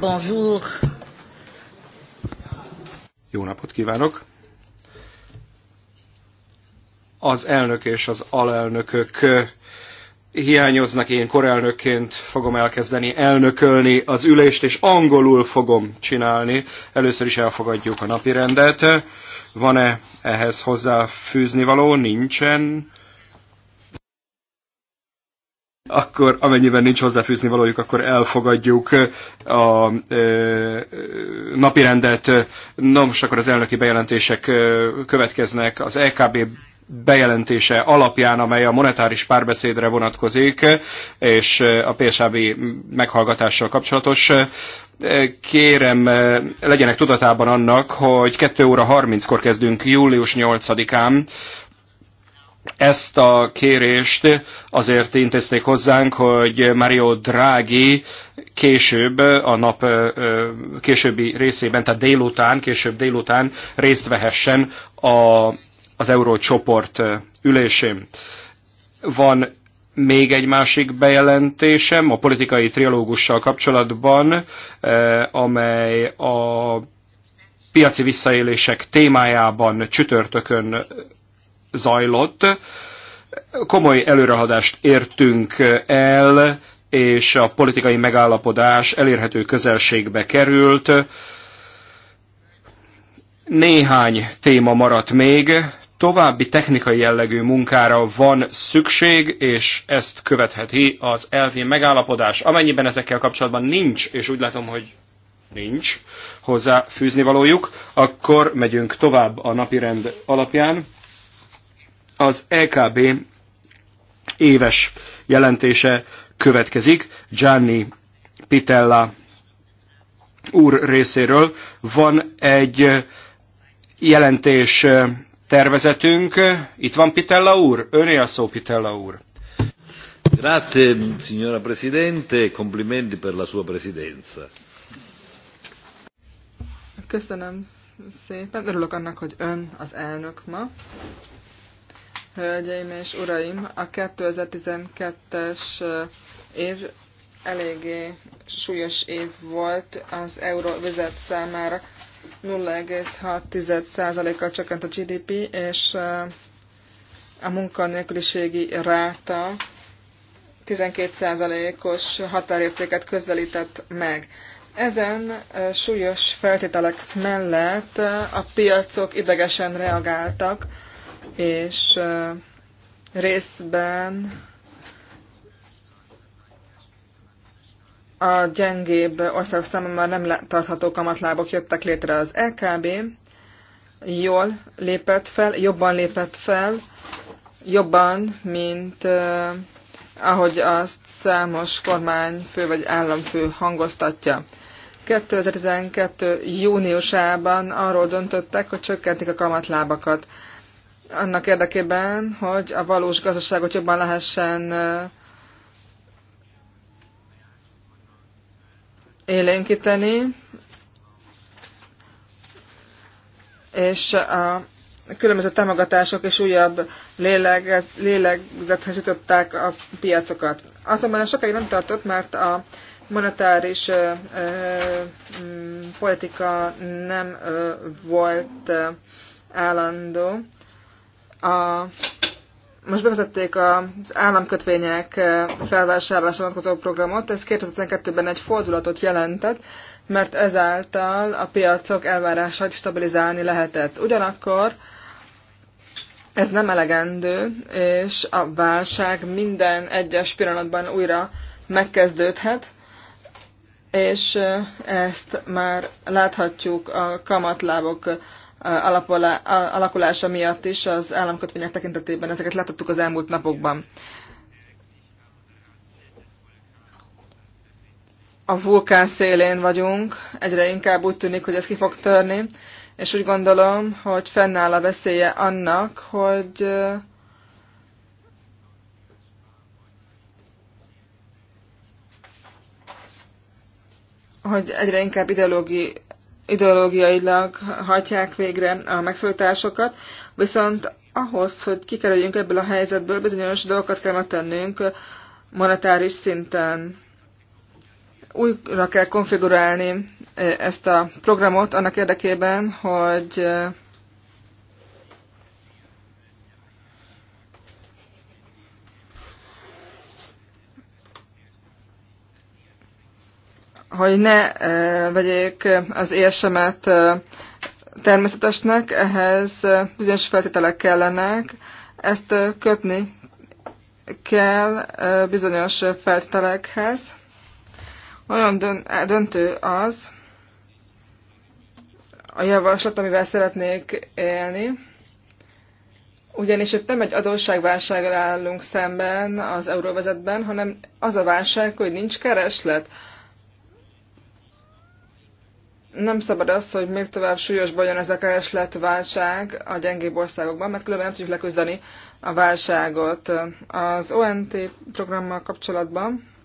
Bonjour. Jó napot kívánok! Az elnök és az alelnökök eh, hiányoznak, én korelnökként fogom elkezdeni elnökölni az ülést, és angolul fogom csinálni. Először is elfogadjuk a napirendet. Van-e ehhez hozzáfűzni való? Nincsen akkor amennyiben nincs hozzáfűzni valójuk, akkor elfogadjuk eh, a ö, eh, napirendet. Na most akkor az elnöki bejelentések eh, következnek. Az LKB e bejelentése alapján, amely a monetáris párbeszédre vonatkozik, és a PSAB meghallgatással kapcsolatos. Kérem, legyenek tudatában annak, hogy 2 óra 30-kor kezdünk július 8-án, ezt a kérést azért intézték hozzánk, hogy Mario Draghi később a nap későbbi részében, tehát délután, később délután részt vehessen a, az eurócsoport ülésén. Van még egy másik bejelentésem a politikai trialógussal kapcsolatban, amely a piaci visszaélések témájában csütörtökön zajlott. Komoly előrehadást értünk el, és a politikai megállapodás elérhető közelségbe került. Néhány téma maradt még, további technikai jellegű munkára van szükség, és ezt követheti az elvi megállapodás. Amennyiben ezekkel kapcsolatban nincs, és úgy látom, hogy nincs hozzá fűzni valójuk, akkor megyünk tovább a napirend alapján. Az EKB éves jelentése következik Gianni Pitella úr részéről. Van egy jelentés tervezetünk. Itt van Pitella úr? Öné a szó, Pitella úr. Grazie, signora Presidente, complimenti per la sua presidenza. Köszönöm szépen. Örülök annak, hogy ön az elnök ma. Hölgyeim és uraim, a 2012-es eh, év eléggé súlyos év volt az euróvizet számára. 06 a csökkent a GDP, és eh, a munkanélküliségi ráta 12%-os határértéket közelített meg. Ezen eh, súlyos feltételek mellett a piacok idegesen reagáltak, és részben a gyengébb országok számára nem tartható kamatlábok jöttek létre az LKB, jól lépett fel, jobban lépett fel, jobban, mint eh, ahogy azt számos kormányfő vagy államfő hangoztatja. 2012. júniusában arról döntöttek, hogy csökkentik a kamatlábakat annak érdekében, hogy a valós gazdaságot jobban lehessen élénkíteni, és a különböző támogatások és újabb lélegzethez jutották a piacokat. Azonban ez sokáig nem tartott, mert a monetáris ö, ö, politika nem ö, volt ö, állandó. A, most bevezették az államkötvények eh, felvásárlásra vonatkozó programot, ez 2012-ben egy fordulatot jelentett, mert ezáltal a piacok elvárásait stabilizálni lehetett. Ugyanakkor ez nem elegendő, és a válság minden egyes pillanatban újra megkezdődhet, és eh, ezt már láthatjuk a kamatlábok alakulása miatt is az államkötvények tekintetében. Ezeket láttuk az elmúlt napokban. A vulkán szélén vagyunk, egyre inkább úgy tűnik, hogy ez ki fog törni, és úgy gondolom, hogy fennáll a veszélye annak, hogy hogy egyre inkább ideológiai ideológiailag hajtják végre a megszólításokat, viszont ahhoz, hogy kikerüljünk ebből a helyzetből, bizonyos dolgokat kell megtennünk monetáris szinten. Újra kell konfigurálni eh, ezt a programot annak érdekében, hogy eh, hogy ne vegyék az érsemet természetesnek, ehhez bizonyos feltételek kellenek, ezt kötni kell bizonyos feltételekhez. Olyan döntő az a javaslat, amivel szeretnék élni, ugyanis itt nem egy adósságválsággal állunk szemben az euróvezetben, hanem az a válság, hogy nincs kereslet nem szabad az, hogy még tovább bajon ez a keresletválság a gyengébb országokban, mert különben nem tudjuk leküzdeni a válságot. Az ONT programmal kapcsolatban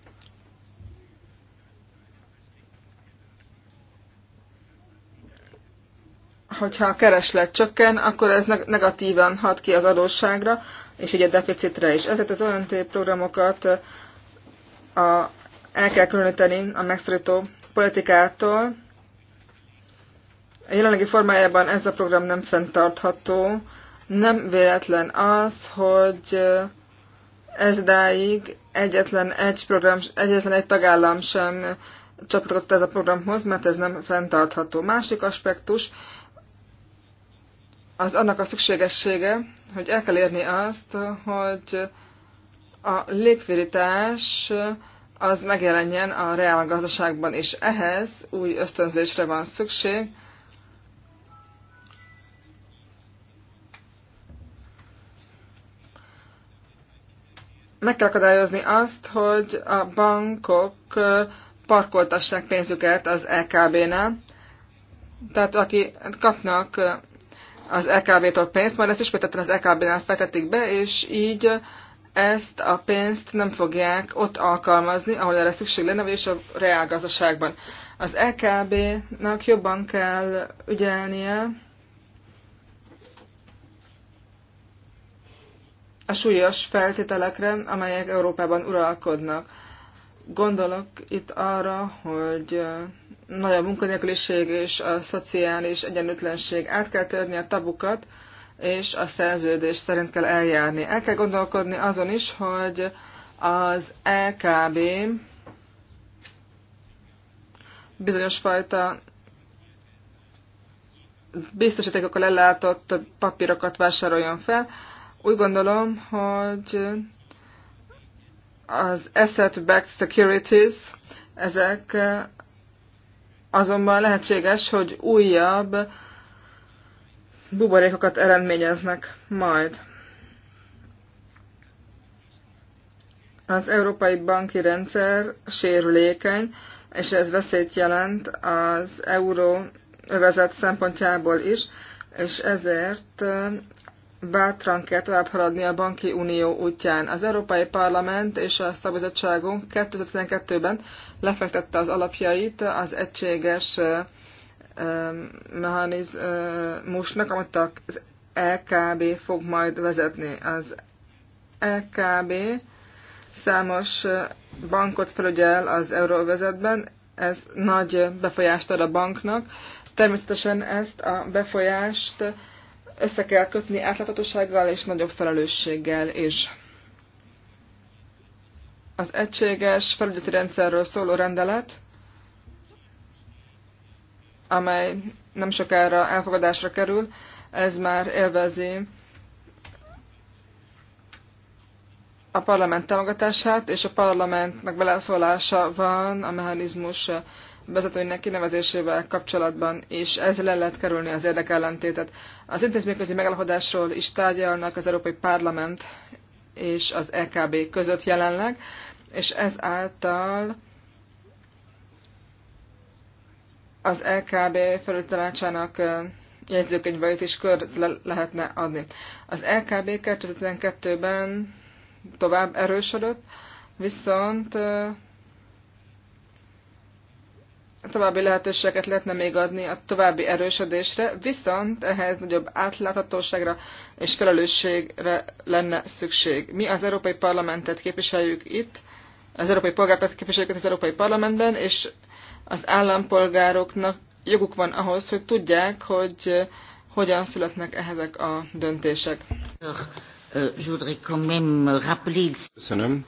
hogyha a kereslet csökken, akkor ez negatívan hat ki az adósságra, és így a deficitre is. Ezért az ONT programokat eh, a, el kell különíteni a megszorító politikától, a jelenlegi formájában ez a program nem fenntartható. Nem véletlen az, hogy eh, ez dáig egyetlen egy, program, egyetlen egy tagállam sem csatlakozott ez a programhoz, mert ez nem fenntartható. Másik aspektus az annak a szükségessége, hogy el kell érni azt, hogy a légviritás eh, az megjelenjen a gazdaságban és ehhez új ösztönzésre van szükség, meg kell akadályozni azt, hogy a bankok parkoltassák pénzüket az LKB-nál. Tehát aki kapnak az LKB-tól pénzt, majd ezt ismételten az LKB-nál fetetik be, és így ezt a pénzt nem fogják ott alkalmazni, ahol erre szükség lenne, vagyis a reálgazdaságban. Az LKB-nak jobban kell ügyelnie a súlyos feltételekre, amelyek Európában uralkodnak. Gondolok itt arra, hogy nagy a munkanélküliség és a szociális egyenlőtlenség. Át kell törni a tabukat, és a szerződés szerint kell eljárni. El kell gondolkodni azon is, hogy az LKB bizonyos fajta biztosítékokkal ellátott papírokat vásároljon fel, úgy gondolom, hogy az asset-backed securities, ezek azonban lehetséges, hogy újabb buborékokat eredményeznek majd. Az európai banki rendszer sérülékeny, és ez veszélyt jelent az euró övezet szempontjából is, és ezért bátran kell tovább haladni a banki unió útján. Az Európai Parlament és a szabadságunk 2012-ben lefektette az alapjait az egységes mechanizmusnak, amit az LKB e fog majd vezetni. Az LKB e számos bankot felügyel az euróvezetben, ez nagy befolyást ad a banknak. Természetesen ezt a befolyást össze kell kötni átláthatósággal és nagyobb felelősséggel is. Az egységes felügyeti rendszerről szóló rendelet, amely nem sokára elfogadásra kerül, ez már élvezi a parlament támogatását, és a parlamentnek beleszólása van a mechanizmus vezetőinek kinevezésével kapcsolatban, és ezzel el lehet kerülni az érdekellentétet. Az intézményközi megállapodásról is tárgyalnak az Európai Parlament és az EKB között jelenleg, és ezáltal az LKB e felültanácsának jegyzőkönyveit is kör le lehetne adni. Az LKB e 2012-ben tovább erősödött, viszont további lehetőséget lehetne még adni a további erősödésre, viszont ehhez nagyobb átláthatóságra és felelősségre lenne szükség. Mi az Európai Parlamentet képviseljük itt, az európai polgárokat képviseljük itt az Európai Parlamentben, és az állampolgároknak joguk van ahhoz, hogy tudják, hogy eh, hogyan születnek ezek a döntések. Euh, euh, Köszönöm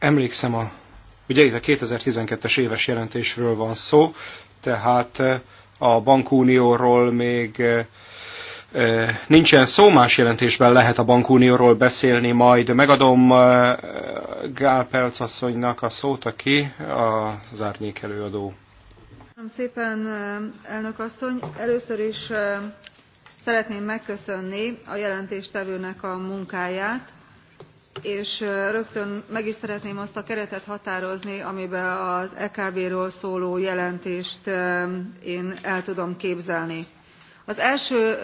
Emlékszem, a, ugye itt a 2012-es éves jelentésről van szó, tehát eh, a bankunióról még eh, eh, nincsen szó, más jelentésben lehet a bankunióról beszélni, majd megadom Gál Pelc asszonynak a szót, aki az árnyék előadó. Köszönöm szépen, elnök asszony. Először is szeretném megköszönni a jelentéstevőnek a munkáját és rögtön meg is szeretném azt a keretet határozni amiben az ekb ről szóló jelentést én el tudom képzelni. az első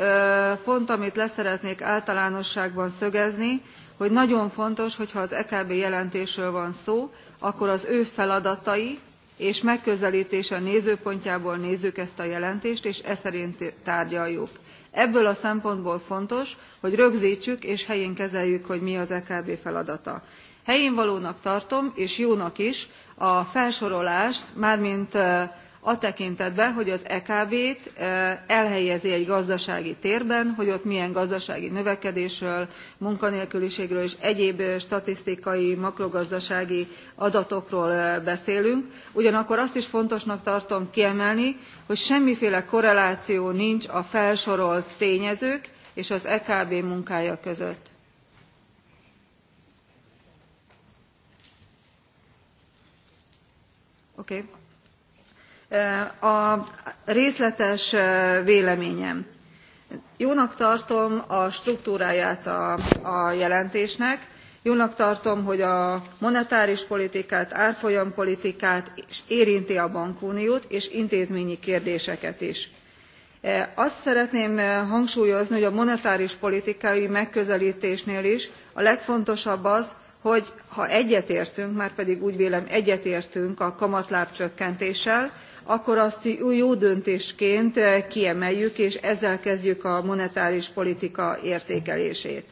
pont amit szeretnék általánosságban szögezni hogy nagyon fontos hogyha az ekb jelentésről van szó akkor az ő feladatai és megközeltése nézőpontjából nézzük ezt a jelentést és eszerint tárgyaljuk ebből a szempontból fontos hogy rögztsük és helyén kezeljük hogy mi az ekb feladata. helyénvalónak tartom és jónak is a felsorolást mármint a tekintetben hogy az ekb t elhelyezi egy gazdasági térben hogy ott milyen gazdasági növekedésről munkanélküliségről és egyéb statisztikai makrogazdasági adatokról beszélünk ugyanakkor azt is fontosnak tartom kiemelni hogy semmiféle korreláció nincs a felsorolt tényezők és az ekb munkája között. Okay a részletes véleményem jónak tartom a struktúráját a, jelentésnek jónak tartom hogy a monetáris politikát árfolyampolitikát és érinti a bankuniót és intézményi kérdéseket is. E, azt szeretném hangsúlyozni hogy a monetáris politikai megközeltésnél is a legfontosabb az hogy ha egyetértünk márpedig úgy vélem egyetértünk a kamatláb csökkentéssel akkor azt jó döntésként eh, kiemeljük és ezzel kezdjük a monetáris politika értékelését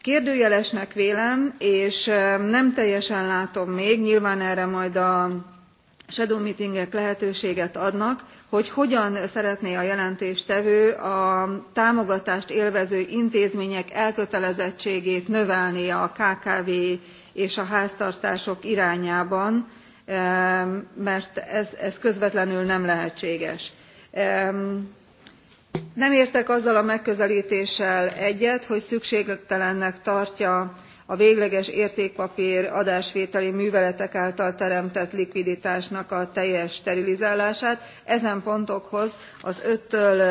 kérdőjelesnek vélem és eh, nem teljesen látom még nyilván erre majd a shadow meetingek lehetőséget adnak hogy hogyan szeretné a jelentéstevő a támogatást élvező intézmények elkötelezettségét növelni a kkv és a háztartások irányában mert ez, közvetlenül nem lehetséges. nem értek azzal a megközeltéssel egyet hogy szükségtelennek tartja a végleges értékpapr adásvételi műveletek által teremtett likviditásnak a teljes sterilizálását ezen pontokhoz az five től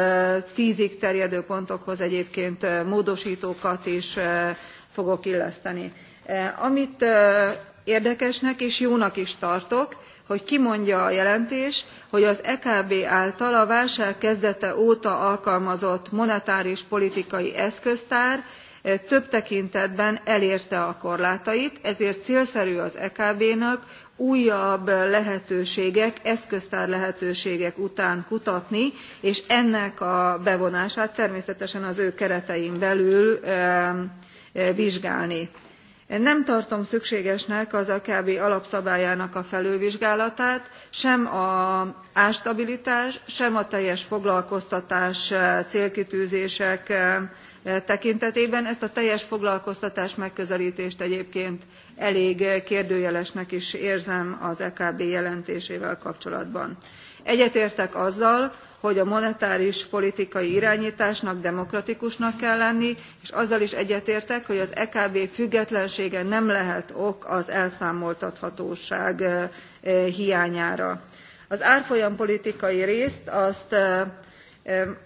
ten ig terjedő pontokhoz egyébként módostókat is fogok illeszteni. amit érdekesnek és jónak is tartok hogy kimondja a jelentés hogy az ekb által a válság kezdete óta alkalmazott monetáris politikai eszköztár eh, több tekintetben elérte a korlátait ezért célszerű az ekb nak újabb lehetőségek eszköztár lehetőségek után kutatni és ennek a bevonását természetesen az ő keretein belül eh, vizsgálni én nem tartom szükségesnek az akb alapszabályának a felülvizsgálatát sem az árstabilitás sem a teljes foglalkoztatás eh, célkitűzések eh, tekintetében ezt a teljes foglalkoztatás megközeltést egyébként elég eh, kérdőjelesnek is érzem az ekb jelentésével kapcsolatban. egyetértek azzal hogy a monetáris politikai iránytásnak demokratikusnak kell lenni és azzal is egyetértek hogy az ekb függetlensége nem lehet ok az elszámoltathatóság eh, hiányára. az árfolyampolitikai részt azt eh,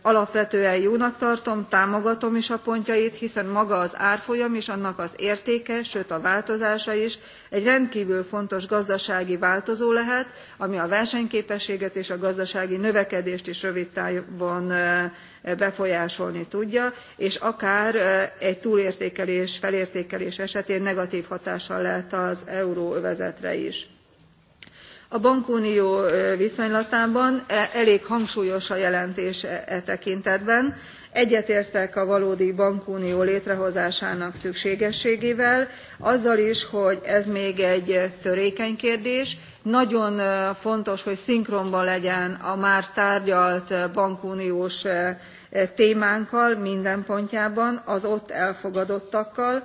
alapvetően jónak tartom támogatom is a pontjait hiszen maga az árfolyam és annak az értéke sőt a változása is egy rendkvül fontos gazdasági változó lehet ami a versenyképességet és a gazdasági növekedést is rövid távon e, befolyásolni tudja és akár e, egy túlértékelés felértékelés esetén negatv hatással lehet az euróövezetre is a bankunió viszonylatában e, elég hangsúlyos a jelentés e, e tekintetben egyetértek a valódi bankunió létrehozásának szükségességével azzal is hogy ez még egy törékeny kérdés nagyon fontos hogy szinkronban legyen a már tárgyalt bankuniós témánkkal minden pontjában az ott elfogadottakkal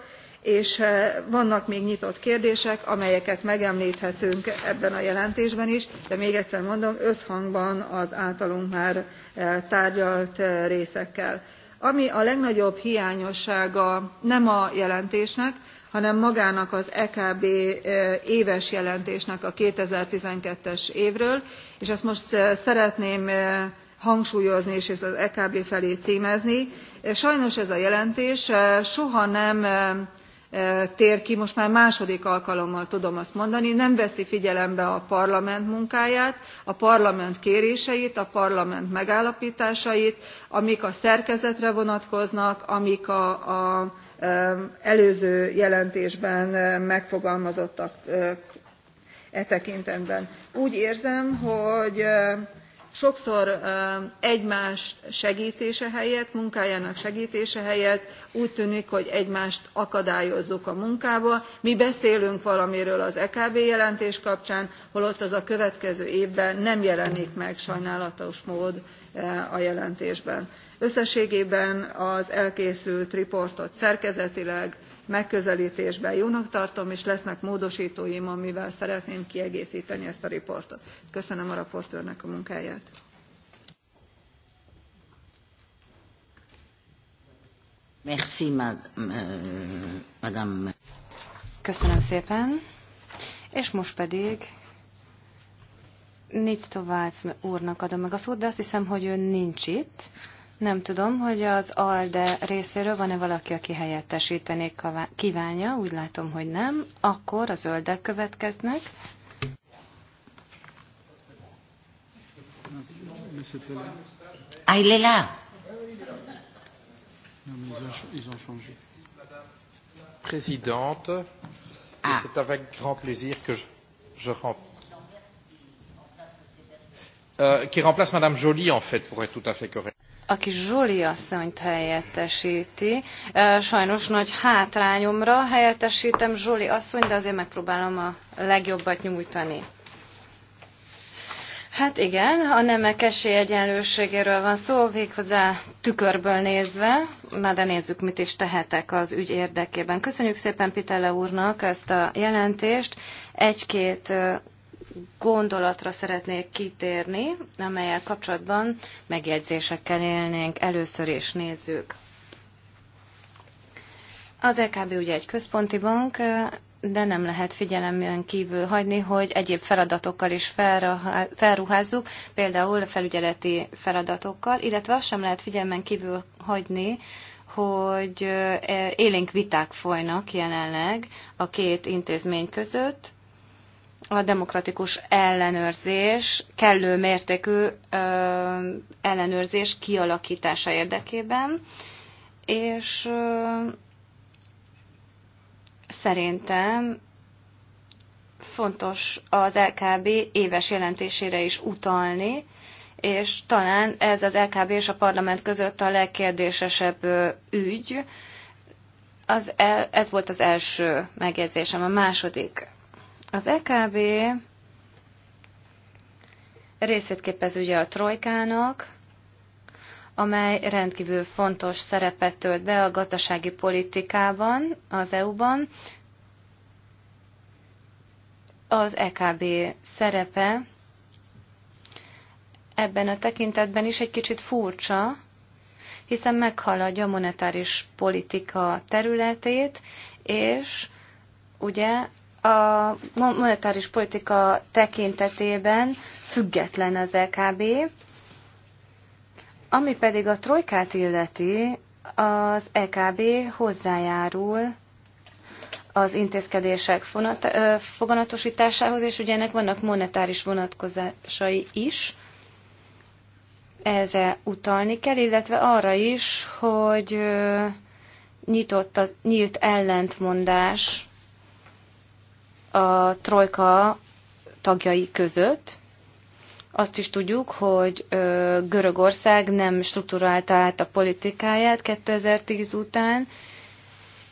és eh, vannak még nyitott kérdések amelyeket megemlthetünk ebben a jelentésben is de még egyszer mondom összhangban az általunk már eh, tárgyalt eh, részekkel. ami a legnagyobb hiányossága nem a jelentésnek hanem magának az ekb éves jelentésnek a two thousand and twelve es évről és ezt most szeretném hangsúlyozni és az ekb felé cmezni sajnos ez a jelentés soha nem tér ki most már második alkalommal tudom azt mondani nem veszi figyelembe a parlament munkáját a parlament kéréseit a parlament megállaptásait amik a szerkezetre vonatkoznak amik az előző jelentésben megfogalmazottak e tekintetben. úgy érzem hogy sokszor egymás segtése helyett munkájának segtése helyett úgy tűnik hogy egymást akadályozzuk a munkában mi beszélünk valamiről az ekb jelentés kapcsán holott az a következő évben nem jelenik meg sajnálatos módon a jelentésben. összességében az elkészült riportot szerkezetileg megközeltésben jónak tartom és lesznek módostóim amivel szeretném kiegészteni ezt a riportot. köszönöm a raportőrnek a munkáját. Merci, euh, madame. Köszönöm szépen. És most pedig Nitz Tovács úrnak adom meg a szót, de azt hiszem, hogy ő nincs itt. Nem tudom, hogy az ALDE részéről van-e valaki, aki helyettesíteni kívánja. Úgy látom, hogy nem. Akkor a zöldek következnek. Ah, là. Présidente, ah. c'est avec grand plaisir que je, je rem... Euh, qui remplace Madame Jolie en fait, pour être tout à fait correct aki Zsoli asszonyt helyettesíti. Sajnos nagy hátrányomra helyettesítem Zsoli asszony, de azért megpróbálom a legjobbat nyújtani. Hát igen, a nemek esélyegyenlőségéről van szó, véghozzá tükörből nézve. Na de nézzük, mit is tehetek az ügy érdekében. Köszönjük szépen Pitele úrnak ezt a jelentést. Egy-két gondolatra szeretnék kitérni, amelyel kapcsolatban megjegyzésekkel élnénk. Először is nézzük. Az LKB e ugye egy központi bank, de nem lehet figyelemben kívül hagyni, hogy egyéb feladatokkal is felruházzuk, például felügyeleti feladatokkal, illetve azt sem lehet figyelmen kívül hagyni, hogy élénk viták folynak jelenleg a két intézmény között, a demokratikus ellenőrzés, kellő mértékű ellenőrzés kialakítása érdekében, és szerintem fontos az LKB éves jelentésére is utalni, és talán ez az LKB és a parlament között a legkérdésesebb ügy. Az el, ez volt az első megjegyzésem. A második az EKB részét képez ugye a trojkának, amely rendkívül fontos szerepet tölt be a gazdasági politikában az EU-ban. Az EKB szerepe ebben a tekintetben is egy kicsit furcsa, hiszen meghaladja a monetáris politika területét, és ugye a monetáris politika tekintetében független az LKB, e ami pedig a trojkát illeti, az EKB hozzájárul az intézkedések foganatosításához, és ugye ennek vannak monetáris vonatkozásai is. ezre utalni kell, illetve arra is, hogy nyitott az, nyílt ellentmondás a trojka tagjai között. Azt is tudjuk, hogy Görögország nem strukturálta át a politikáját 2010 után,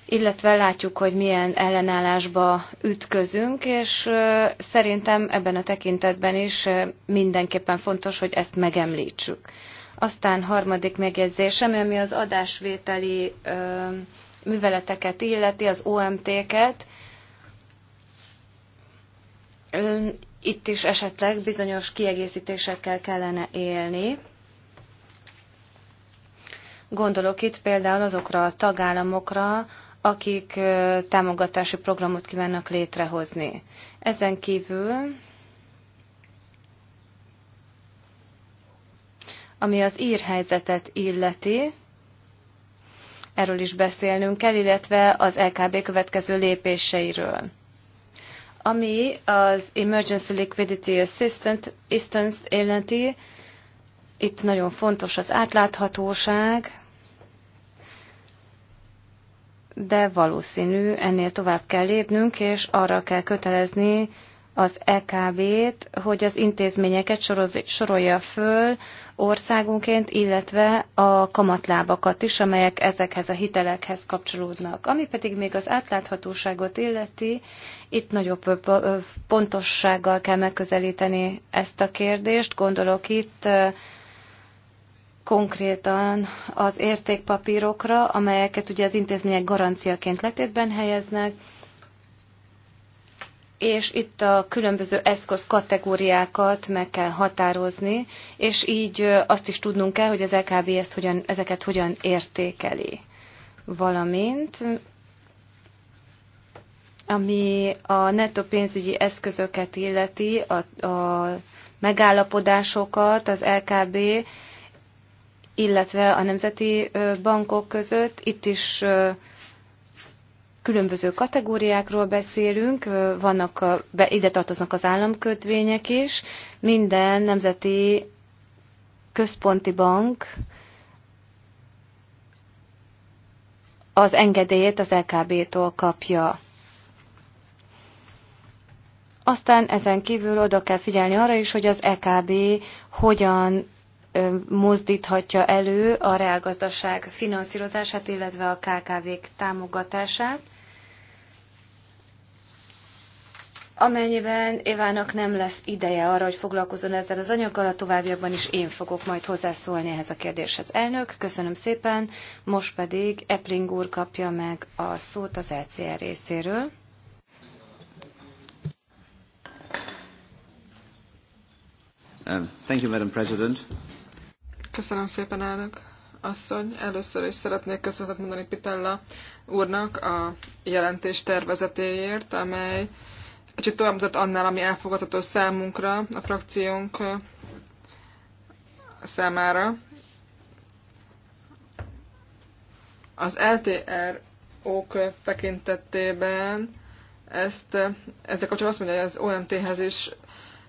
illetve látjuk, hogy milyen ellenállásba ütközünk, és szerintem ebben a tekintetben is mindenképpen fontos, hogy ezt megemlítsük. Aztán harmadik megjegyzésem, ami az adásvételi műveleteket illeti, az OMT-ket, itt is esetleg bizonyos kiegészítésekkel kellene élni. Gondolok itt például azokra a tagállamokra, akik támogatási programot kívánnak létrehozni. Ezen kívül, ami az írhelyzetet illeti, erről is beszélnünk kell, illetve az LKB következő lépéseiről. Ami az Emergency Liquidity Assistance-t illeti, itt nagyon fontos az átláthatóság, de valószínű ennél tovább kell lépnünk, és arra kell kötelezni az EKB-t, hogy az intézményeket sorolja föl országunként, illetve a kamatlábakat is, amelyek ezekhez a hitelekhez kapcsolódnak. Ami pedig még az átláthatóságot illeti, itt nagyobb pontossággal kell megközelíteni ezt a kérdést. Gondolok itt konkrétan az értékpapírokra, amelyeket ugye az intézmények garanciaként letétben helyeznek, és itt a különböző eszköz kategóriákat meg kell határozni, és így azt is tudnunk kell, hogy az LKB ezt hogyan, ezeket hogyan értékeli. Valamint, ami a netto pénzügyi eszközöket illeti, a, a megállapodásokat az LKB, illetve a nemzeti bankok között, itt is különböző kategóriákról beszélünk, vannak a, be, ide tartoznak az államkötvények is, minden nemzeti központi bank az engedélyét az LKB-tól kapja. Aztán ezen kívül oda kell figyelni arra is, hogy az EKB hogyan mozdíthatja elő a reálgazdaság finanszírozását, illetve a KKV-k támogatását. Amennyiben Évának nem lesz ideje arra, hogy foglalkozon ezzel az anyaggal, a továbbiakban is én fogok majd hozzászólni ehhez a kérdéshez. Elnök, köszönöm szépen, most pedig Epling úr kapja meg a szót az LCR e részéről. Um, thank you, Madam President. Köszönöm szépen, elnök asszony. Először is szeretnék köszönetet mondani Pitella úrnak a jelentés tervezetéért, amely kicsit tovább annál, ami elfogadható számunkra, a frakciónk számára. Az LTR-ok tekintetében ezt, ezzel kapcsolatban azt mondja, hogy az OMT-hez is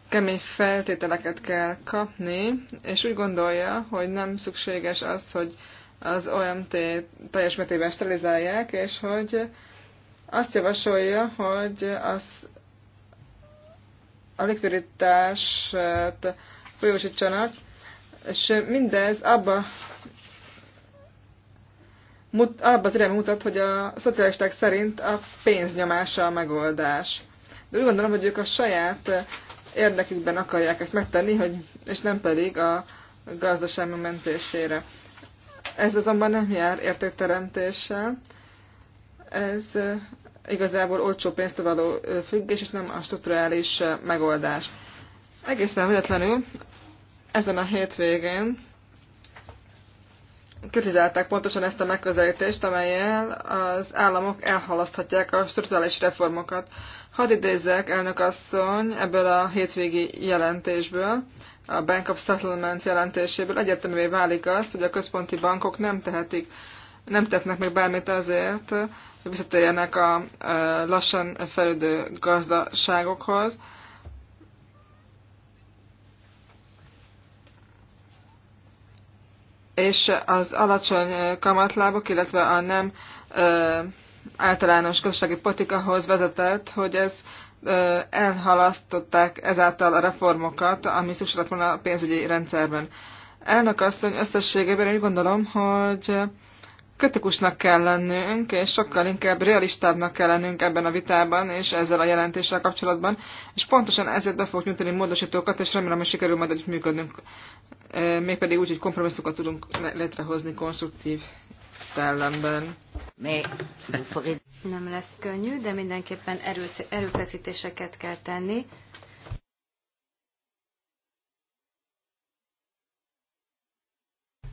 kemény feltételeket kell kapni, és úgy gondolja, hogy nem szükséges az, hogy az OMT teljes mértékben sterilizálják, és hogy azt javasolja, hogy az a likviditást folyósítsanak, és mindez abba, mut, abba az irány mutat, hogy a szocialisták szerint a pénznyomása a megoldás. De úgy gondolom, hogy ők a saját érdekükben akarják ezt megtenni, hogy, és nem pedig a gazdaság mentésére. Ez azonban nem jár értékteremtéssel. Ez igazából olcsó pénzt való függés, és nem a strukturális megoldás. Egészen véletlenül ezen a hétvégén kritizálták pontosan ezt a megközelítést, amelyel az államok elhalaszthatják a strukturális reformokat. Hadd idézzek, elnök asszony, ebből a hétvégi jelentésből, a Bank of Settlement jelentéséből egyértelművé válik az, hogy a központi bankok nem tehetik nem tettnek meg bármit azért, hogy visszatérjenek a lassan felüldő gazdaságokhoz. És az alacsony kamatlábok, illetve a nem általános gazdasági politikahoz vezetett, hogy ez elhalasztották ezáltal a reformokat, ami szükséglet lett volna a pénzügyi rendszerben. Elnök asszony összességében én úgy gondolom, hogy kritikusnak kell lennünk, és sokkal inkább realistábbnak kell lennünk ebben a vitában, és ezzel a jelentéssel kapcsolatban, és pontosan ezért be fogok nyújtani módosítókat, és remélem, hogy sikerül majd együtt működnünk, mégpedig úgy, hogy kompromisszokat tudunk létrehozni konstruktív szellemben. Nem lesz könnyű, de mindenképpen erőfeszítéseket kell tenni.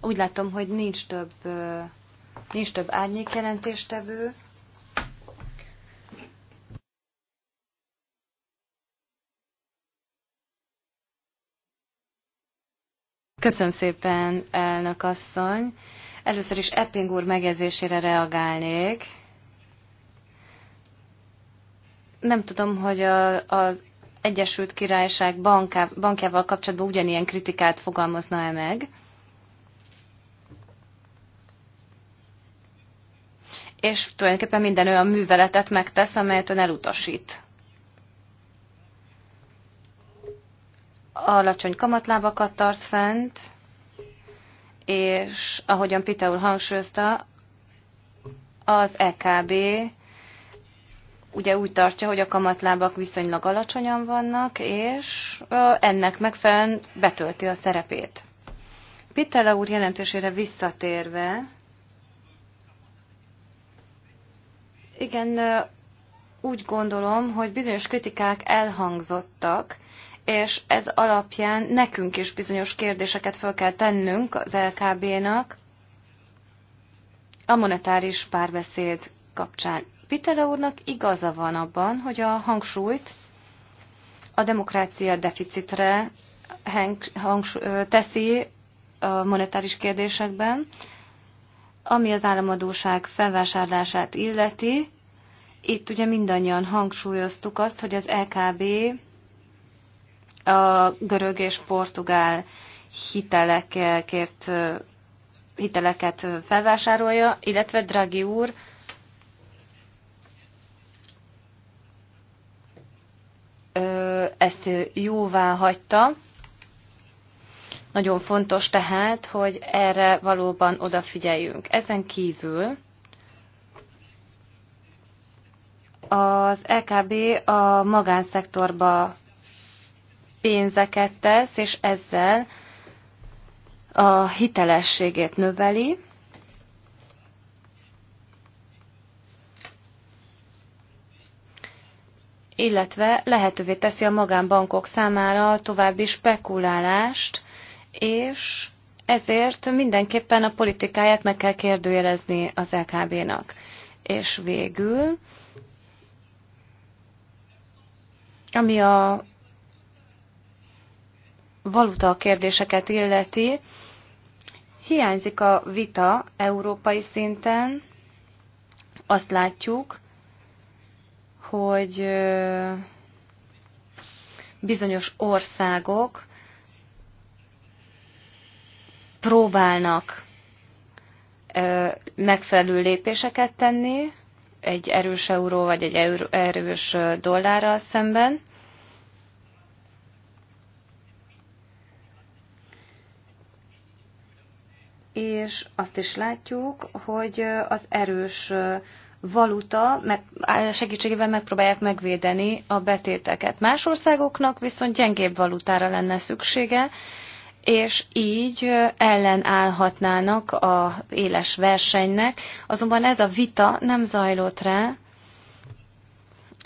Úgy látom, hogy nincs több Nincs több árnyék jelentéstevő. Köszönöm szépen, elnök asszony. Először is Epping úr megjegyzésére reagálnék. Nem tudom, hogy a, az Egyesült Királyság banká, bankjával kapcsolatban ugyanilyen kritikát fogalmazna-e meg. és tulajdonképpen minden olyan műveletet megtesz, amelyet ön elutasít. Alacsony kamatlábakat tart fent, és ahogyan Pite úr hangsúlyozta, az EKB ugye úgy tartja, hogy a kamatlábak viszonylag alacsonyan vannak, és ennek megfelelően betölti a szerepét. Pitella úr jelentésére visszatérve, Igen, úgy gondolom, hogy bizonyos kritikák elhangzottak, és ez alapján nekünk is bizonyos kérdéseket fel kell tennünk az LKB-nak a monetáris párbeszéd kapcsán. Pitele úrnak igaza van abban, hogy a hangsúlyt a demokrácia deficitre hangs, teszi a monetáris kérdésekben, ami az államadóság felvásárlását illeti, itt ugye mindannyian hangsúlyoztuk azt, hogy az LKB a görög és portugál hitelekért, hiteleket felvásárolja, illetve Draghi úr ezt jóvá hagyta, nagyon fontos tehát, hogy erre valóban odafigyeljünk. Ezen kívül az LKB a magánszektorba pénzeket tesz, és ezzel a hitelességét növeli. illetve lehetővé teszi a magánbankok számára további spekulálást, és ezért mindenképpen a politikáját meg kell kérdőjelezni az LKB-nak. És végül, ami a valuta kérdéseket illeti, hiányzik a vita európai szinten. Azt látjuk, hogy bizonyos országok próbálnak megfelelő lépéseket tenni egy erős euró vagy egy erős dollárral szemben. És azt is látjuk, hogy az erős valuta segítségével megpróbálják megvédeni a betéteket. Más országoknak viszont gyengébb valutára lenne szüksége, és így ellenállhatnának az éles versenynek, azonban ez a vita nem zajlott rá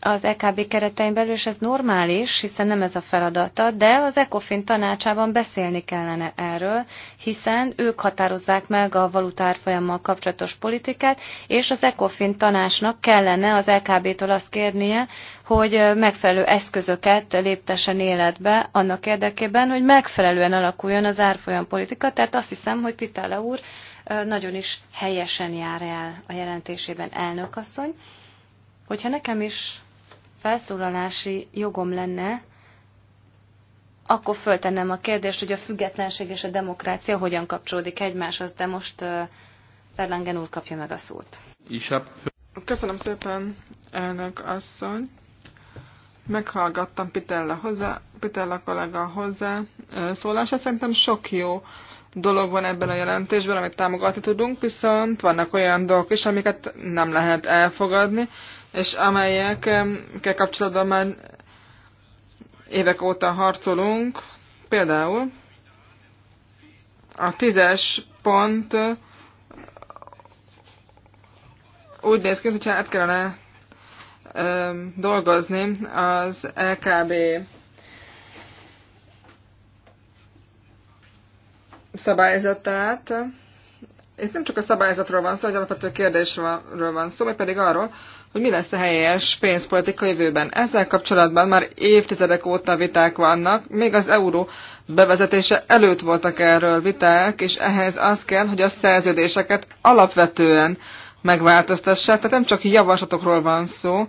az EKB keretein belül, és ez normális, hiszen nem ez a feladata, de az ECOFIN tanácsában beszélni kellene erről, hiszen ők határozzák meg a valutárfolyammal kapcsolatos politikát, és az ECOFIN tanácsnak kellene az EKB-től azt kérnie, hogy megfelelő eszközöket léptesen életbe annak érdekében, hogy megfelelően alakuljon az árfolyam politika. Tehát azt hiszem, hogy Pitala úr nagyon is helyesen jár el a jelentésében elnökasszony. Hogyha nekem is felszólalási jogom lenne, akkor föltennem a kérdést, hogy a függetlenség és a demokrácia hogyan kapcsolódik egymáshoz, de most Erlangen úr kapja meg a szót. Köszönöm szépen, elnök asszony meghallgattam Pitella, hozzá, Pitella kollega hozzá szólását. Szerintem sok jó dolog van ebben a jelentésben, amit támogatni tudunk, viszont vannak olyan dolgok is, amiket nem lehet elfogadni, és amelyekkel kapcsolatban már évek óta harcolunk. Például a tízes pont úgy néz ki, hogyha át kellene dolgozni az LKB szabályzatát. Itt nem csak a szabályzatról van szó, hogy alapvető kérdésről van szó, vagy pedig arról, hogy mi lesz a helyes pénzpolitika jövőben. Ezzel kapcsolatban már évtizedek óta viták vannak, még az euró bevezetése előtt voltak erről viták, és ehhez az kell, hogy a szerződéseket alapvetően megváltoztassák. Tehát nem csak javaslatokról van szó,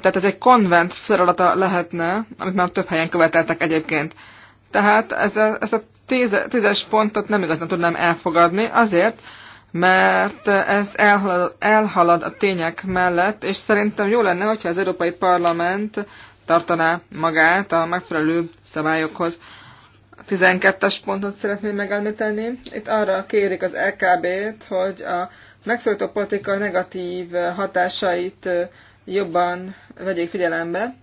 tehát ez egy konvent feladata lehetne, amit már több helyen követeltek egyébként. Tehát ezt a, ezt a tíze, tízes pontot nem igazán tudnám elfogadni, azért, mert ez elhalad, elhalad a tények mellett, és szerintem jó lenne, hogyha az Európai Parlament tartaná magát a megfelelő szabályokhoz. 12-es pontot szeretném megelmíteni. Itt arra kérik az LKB-t, hogy a megszólító politika negatív hatásait jobban vegyék figyelembe.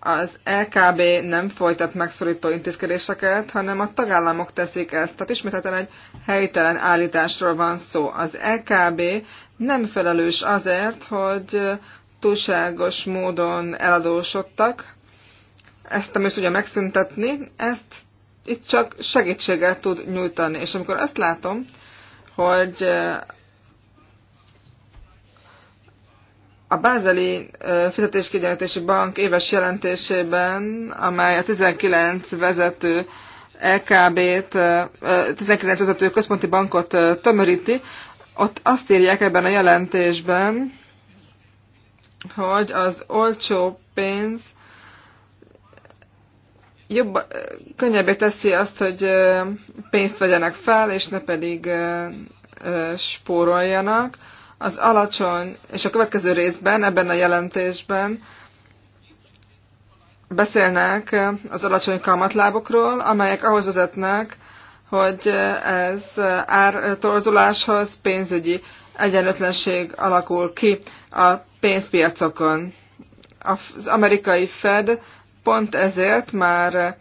Az LKB nem folytat megszorító intézkedéseket, hanem a tagállamok teszik ezt. Tehát ismételten egy helytelen állításról van szó. Az LKB nem felelős azért, hogy túlságos módon eladósodtak, ezt nem is megszüntetni, ezt itt csak segítséget tud nyújtani. És amikor azt látom, hogy a Bázeli Fizetéskiegyenlítési Bank éves jelentésében, amely a 19 vezető LKB-t, 19 vezető központi bankot tömöríti, ott azt írják ebben a jelentésben, hogy az olcsó pénz jobb, könnyebbé teszi azt, hogy pénzt vegyenek fel, és ne pedig spóroljanak. Az alacsony, és a következő részben, ebben a jelentésben beszélnek az alacsony kamatlábokról, amelyek ahhoz vezetnek, hogy ez ártorzuláshoz, pénzügyi egyenlőtlenség alakul ki a pénzpiacokon. Az amerikai Fed Pont ezért már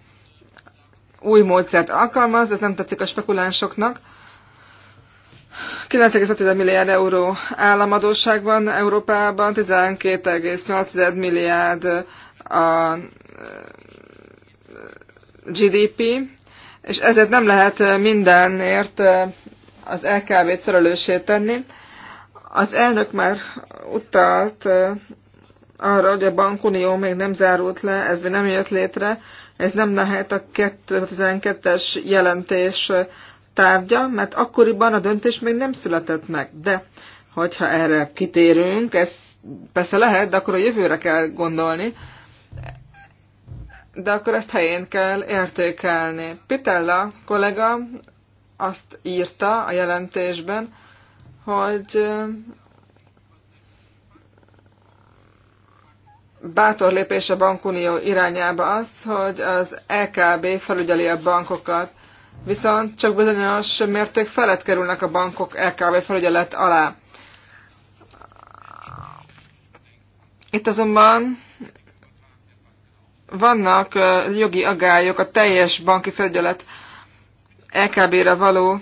új módszert alkalmaz, ez nem tetszik a spekulánsoknak. 9,6 milliárd euró államadóság van Európában, 12,8 milliárd a eh, GDP, és ezért nem lehet mindenért eh, az LKV-t felelőssé tenni. Az elnök már utalt eh, arra, hogy a bankunió még nem zárult le, ez még nem jött létre, ez nem lehet a 2012-es jelentés tárgya, mert akkoriban a döntés még nem született meg. De hogyha erre kitérünk, ez persze lehet, de akkor a jövőre kell gondolni, de akkor ezt helyén kell értékelni. Pitella kollega azt írta a jelentésben, hogy bátor lépés a bankunió irányába az, hogy az LKB e felügyeli a bankokat, viszont csak bizonyos mérték felett kerülnek a bankok LKB e felügyelet alá. Itt azonban vannak jogi agályok a teljes banki felügyelet LKB-re e való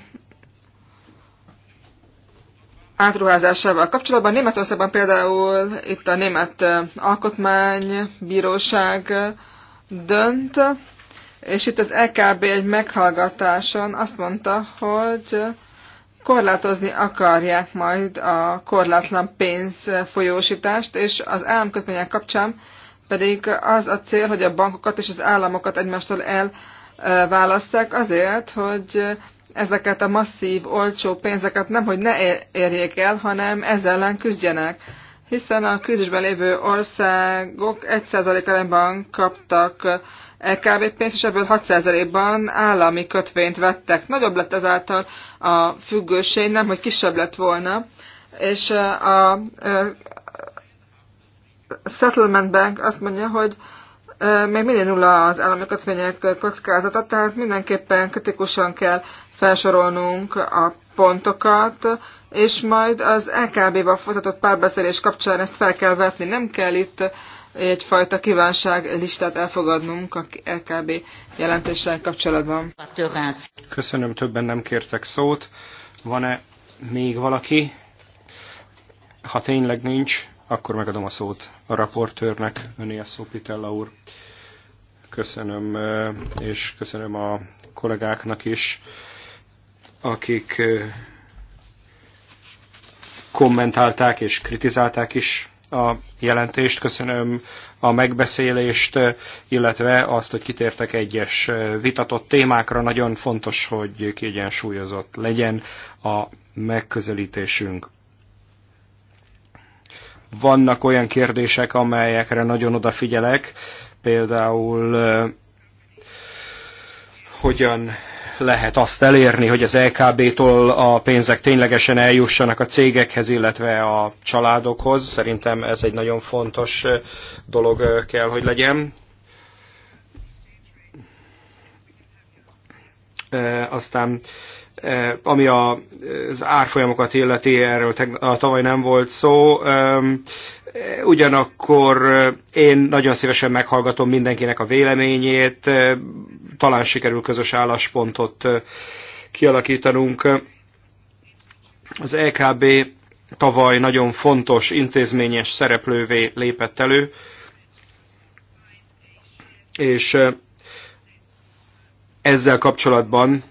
átruházásával kapcsolatban. Németországban például itt a Német Alkotmánybíróság dönt, és itt az EKB egy meghallgatáson azt mondta, hogy korlátozni akarják majd a korlátlan pénz folyósítást, és az államkötvények kapcsán pedig az a cél, hogy a bankokat és az államokat egymástól elválaszták azért, hogy ezeket a masszív, olcsó pénzeket nem, hogy ne érjék el, hanem ezzel ellen küzdjenek. Hiszen a krízisben lévő országok 1%-ában kaptak LKB eh, pénzt, és ebből 6%-ban állami kötvényt vettek. Nagyobb lett ezáltal a függőség, nem, hogy kisebb lett volna. És eh, a, a eh, Settlement Bank azt mondja, hogy még mindig nulla az állami kötvények kockázata, tehát mindenképpen kritikusan kell felsorolnunk a pontokat, és majd az LKB-val folytatott párbeszélés kapcsán ezt fel kell vetni. Nem kell itt egyfajta listát elfogadnunk a LKB jelentéssel kapcsolatban. Köszönöm, többen nem kértek szót. Van-e még valaki? Ha tényleg nincs, akkor megadom a szót a raportőrnek, öné a szó, Pitella úr. Köszönöm, eh, és köszönöm a kollégáknak is akik kommentálták és kritizálták is a jelentést. Köszönöm a megbeszélést, illetve azt, hogy kitértek egyes vitatott témákra. Nagyon fontos, hogy kiegyensúlyozott legyen a megközelítésünk. Vannak olyan kérdések, amelyekre nagyon odafigyelek, például hogyan lehet azt elérni, hogy az LKB-tól a pénzek ténylegesen eljussanak a cégekhez, illetve a családokhoz. Szerintem ez egy nagyon fontos dolog kell, hogy legyen. Aztán Eh, ami a, az árfolyamokat illeti, erről a tavaly nem volt szó. Ugyanakkor eh, én nagyon szívesen meghallgatom mindenkinek a véleményét, eh, talán sikerül közös álláspontot kialakítanunk. Az EKB tavaly nagyon fontos intézményes szereplővé lépett elő, és ezzel kapcsolatban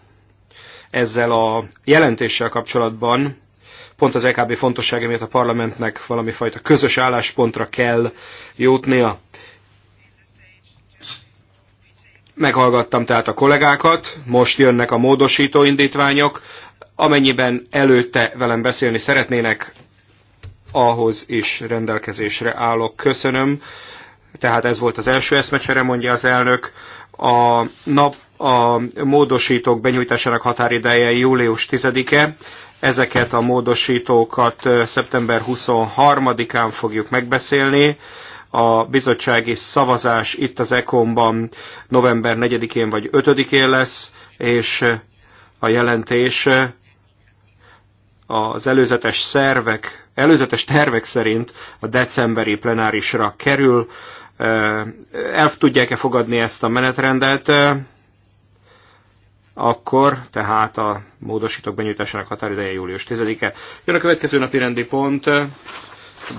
ezzel a jelentéssel kapcsolatban pont az EKB fontossága miatt a parlamentnek valami fajta közös álláspontra kell jutnia. Meghallgattam tehát a kollégákat, most jönnek a módosító indítványok, amennyiben előtte velem beszélni szeretnének, ahhoz is rendelkezésre állok. Köszönöm. Tehát ez volt az első eszmecsere, mondja az elnök a nap a módosítók benyújtásának határideje július 10-e. Ezeket a módosítókat szeptember 23-án fogjuk megbeszélni. A bizottsági szavazás itt az ECOM-ban november 4-én vagy 5-én lesz, és a jelentés az előzetes szervek, előzetes tervek szerint a decemberi plenárisra kerül, el tudják-e fogadni ezt a menetrendet, akkor tehát a módosítók benyújtásának határideje július 10-e. Jön a következő napi rendi pont,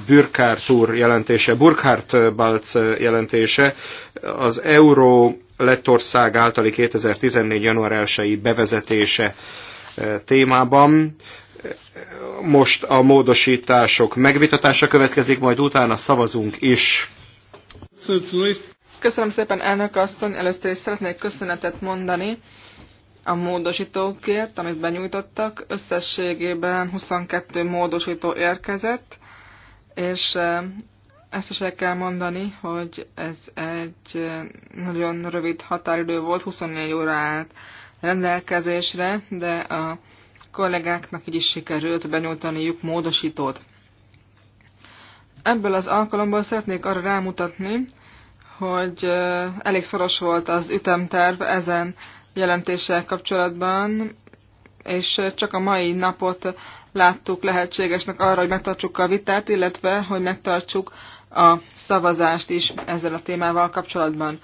Burkhardt úr jelentése, Burkhardt Balc jelentése, az euró Lettország általi 2014. január 1 bevezetése témában. Most a módosítások megvitatása következik, majd utána szavazunk is. Köszönöm szépen, elnök asszony. Először is szeretnék köszönetet mondani a módosítókért, amit benyújtottak. Összességében 22 módosító érkezett, és eh, ezt is el kell mondani, hogy ez egy eh, nagyon rövid határidő volt, 24 óra állt rendelkezésre, de a kollégáknak így is sikerült benyújtaniuk módosítót. Ebből az alkalomból szeretnék arra rámutatni, hogy elég szoros volt az ütemterv ezen jelentéssel kapcsolatban, és csak a mai napot láttuk lehetségesnek arra, hogy megtartsuk a vitát, illetve hogy megtartsuk a szavazást is ezzel a témával kapcsolatban.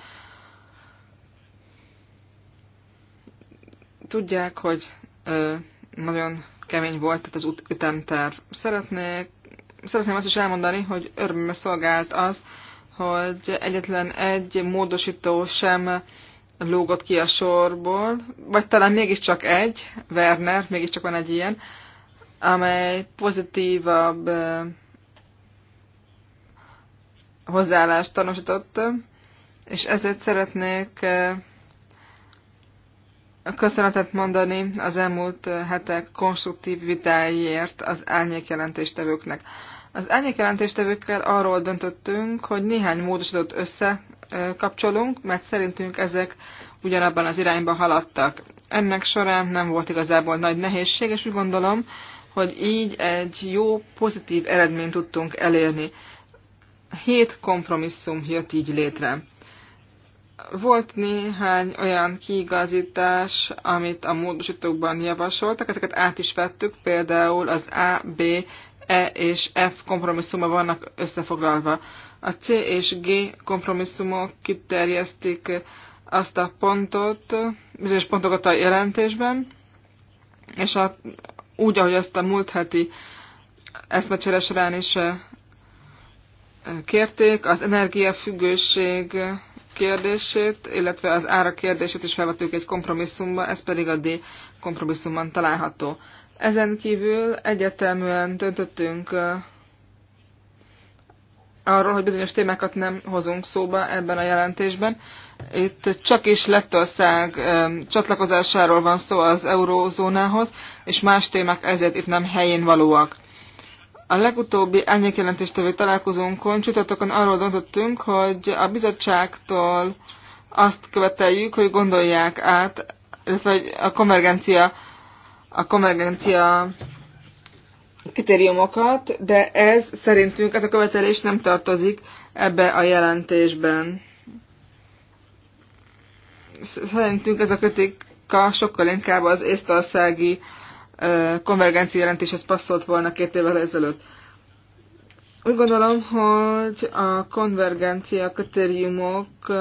Tudják, hogy ö, nagyon kemény volt tehát az ütemterv. Szeretnék szeretném azt is elmondani, hogy örömmel szolgált az, hogy egyetlen egy módosító sem lógott ki a sorból, vagy talán mégiscsak egy, Werner, mégiscsak van egy ilyen, amely pozitívabb hozzáállást tanúsított, és ezért szeretnék köszönetet mondani az elmúlt hetek konstruktív vitáiért az árnyék jelentéstevőknek. Az elnyék jelentéstevőkkel arról döntöttünk, hogy néhány módosítót összekapcsolunk, mert szerintünk ezek ugyanabban az irányba haladtak. Ennek során nem volt igazából nagy nehézség, és úgy gondolom, hogy így egy jó, pozitív eredményt tudtunk elérni. Hét kompromisszum jött így létre. Volt néhány olyan kiigazítás, amit a módosítókban javasoltak, ezeket át is vettük, például az A, B E és F kompromisszuma vannak összefoglalva. A C és G kompromisszumok kiterjesztik azt a pontot, bizonyos pontokat a jelentésben, és a, úgy, ahogy azt a múlt heti eszmecsere során is e, e, kérték, az energiafüggőség kérdését, illetve az ára kérdését is felvettük egy kompromisszumba, ez pedig a D kompromisszumban található. Ezen kívül egyértelműen döntöttünk arról, hogy bizonyos témákat nem hozunk szóba ebben a jelentésben. Itt csak is Lettország csatlakozásáról van szó az eurózónához, és más témák ezért itt nem helyén valóak. A legutóbbi elnyékjelentéstevő találkozónkon csütörtökön arról döntöttünk, hogy a bizottságtól azt követeljük, hogy gondolják át, illetve a konvergencia a konvergencia kritériumokat, de ez szerintünk, ez a követelés nem tartozik ebbe a jelentésben. Szerintünk ez a kritika sokkal inkább az észtországi konvergencia jelentéshez passzolt volna két évvel ezelőtt. Úgy gondolom, hogy a konvergencia kritériumok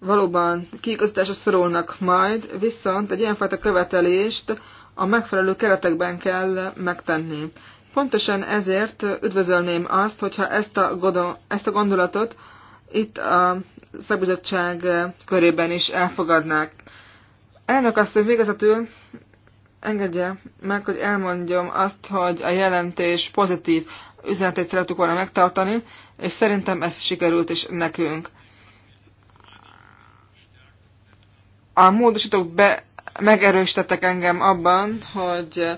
valóban kiigazításra szorulnak majd, viszont egy ilyenfajta követelést a megfelelő keretekben kell megtenni. Pontosan ezért üdvözölném azt, hogyha ezt a, godon, ezt a gondolatot itt a szakbizottság körében is elfogadnák. Elnök asszony végezetül engedje meg, hogy elmondjam azt, hogy a jelentés pozitív üzenetét szeretük volna megtartani, és szerintem ez sikerült is nekünk. a módosítók be, megerősítettek engem abban, hogy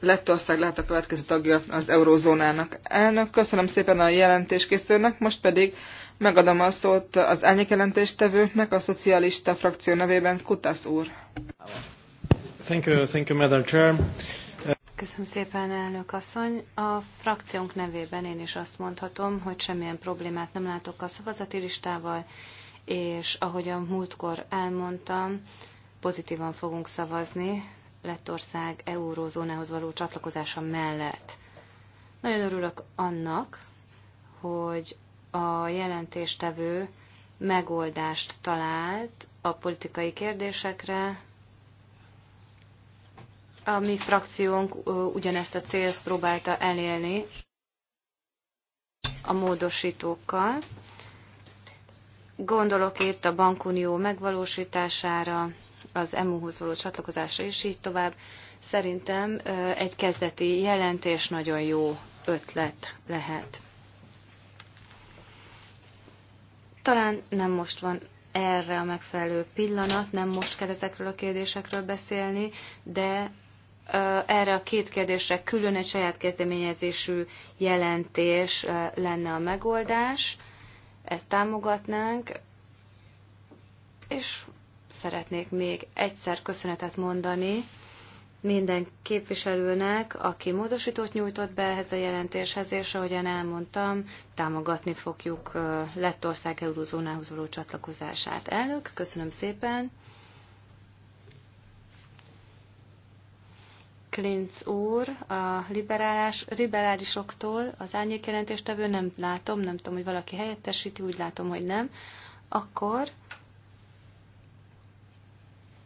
Lettország lehet a következő tagja az eurózónának. Elnök, köszönöm szépen a készülnek. most pedig megadom a szót az elnyék jelentéstevőknek, a szocialista frakció nevében Kutasz úr. Thank you, thank you, Madam Chair. Köszönöm szépen, elnök asszony. A frakciónk nevében én is azt mondhatom, hogy semmilyen problémát nem látok a szavazati listával, és ahogy a múltkor elmondtam, pozitívan fogunk szavazni Lettország eurózónához való csatlakozása mellett. Nagyon örülök annak, hogy a jelentéstevő megoldást talált a politikai kérdésekre. A mi frakciónk ugyanezt a célt próbálta elélni a módosítókkal. Gondolok itt a bankunió megvalósítására, az EMU-hoz való csatlakozásra és így tovább. Szerintem egy kezdeti jelentés nagyon jó ötlet lehet. Talán nem most van erre a megfelelő pillanat, nem most kell ezekről a kérdésekről beszélni, de erre a két kérdésre külön egy saját kezdeményezésű jelentés lenne a megoldás ezt támogatnánk, és szeretnék még egyszer köszönetet mondani minden képviselőnek, aki módosítót nyújtott be ehhez a jelentéshez, és ahogyan elmondtam, támogatni fogjuk Lettország eurózónához való csatlakozását. Elnök, köszönöm szépen! Klinc úr, a liberális, liberálisoktól az árnyékjelentéstevő nem látom, nem tudom, hogy valaki helyettesíti, úgy látom, hogy nem. Akkor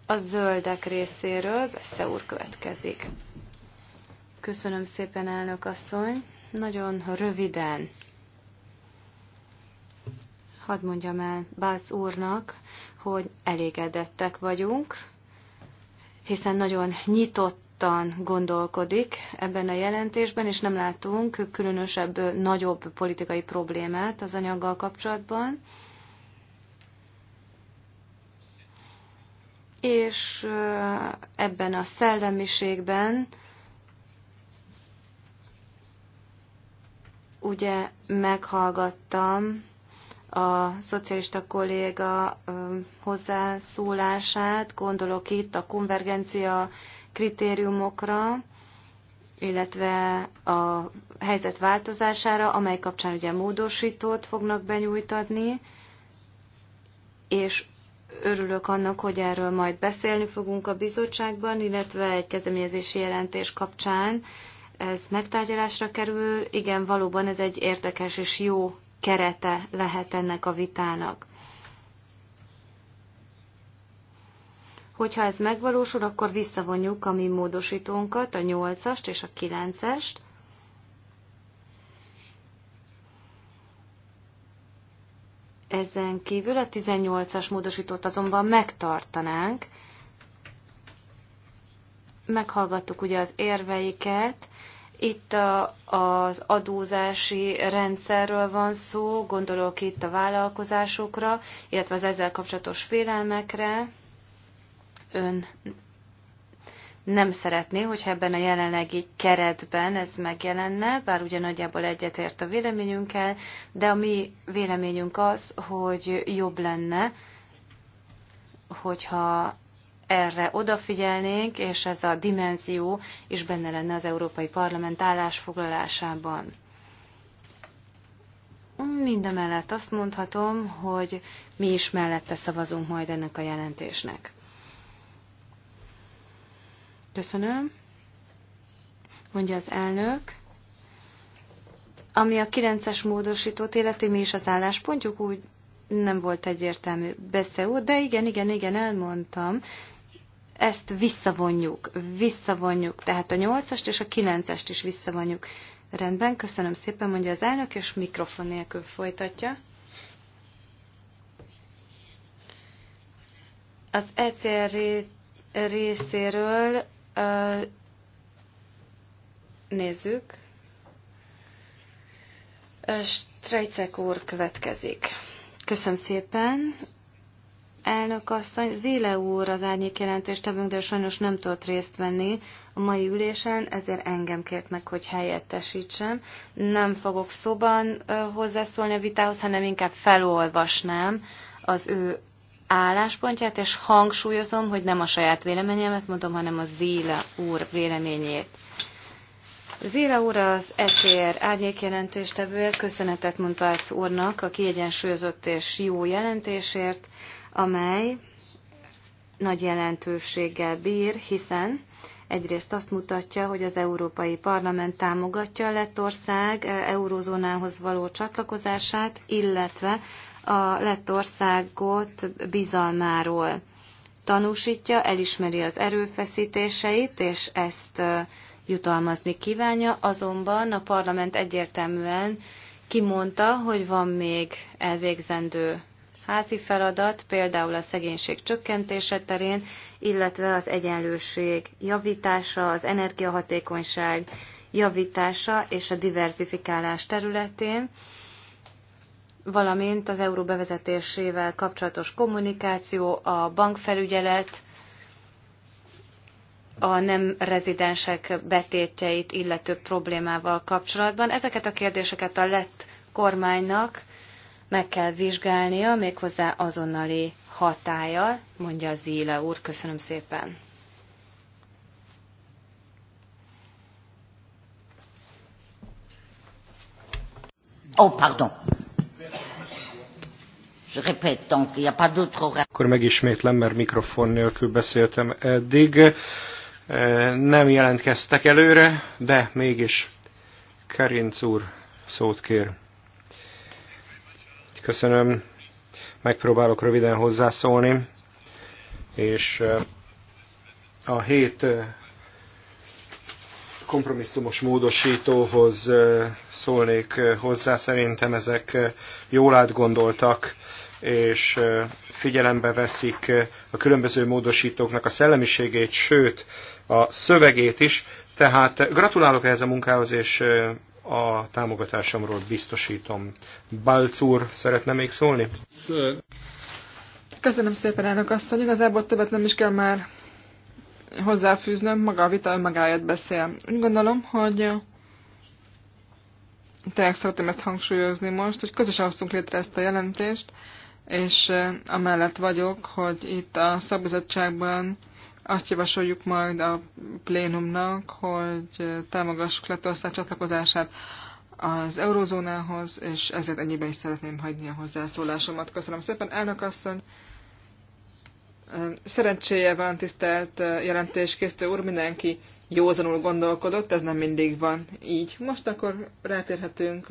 a zöldek részéről Vesze úr következik. Köszönöm szépen, elnök asszony. Nagyon röviden hadd mondjam el Bász úrnak, hogy elégedettek vagyunk, hiszen nagyon nyitott nyugodtan gondolkodik ebben a jelentésben, és nem látunk különösebb nagyobb politikai problémát az anyaggal kapcsolatban. És ebben a szellemiségben ugye meghallgattam a szocialista kolléga hozzászólását, gondolok itt a konvergencia kritériumokra, illetve a helyzet változására, amely kapcsán ugye módosítót fognak benyújtatni, és örülök annak, hogy erről majd beszélni fogunk a bizottságban, illetve egy kezdeményezési jelentés kapcsán ez megtárgyalásra kerül. Igen, valóban ez egy érdekes és jó kerete lehet ennek a vitának. Hogyha ez megvalósul, akkor visszavonjuk a mi módosítónkat, a 8-ast és a 9-est. Ezen kívül a 18-as módosítót azonban megtartanánk. Meghallgattuk ugye az érveiket, itt a, az adózási rendszerről van szó, gondolok itt a vállalkozásokra, illetve az ezzel kapcsolatos félelmekre ön nem szeretné, hogyha ebben a jelenlegi keretben ez megjelenne, bár ugye nagyjából egyetért a véleményünkkel, de a mi véleményünk az, hogy jobb lenne, hogyha erre odafigyelnénk, és ez a dimenzió is benne lenne az Európai Parlament állásfoglalásában. Mindemellett azt mondhatom, hogy mi is mellette szavazunk majd ennek a jelentésnek. Köszönöm. Mondja az elnök. Ami a 9-es módosítót életi, mi is az álláspontjuk, úgy nem volt egyértelmű beszél, de igen, igen, igen, elmondtam. Ezt visszavonjuk, visszavonjuk, tehát a 8-ast és a 9-est is visszavonjuk. Rendben, köszönöm szépen, mondja az elnök, és mikrofon nélkül folytatja. Az ECR részéről nézzük. Strejcek úr következik. Köszönöm szépen. Elnök asszony, Zéle úr az árnyék jelentéstevünk, de sajnos nem tudott részt venni a mai ülésen, ezért engem kért meg, hogy helyettesítsem. Nem fogok szóban hozzászólni a vitához, hanem inkább felolvasnám az ő álláspontját, és hangsúlyozom, hogy nem a saját véleményemet mondom, hanem a Zéla úr véleményét. Zéla úr az ECR árnyékjelentéstevője köszönetet mond Pálc úrnak a kiegyensúlyozott és jó jelentésért, amely nagy jelentőséggel bír, hiszen egyrészt azt mutatja, hogy az Európai Parlament támogatja a Lettország e, eurózónához való csatlakozását, illetve a országot bizalmáról tanúsítja, elismeri az erőfeszítéseit, és ezt jutalmazni kívánja, azonban a parlament egyértelműen kimondta, hogy van még elvégzendő házi feladat, például a szegénység csökkentése terén, illetve az egyenlőség javítása, az energiahatékonyság javítása és a diverzifikálás területén, valamint az euró bevezetésével kapcsolatos kommunikáció, a bankfelügyelet, a nem rezidensek betétjeit illető problémával kapcsolatban. Ezeket a kérdéseket a lett kormánynak meg kell vizsgálnia, méghozzá azonnali hatája, mondja Zíle úr. Köszönöm szépen. Oh, pardon. Akkor megismétlem, mert mikrofon nélkül beszéltem eddig. E, nem jelentkeztek előre, de mégis Kerinc úr szót kér. Köszönöm. Megpróbálok röviden hozzászólni, és e, a hét e, kompromisszumos módosítóhoz szólnék hozzá. Szerintem ezek jól átgondoltak és figyelembe veszik a különböző módosítóknak a szellemiségét, sőt a szövegét is. Tehát gratulálok ehhez a munkához, és a támogatásomról biztosítom. Balc úr, szeretne még szólni? Köszönöm szépen, elnök asszony. Igazából többet nem is kell már hozzáfűznöm, maga a vita önmagáért beszél. Úgy gondolom, hogy tényleg szeretném ezt hangsúlyozni most, hogy közösen hoztunk létre ezt a jelentést, és amellett vagyok, hogy itt a szakbizottságban azt javasoljuk majd a plénumnak, hogy támogassuk Lettország csatlakozását az eurozónához, és ezért ennyiben is szeretném hagyni a hozzászólásomat. Köszönöm szépen, elnök asszony! Szerencséje van, tisztelt jelentéskészítő úr, mindenki józanul gondolkodott, ez nem mindig van így. Most akkor rátérhetünk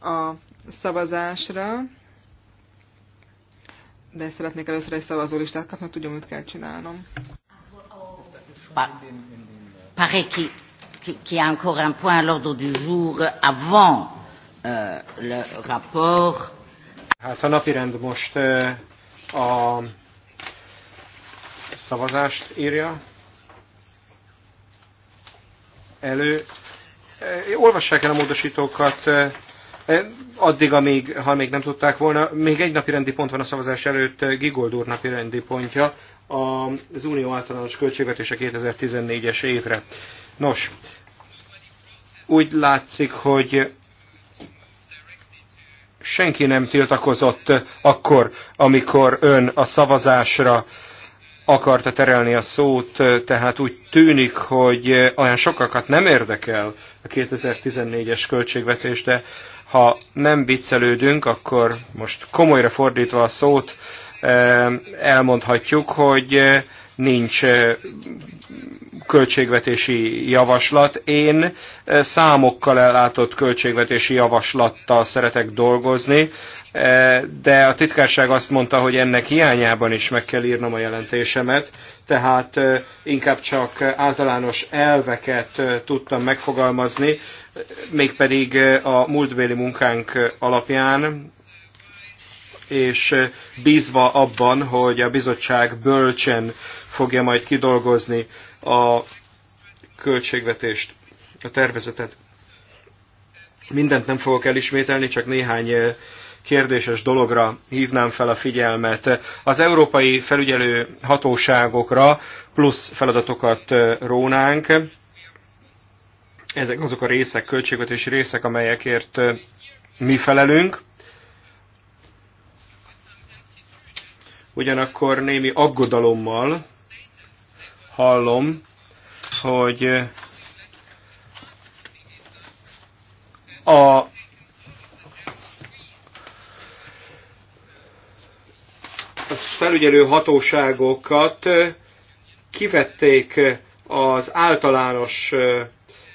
a szavazásra de szeretnék először egy szavazólistát kapni, hogy tudjam, mit kell csinálnom. Paraît qu'il y a encore un point à l'ordre du jour avant euh, le rapport. Hát a most euh, a szavazást írja elő. Olvassák el a módosítókat, E, addig, amíg, ha még nem tudták volna, még egy napi rendi pont van a szavazás előtt, Gigold úr napi rendi pontja, az Unió általános költségvetése 2014-es évre. Nos, úgy látszik, hogy senki nem tiltakozott akkor, amikor ön a szavazásra akarta terelni a szót, tehát úgy tűnik, hogy olyan sokakat nem érdekel a 2014-es költségvetés, de ha nem viccelődünk, akkor most komolyra fordítva a szót, eh, elmondhatjuk, hogy eh, nincs eh, költségvetési javaslat. Én számokkal ellátott költségvetési javaslattal szeretek dolgozni, de a titkárság azt mondta, hogy ennek hiányában is meg kell írnom a jelentésemet, tehát inkább csak általános elveket tudtam megfogalmazni, mégpedig eh, a múltbéli munkánk eh, alapján, és eh, bízva abban, hogy a bizottság bölcsen fogja majd kidolgozni a költségvetést, a tervezetet. Mindent nem fogok elismételni, csak néhány kérdéses dologra hívnám fel a figyelmet. Az európai felügyelő hatóságokra plusz feladatokat rónánk ezek azok a részek, költségvetési részek, amelyekért mi felelünk. Ugyanakkor némi aggodalommal hallom, hogy a felügyelő hatóságokat kivették az általános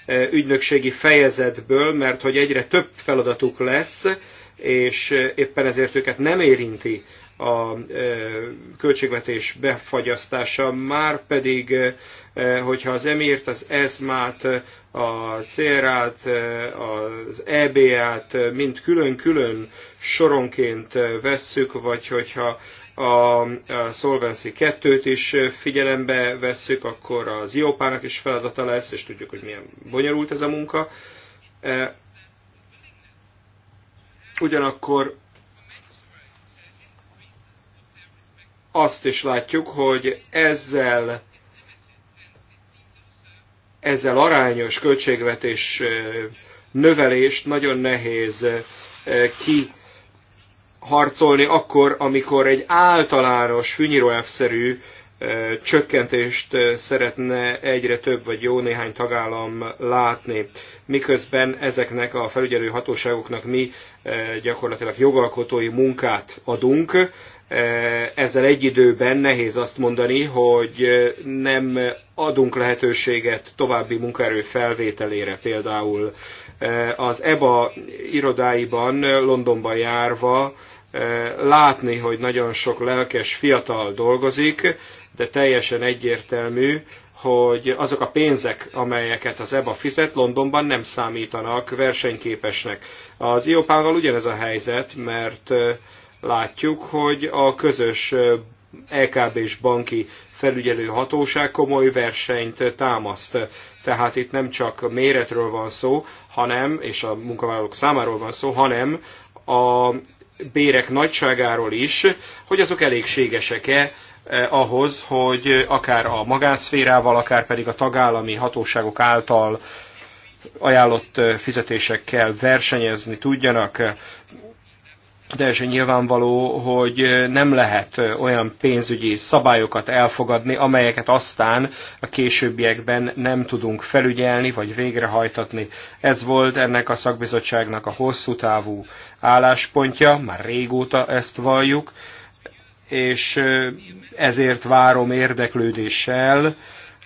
ügynökségi fejezetből, mert hogy egyre több feladatuk lesz, és éppen ezért őket nem érinti a költségvetés befagyasztása, már pedig, hogyha az EMIRT, az ESMA-t, a CRA-t, az EBA-t mind külön-külön soronként vesszük, vagy hogyha a, a Solvency 2-t is figyelembe vesszük, akkor az iopa is feladata lesz, és tudjuk, hogy milyen bonyolult ez a munka. E, ugyanakkor azt is látjuk, hogy ezzel ezzel arányos költségvetés e, növelést nagyon nehéz e, ki harcolni akkor, amikor egy általános szerű csökkentést szeretne egyre több vagy jó néhány tagállam látni, miközben ezeknek a felügyelő hatóságoknak mi gyakorlatilag jogalkotói munkát adunk. Ezzel egy időben nehéz azt mondani, hogy nem adunk lehetőséget további munkaerő felvételére például. Az EBA irodáiban Londonban járva látni, hogy nagyon sok lelkes fiatal dolgozik, de teljesen egyértelmű, hogy azok a pénzek, amelyeket az EBA fizet, Londonban nem számítanak versenyképesnek. Az IOPÁ-val ugyanez a helyzet, mert látjuk, hogy a közös LKB e és banki felügyelő hatóság komoly versenyt támaszt. Tehát itt nem csak méretről van szó, hanem, és a munkavállalók számáról van szó, hanem a bérek nagyságáról is, hogy azok elégségesek-e eh, ahhoz, hogy akár a magánszférával, akár pedig a tagállami hatóságok által ajánlott eh, fizetésekkel versenyezni tudjanak teljesen nyilvánvaló, hogy nem lehet olyan pénzügyi szabályokat elfogadni, amelyeket aztán a későbbiekben nem tudunk felügyelni vagy végrehajtatni. Ez volt ennek a szakbizottságnak a hosszú távú álláspontja, már régóta ezt valljuk, és ezért várom érdeklődéssel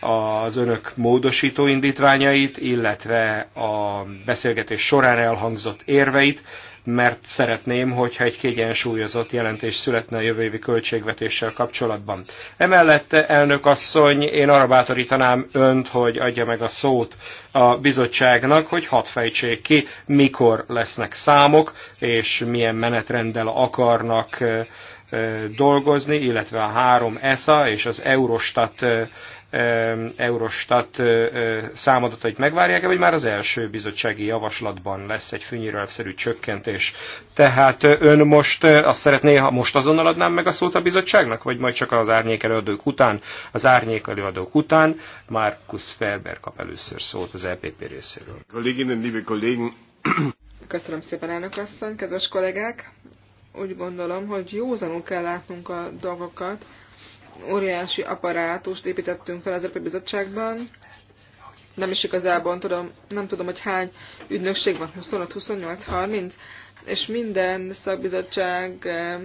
az önök módosító indítványait, illetve a beszélgetés során elhangzott érveit, mert szeretném, hogyha egy kiegyensúlyozott jelentés születne a jövő évi költségvetéssel kapcsolatban. Emellett, elnök asszony, én arra bátorítanám önt, hogy adja meg a szót a bizottságnak, hogy hadd fejtsék ki, mikor lesznek számok, és milyen menetrenddel akarnak dolgozni, illetve a három ESA és az Eurostat Eurostat számadatait megvárják-e, vagy már az első bizottsági javaslatban lesz egy fűnyírelvszerű csökkentés. Tehát ön most azt szeretné, ha most azonnal adnám meg a szót a bizottságnak, vagy majd csak az árnyék előadók után? Az árnyék előadók után Markus Ferber kap először szót az EPP részéről. Köszönöm szépen, elnök asszony, kedves kollégák! Úgy gondolom, hogy józanul kell látnunk a dolgokat, óriási apparátust építettünk fel az Európai Bizottságban. Nem is igazából tudom, nem tudom, hogy hány ügynökség van, 25, 28, 30, és minden szakbizottság eh,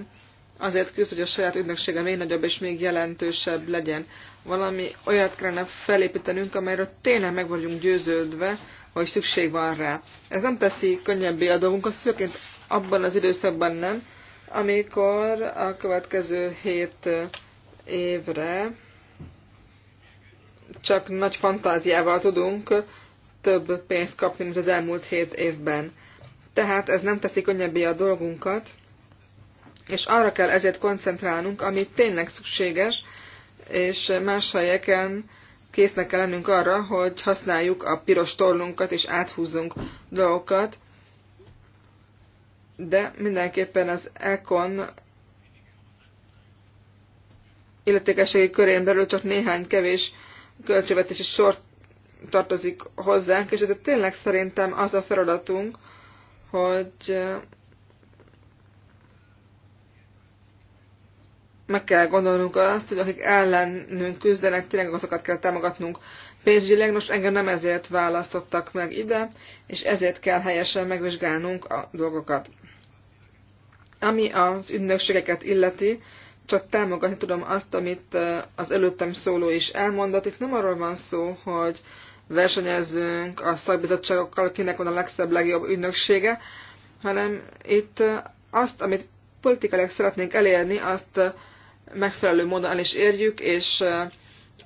azért küzd, hogy a saját ügynöksége még nagyobb és még jelentősebb legyen. Valami olyat kellene felépítenünk, amelyről tényleg meg vagyunk győződve, hogy szükség van rá. Ez nem teszi könnyebbé a dolgunkat, főként abban az időszakban nem, amikor a következő hét eh, évre csak nagy fantáziával tudunk több pénzt kapni, mint az elmúlt hét évben. Tehát ez nem teszi könnyebbé a dolgunkat, és arra kell ezért koncentrálnunk, ami tényleg szükséges, és más helyeken késznek kell lennünk arra, hogy használjuk a piros tollunkat és áthúzzunk dolgokat, de mindenképpen az Econ illetékességi körén belül csak néhány kevés költségvetési sor tartozik hozzánk, és ez tényleg szerintem az a feladatunk, hogy meg kell gondolnunk azt, hogy akik ellenünk küzdenek, tényleg azokat kell támogatnunk pénzügyileg. Most engem nem ezért választottak meg ide, és ezért kell helyesen megvizsgálnunk a dolgokat. Ami az ünnökségeket illeti, csak támogatni tudom azt, amit az előttem szóló is elmondott. Itt nem arról van szó, hogy versenyezzünk a szakbizottságokkal, kinek van a legszebb, legjobb ügynöksége, hanem itt azt, amit politikailag szeretnénk elérni, azt megfelelő módon el is érjük, és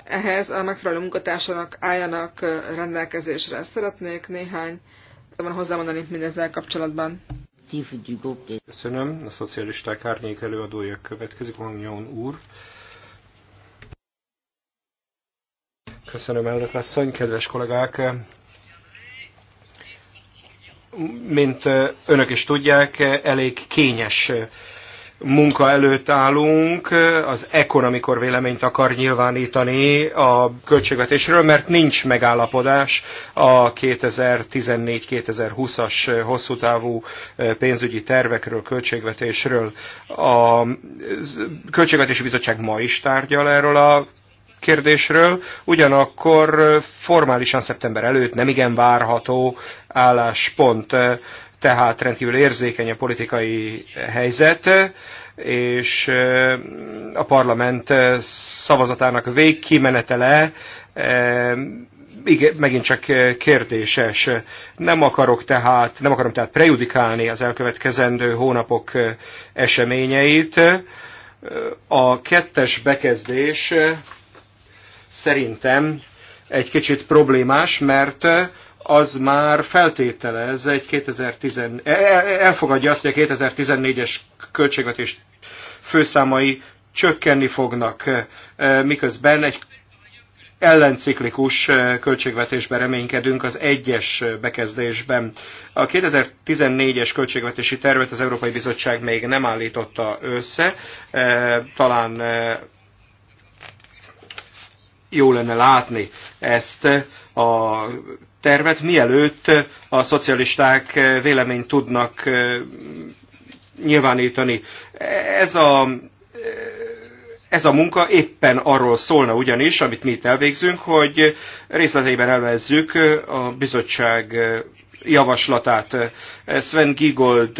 ehhez a megfelelő munkatársanak álljanak rendelkezésre. Szeretnék néhány hozzámondani mindezzel kapcsolatban. Köszönöm. A szocialisták árnyék előadója következik, Hangyon úr. Köszönöm, elnök asszony, kedves kollégák! Mint önök is tudják, elég kényes munka előtt állunk, az Econ, amikor véleményt akar nyilvánítani a költségvetésről, mert nincs megállapodás a 2014-2020-as hosszú távú eh, pénzügyi tervekről, költségvetésről. A Költségvetési Bizottság ma is tárgyal erről a kérdésről, ugyanakkor eh, formálisan szeptember előtt nem igen várható álláspont. Eh, tehát rendkívül érzékeny a politikai helyzet, és a parlament szavazatának végkimenetele igen, megint csak kérdéses. Nem akarok tehát, nem akarom tehát prejudikálni az elkövetkezendő hónapok eseményeit. A kettes bekezdés szerintem egy kicsit problémás, mert az már feltételez egy 2010, e- e- elfogadja azt, hogy a 2014-es költségvetés főszámai csökkenni fognak, e, miközben egy ellenciklikus költségvetésben reménykedünk az egyes bekezdésben. A 2014-es költségvetési tervet az Európai Bizottság még nem állította össze, talán jó lenne látni ezt a tervet, mielőtt a szocialisták véleményt tudnak eh, nyilvánítani. Ez a, eh, ez a munka éppen arról szólna ugyanis, amit mi itt elvégzünk, hogy részleteiben elvezzük a bizottság eh, javaslatát. Sven Gigold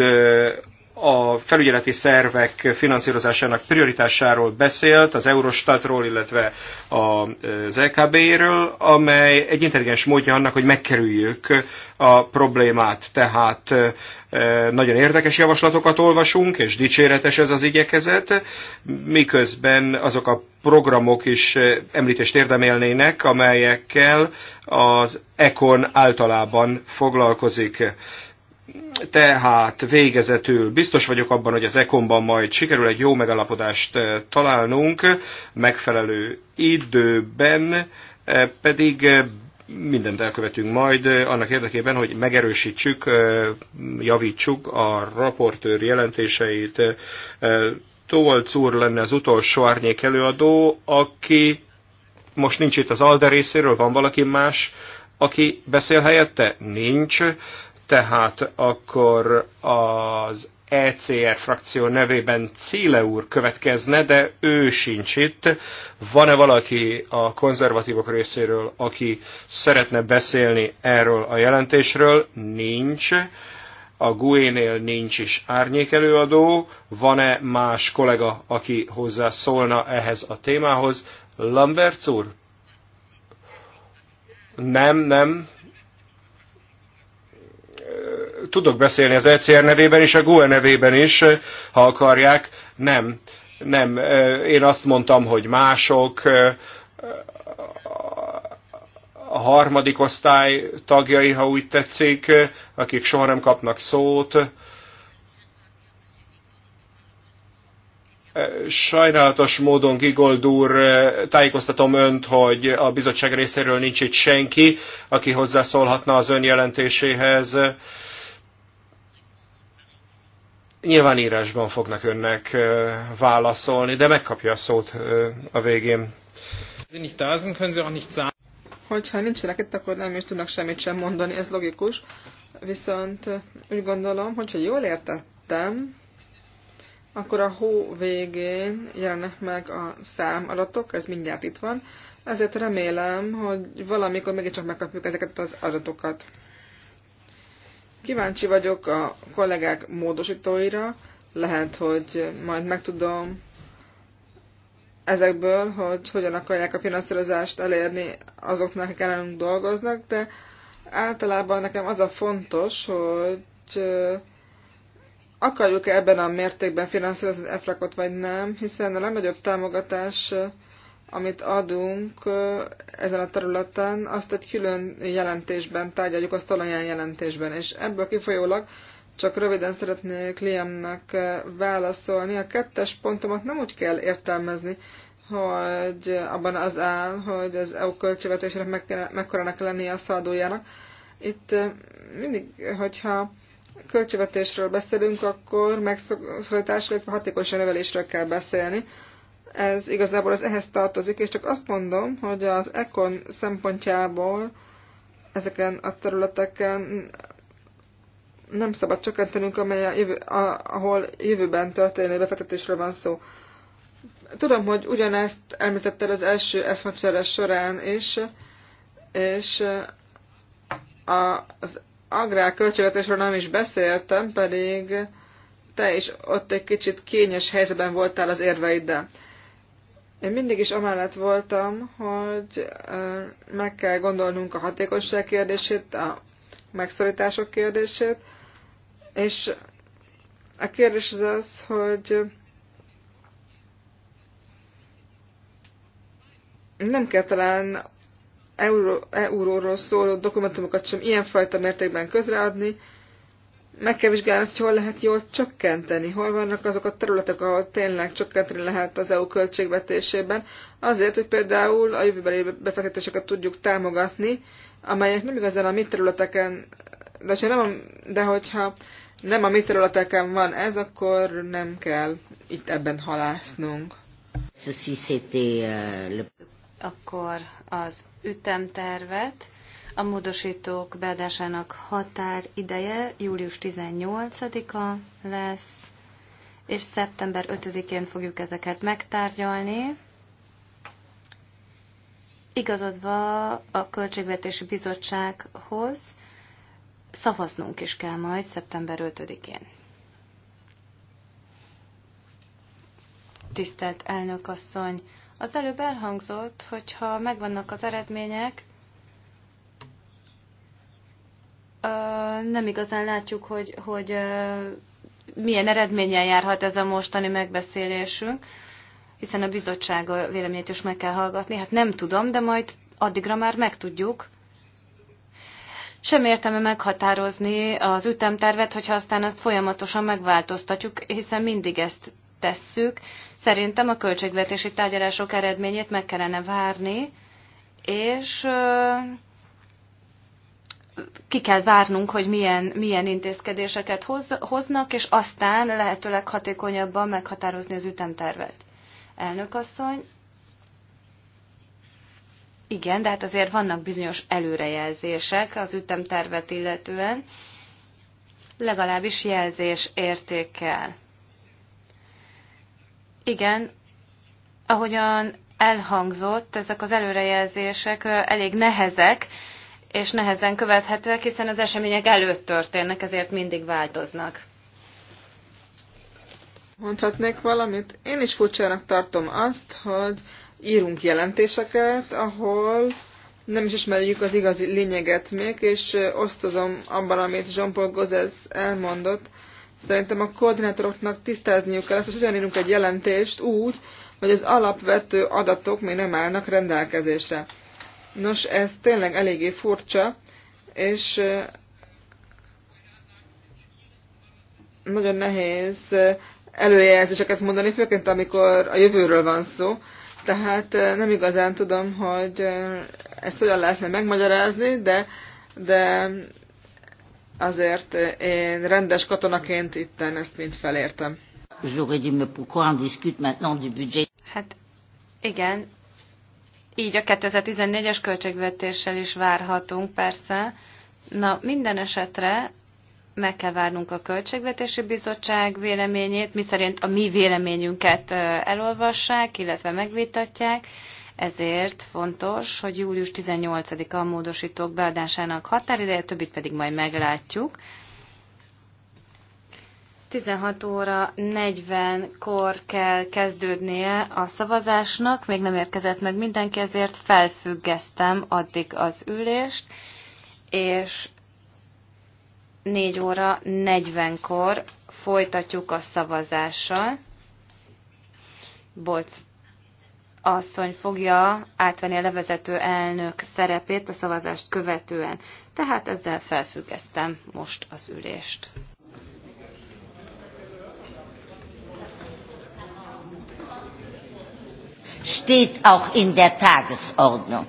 a felügyeleti szervek finanszírozásának prioritásáról beszélt, az Eurostatról, illetve az LKB-ről, amely egy intelligens módja annak, hogy megkerüljük a problémát. Tehát nagyon érdekes javaslatokat olvasunk, és dicséretes ez az igyekezet, miközben azok a programok is említést érdemelnének, amelyekkel az Econ általában foglalkozik tehát végezetül biztos vagyok abban, hogy az ekonban majd sikerül egy jó megalapodást eh, találnunk, megfelelő időben eh, pedig eh, mindent elkövetünk majd annak érdekében, hogy megerősítsük, javítsuk a raportőr jelentéseit. Tolc úr lenne az utolsó árnyék előadó, aki most nincs itt az Alder részéről, van valaki más, aki beszél helyette? Nincs. Tehát akkor az ECR frakció nevében Cíle úr következne, de ő sincs itt. Van-e valaki a konzervatívok részéről, aki szeretne beszélni erről a jelentésről? Nincs. A GUE-nél nincs is árnyékelőadó. Van-e más kollega, aki hozzá szólna ehhez a témához? Lambert úr? Nem, nem, tudok beszélni az ECR nevében és a GUE nevében is, e ha akarják. Nem, nem. Én azt mondtam, hogy mások, a harmadik osztály tagjai, ha úgy tetszik, akik soha nem kapnak szót. Sajnálatos módon Gigold úr, tájékoztatom önt, hogy a bizottság részéről nincs itt senki, aki hozzászólhatna az ön jelentéséhez Nyilván írásban fognak önnek válaszolni, de megkapja a szót a végén. Hogyha nincsenek itt, akkor nem is tudnak semmit sem mondani, ez logikus. Viszont úgy gondolom, hogyha jól értettem, akkor a hó végén jelennek meg a számadatok, ez mindjárt itt van, ezért remélem, hogy valamikor mégiscsak megkapjuk ezeket az adatokat. Kíváncsi vagyok a kollégák módosítóira, lehet, hogy majd megtudom ezekből, hogy hogyan akarják a finanszírozást elérni azoknak, akik ellenünk dolgoznak, de általában nekem az a fontos, hogy akarjuk -e ebben a mértékben finanszírozni az EFRAKot, vagy nem, hiszen a legnagyobb támogatás amit adunk ezen a területen, azt egy külön jelentésben tárgyaljuk, azt talaján jelentésben. És ebből kifolyólag csak röviden szeretnék Liamnak válaszolni. A kettes pontomat nem úgy kell értelmezni, hogy abban az áll, hogy az EU költségvetésre mekkorának lennie a szadójának. Itt mindig, hogyha költségvetésről beszélünk, akkor megszorításról, illetve hatékonyság növelésről kell beszélni ez igazából az ehhez tartozik, és csak azt mondom, hogy az Econ szempontjából ezeken a területeken nem szabad csökkentenünk, amely a jövő, a, ahol jövőben történő befektetésről van szó. Tudom, hogy ugyanezt említetted az első eszmacseres során is, és a, az agrár költségvetésről nem is beszéltem, pedig te is ott egy kicsit kényes helyzetben voltál az érveiddel. Én mindig is amellett voltam, hogy meg kell gondolnunk a hatékonyság kérdését, a megszorítások kérdését, és a kérdés az az, hogy nem kell talán euróról szóló dokumentumokat sem ilyenfajta mértékben közreadni, meg kell vizsgálni, hogy hol lehet jól csökkenteni, hol vannak azok a területek, ahol tényleg csökkenteni lehet az EU költségvetésében, azért, hogy például a jövőbeli befektetéseket tudjuk támogatni, amelyek nem igazán a mi területeken, de hogyha nem a, de hogyha nem a mi területeken van ez, akkor nem kell itt ebben halásznunk. Euh, akkor az ütemtervet a módosítók beadásának határideje július 18-a lesz, és szeptember 5-én fogjuk ezeket megtárgyalni. Igazodva a Költségvetési Bizottsághoz szavaznunk is kell majd szeptember 5-én. Tisztelt elnök asszony, az előbb elhangzott, hogy ha megvannak az eredmények, nem igazán látjuk, hogy, hogy milyen eredménnyel járhat ez a mostani megbeszélésünk, hiszen a bizottság véleményét is meg kell hallgatni. Hát nem tudom, de majd addigra már megtudjuk. Sem értelme meghatározni az ütemtervet, hogyha aztán azt folyamatosan megváltoztatjuk, hiszen mindig ezt tesszük. Szerintem a költségvetési tárgyalások eredményét meg kellene várni, és ki kell várnunk, hogy milyen, milyen intézkedéseket hoz, hoznak, és aztán lehetőleg hatékonyabban meghatározni az ütemtervet. Elnök asszony, igen, de hát azért vannak bizonyos előrejelzések az ütemtervet illetően, legalábbis jelzés értékkel. Igen, ahogyan elhangzott, ezek az előrejelzések elég nehezek, és nehezen követhetőek, hiszen az események előtt történnek, ezért mindig változnak. Mondhatnék valamit? Én is furcsának tartom azt, hogy írunk jelentéseket, ahol nem is ismerjük az igazi lényeget még, és osztozom abban, amit Jean-Paul Gozes elmondott. Szerintem a koordinátoroknak tisztázniuk kell ezt, hogy hogyan írunk egy jelentést úgy, hogy az alapvető adatok még nem állnak rendelkezésre. Nos, ez tényleg eléggé furcsa, és nagyon nehéz előjelzéseket mondani, főként amikor a jövőről van szó. Tehát nem igazán tudom, hogy ezt hogyan lehetne megmagyarázni, de, de azért én rendes katonaként itten ezt mind felértem. Hát igen, így a 2014-es költségvetéssel is várhatunk, persze. Na, minden esetre meg kell várnunk a Költségvetési Bizottság véleményét, miszerint a mi véleményünket elolvassák, illetve megvitatják. Ezért fontos, hogy július 18-a a módosítók beadásának határideje, többit pedig majd meglátjuk. 16 óra 40-kor kell kezdődnie a szavazásnak, még nem érkezett meg mindenki, ezért felfüggesztem addig az ülést, és 4 óra 40-kor folytatjuk a szavazással. Bolc asszony fogja átvenni a levezető elnök szerepét a szavazást követően. Tehát ezzel felfüggesztem most az ülést. steht auch in der Tagesordnung.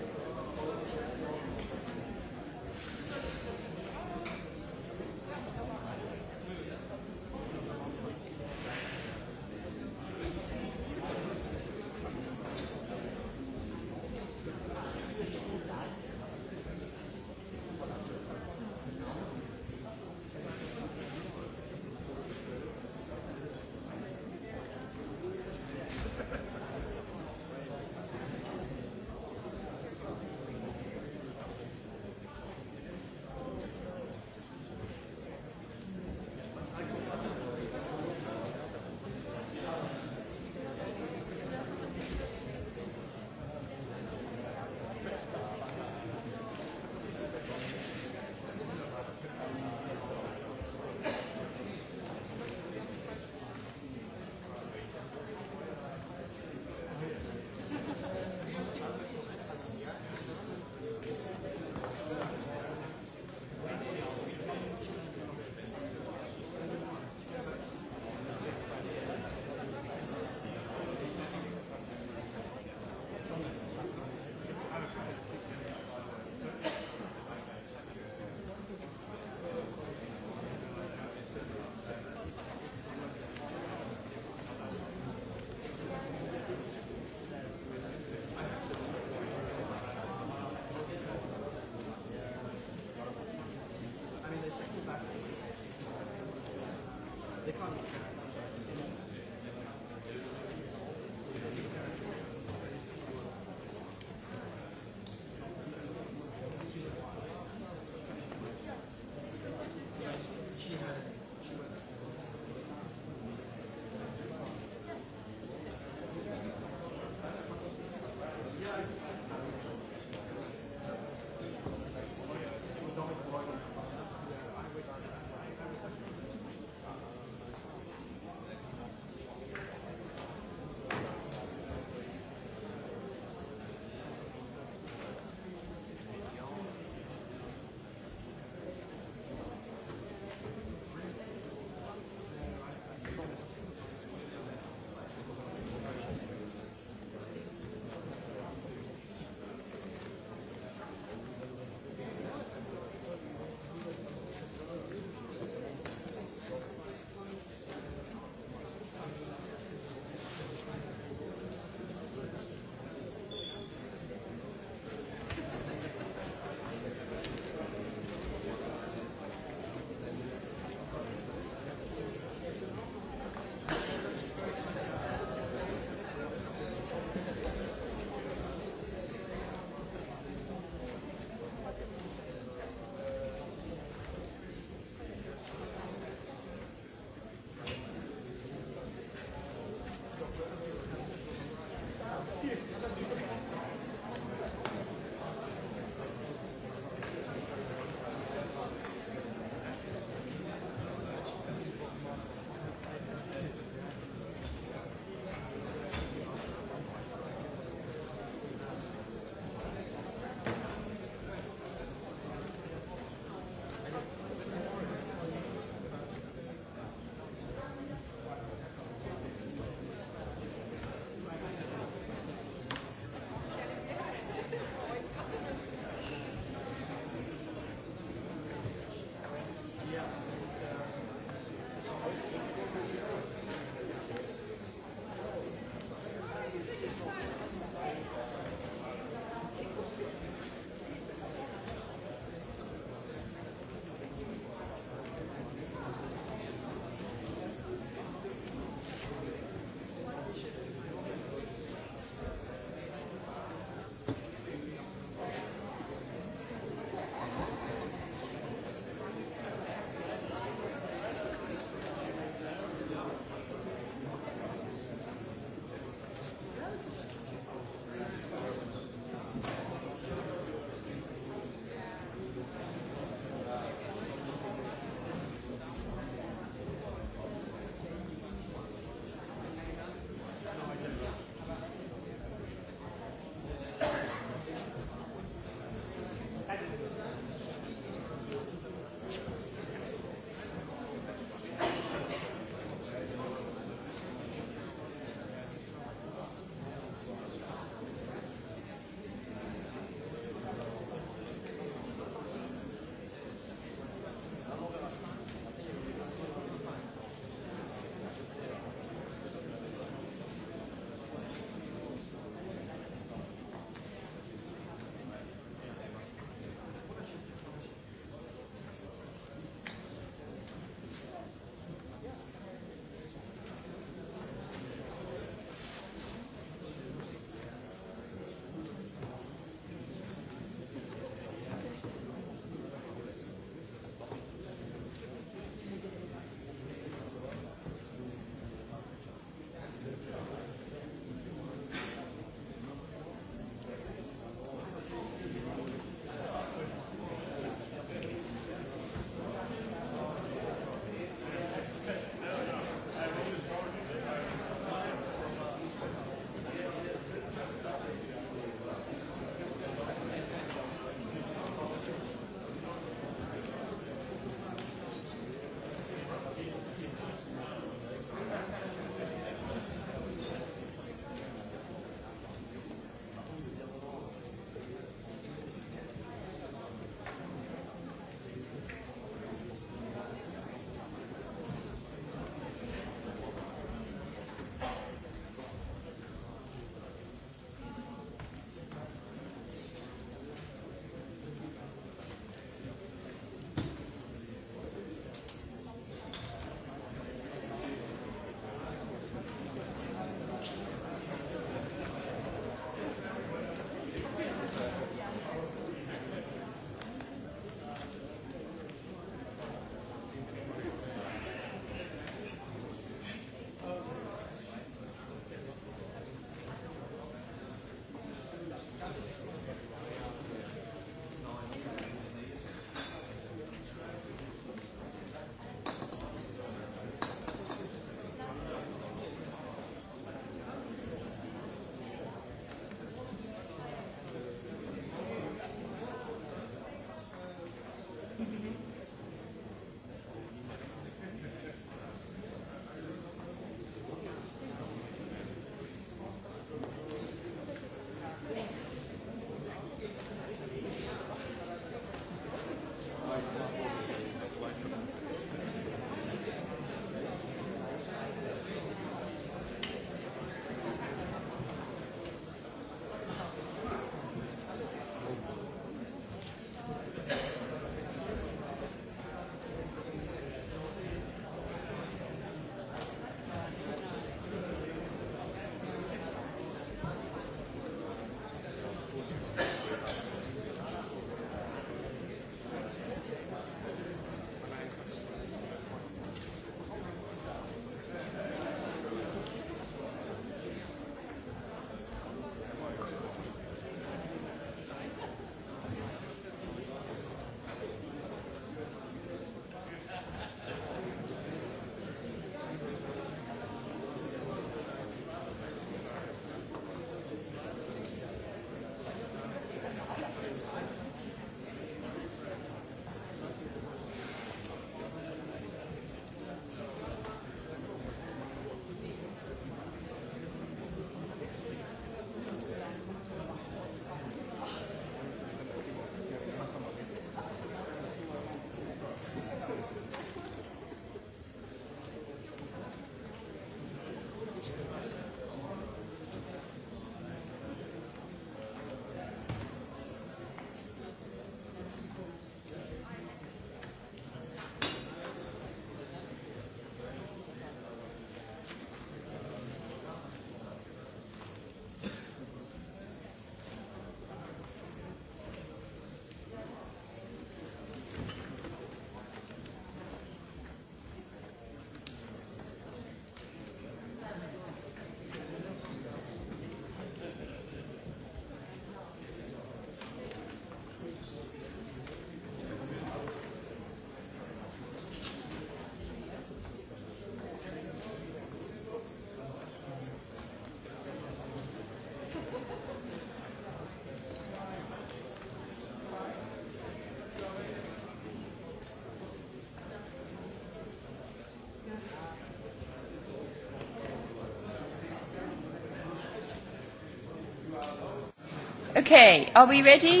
Okay, are we ready?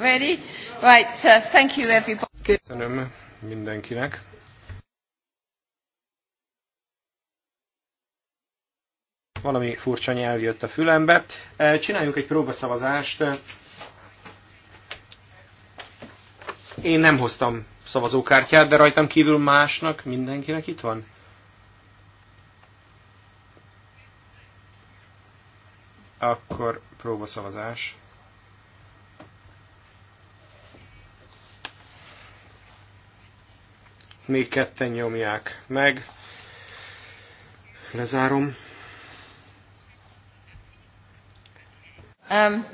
Ready? Right, uh, thank you everybody. Köszönöm mindenkinek. Valami furcsa nyelv jött a fülembe. Eh, csináljunk egy próbaszavazást. Én nem hoztam szavazókártyát, de rajtam kívül másnak mindenkinek itt van? Akkor próbaszavazás. Még ketten nyomják meg. Lezárom. Um,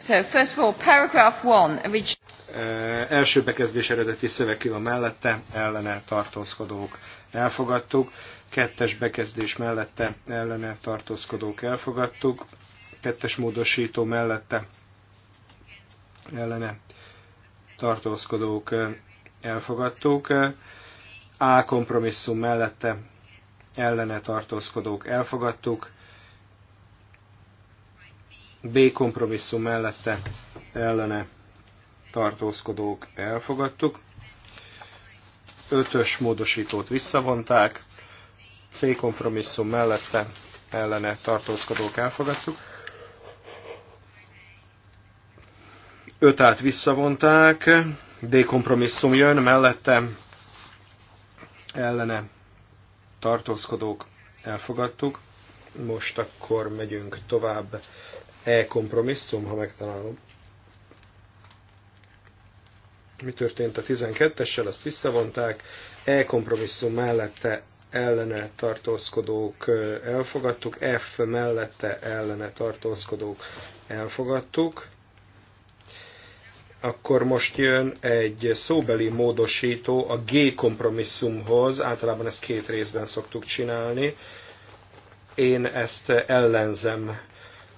so first of all, paragraph one, which Első bekezdés eredeti szöveg ki van mellette, ellene tartózkodók elfogadtuk. Kettes bekezdés mellette, ellene tartózkodók elfogadtuk. Kettes módosító mellette, ellene tartózkodók elfogadtuk. A kompromisszum mellette, ellene tartózkodók elfogadtuk. B kompromisszum mellette, ellene tartózkodók elfogadtuk. Ötös módosítót visszavonták, C kompromisszum mellette ellene tartózkodók elfogadtuk. Ötát visszavonták, D kompromisszum jön, mellette ellene tartózkodók elfogadtuk. Most akkor megyünk tovább. E kompromisszum, ha megtalálom. Mi történt a 12-essel, azt visszavonták, e-kompromisszum mellette ellene tartózkodók elfogadtuk, F mellette ellene tartózkodók elfogadtuk. Akkor most jön egy szóbeli módosító a G kompromisszumhoz, általában ezt két részben szoktuk csinálni. Én ezt ellenzem.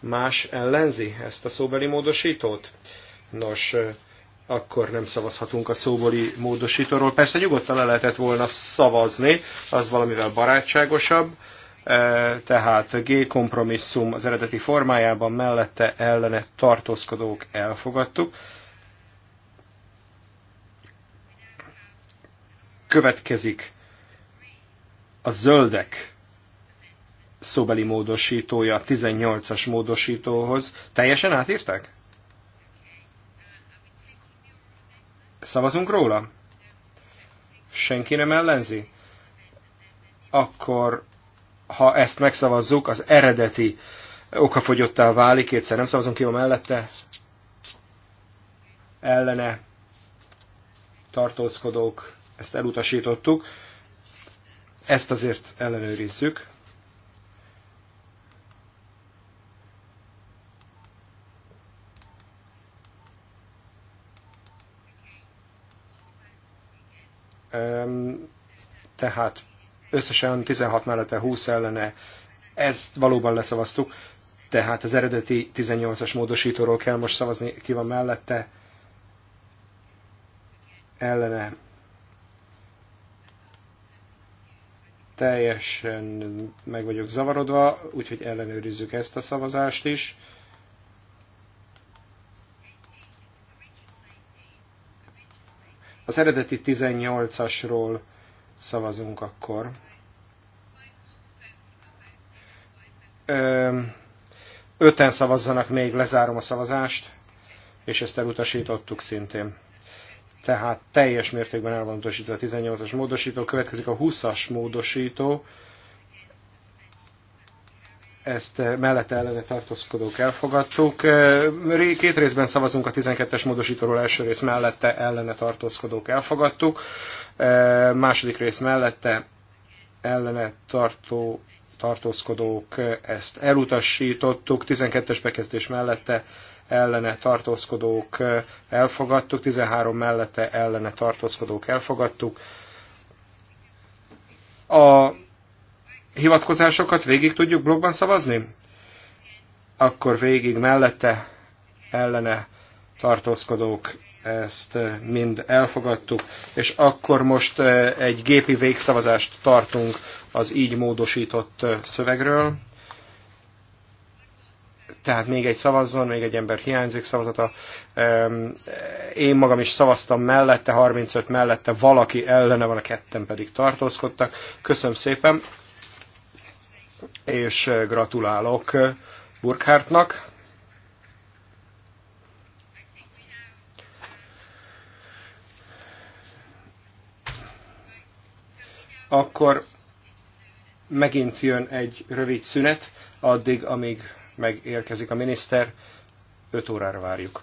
Más ellenzi ezt a szóbeli módosítót? Nos, akkor nem szavazhatunk a szóbeli módosítóról. Persze nyugodtan le lehetett volna szavazni, az valamivel barátságosabb, e, tehát G kompromisszum az eredeti formájában mellette ellene tartózkodók elfogadtuk. Következik a zöldek szóbeli módosítója a 18-as módosítóhoz. Teljesen átírták? Szavazunk róla? Senki nem ellenzi? Akkor, ha ezt megszavazzuk, az eredeti okafogyottá válik, kétszer nem szavazunk ki mellette, ellene tartózkodók, ezt elutasítottuk, ezt azért ellenőrizzük. tehát összesen 16 mellette 20 ellene, ezt valóban leszavaztuk, tehát az eredeti 18-as módosítóról kell most szavazni, ki van mellette, ellene, teljesen meg vagyok zavarodva, úgyhogy ellenőrizzük ezt a szavazást is. Az eredeti 18-asról szavazunk akkor. öten szavazzanak még, lezárom a szavazást, és ezt elutasítottuk szintén. Tehát teljes mértékben utasítva a 18-as módosító, következik a 20-as módosító, ezt mellette ellene tartózkodók elfogadtuk. Két részben szavazunk a 12-es módosítóról, első rész mellette ellene tartózkodók elfogadtuk, e, második rész mellette ellene tartó, tartózkodók ezt elutasítottuk, 12-es bekezdés mellette ellene tartózkodók elfogadtuk, 13 mellette ellene tartózkodók elfogadtuk. A hivatkozásokat végig tudjuk blogban szavazni? Akkor végig mellette ellene tartózkodók ezt eh, mind elfogadtuk, és akkor most eh, egy gépi végszavazást tartunk az így módosított eh, szövegről. Tehát még egy szavazzon, még egy ember hiányzik szavazata. Én magam is szavaztam mellette, 35 mellette, valaki ellene van, a ketten pedig tartózkodtak. Köszönöm szépen! és eh, gratulálok eh, Burkhártnak. Akkor megint jön egy rövid szünet, addig, amíg megérkezik a miniszter, 5 órára várjuk.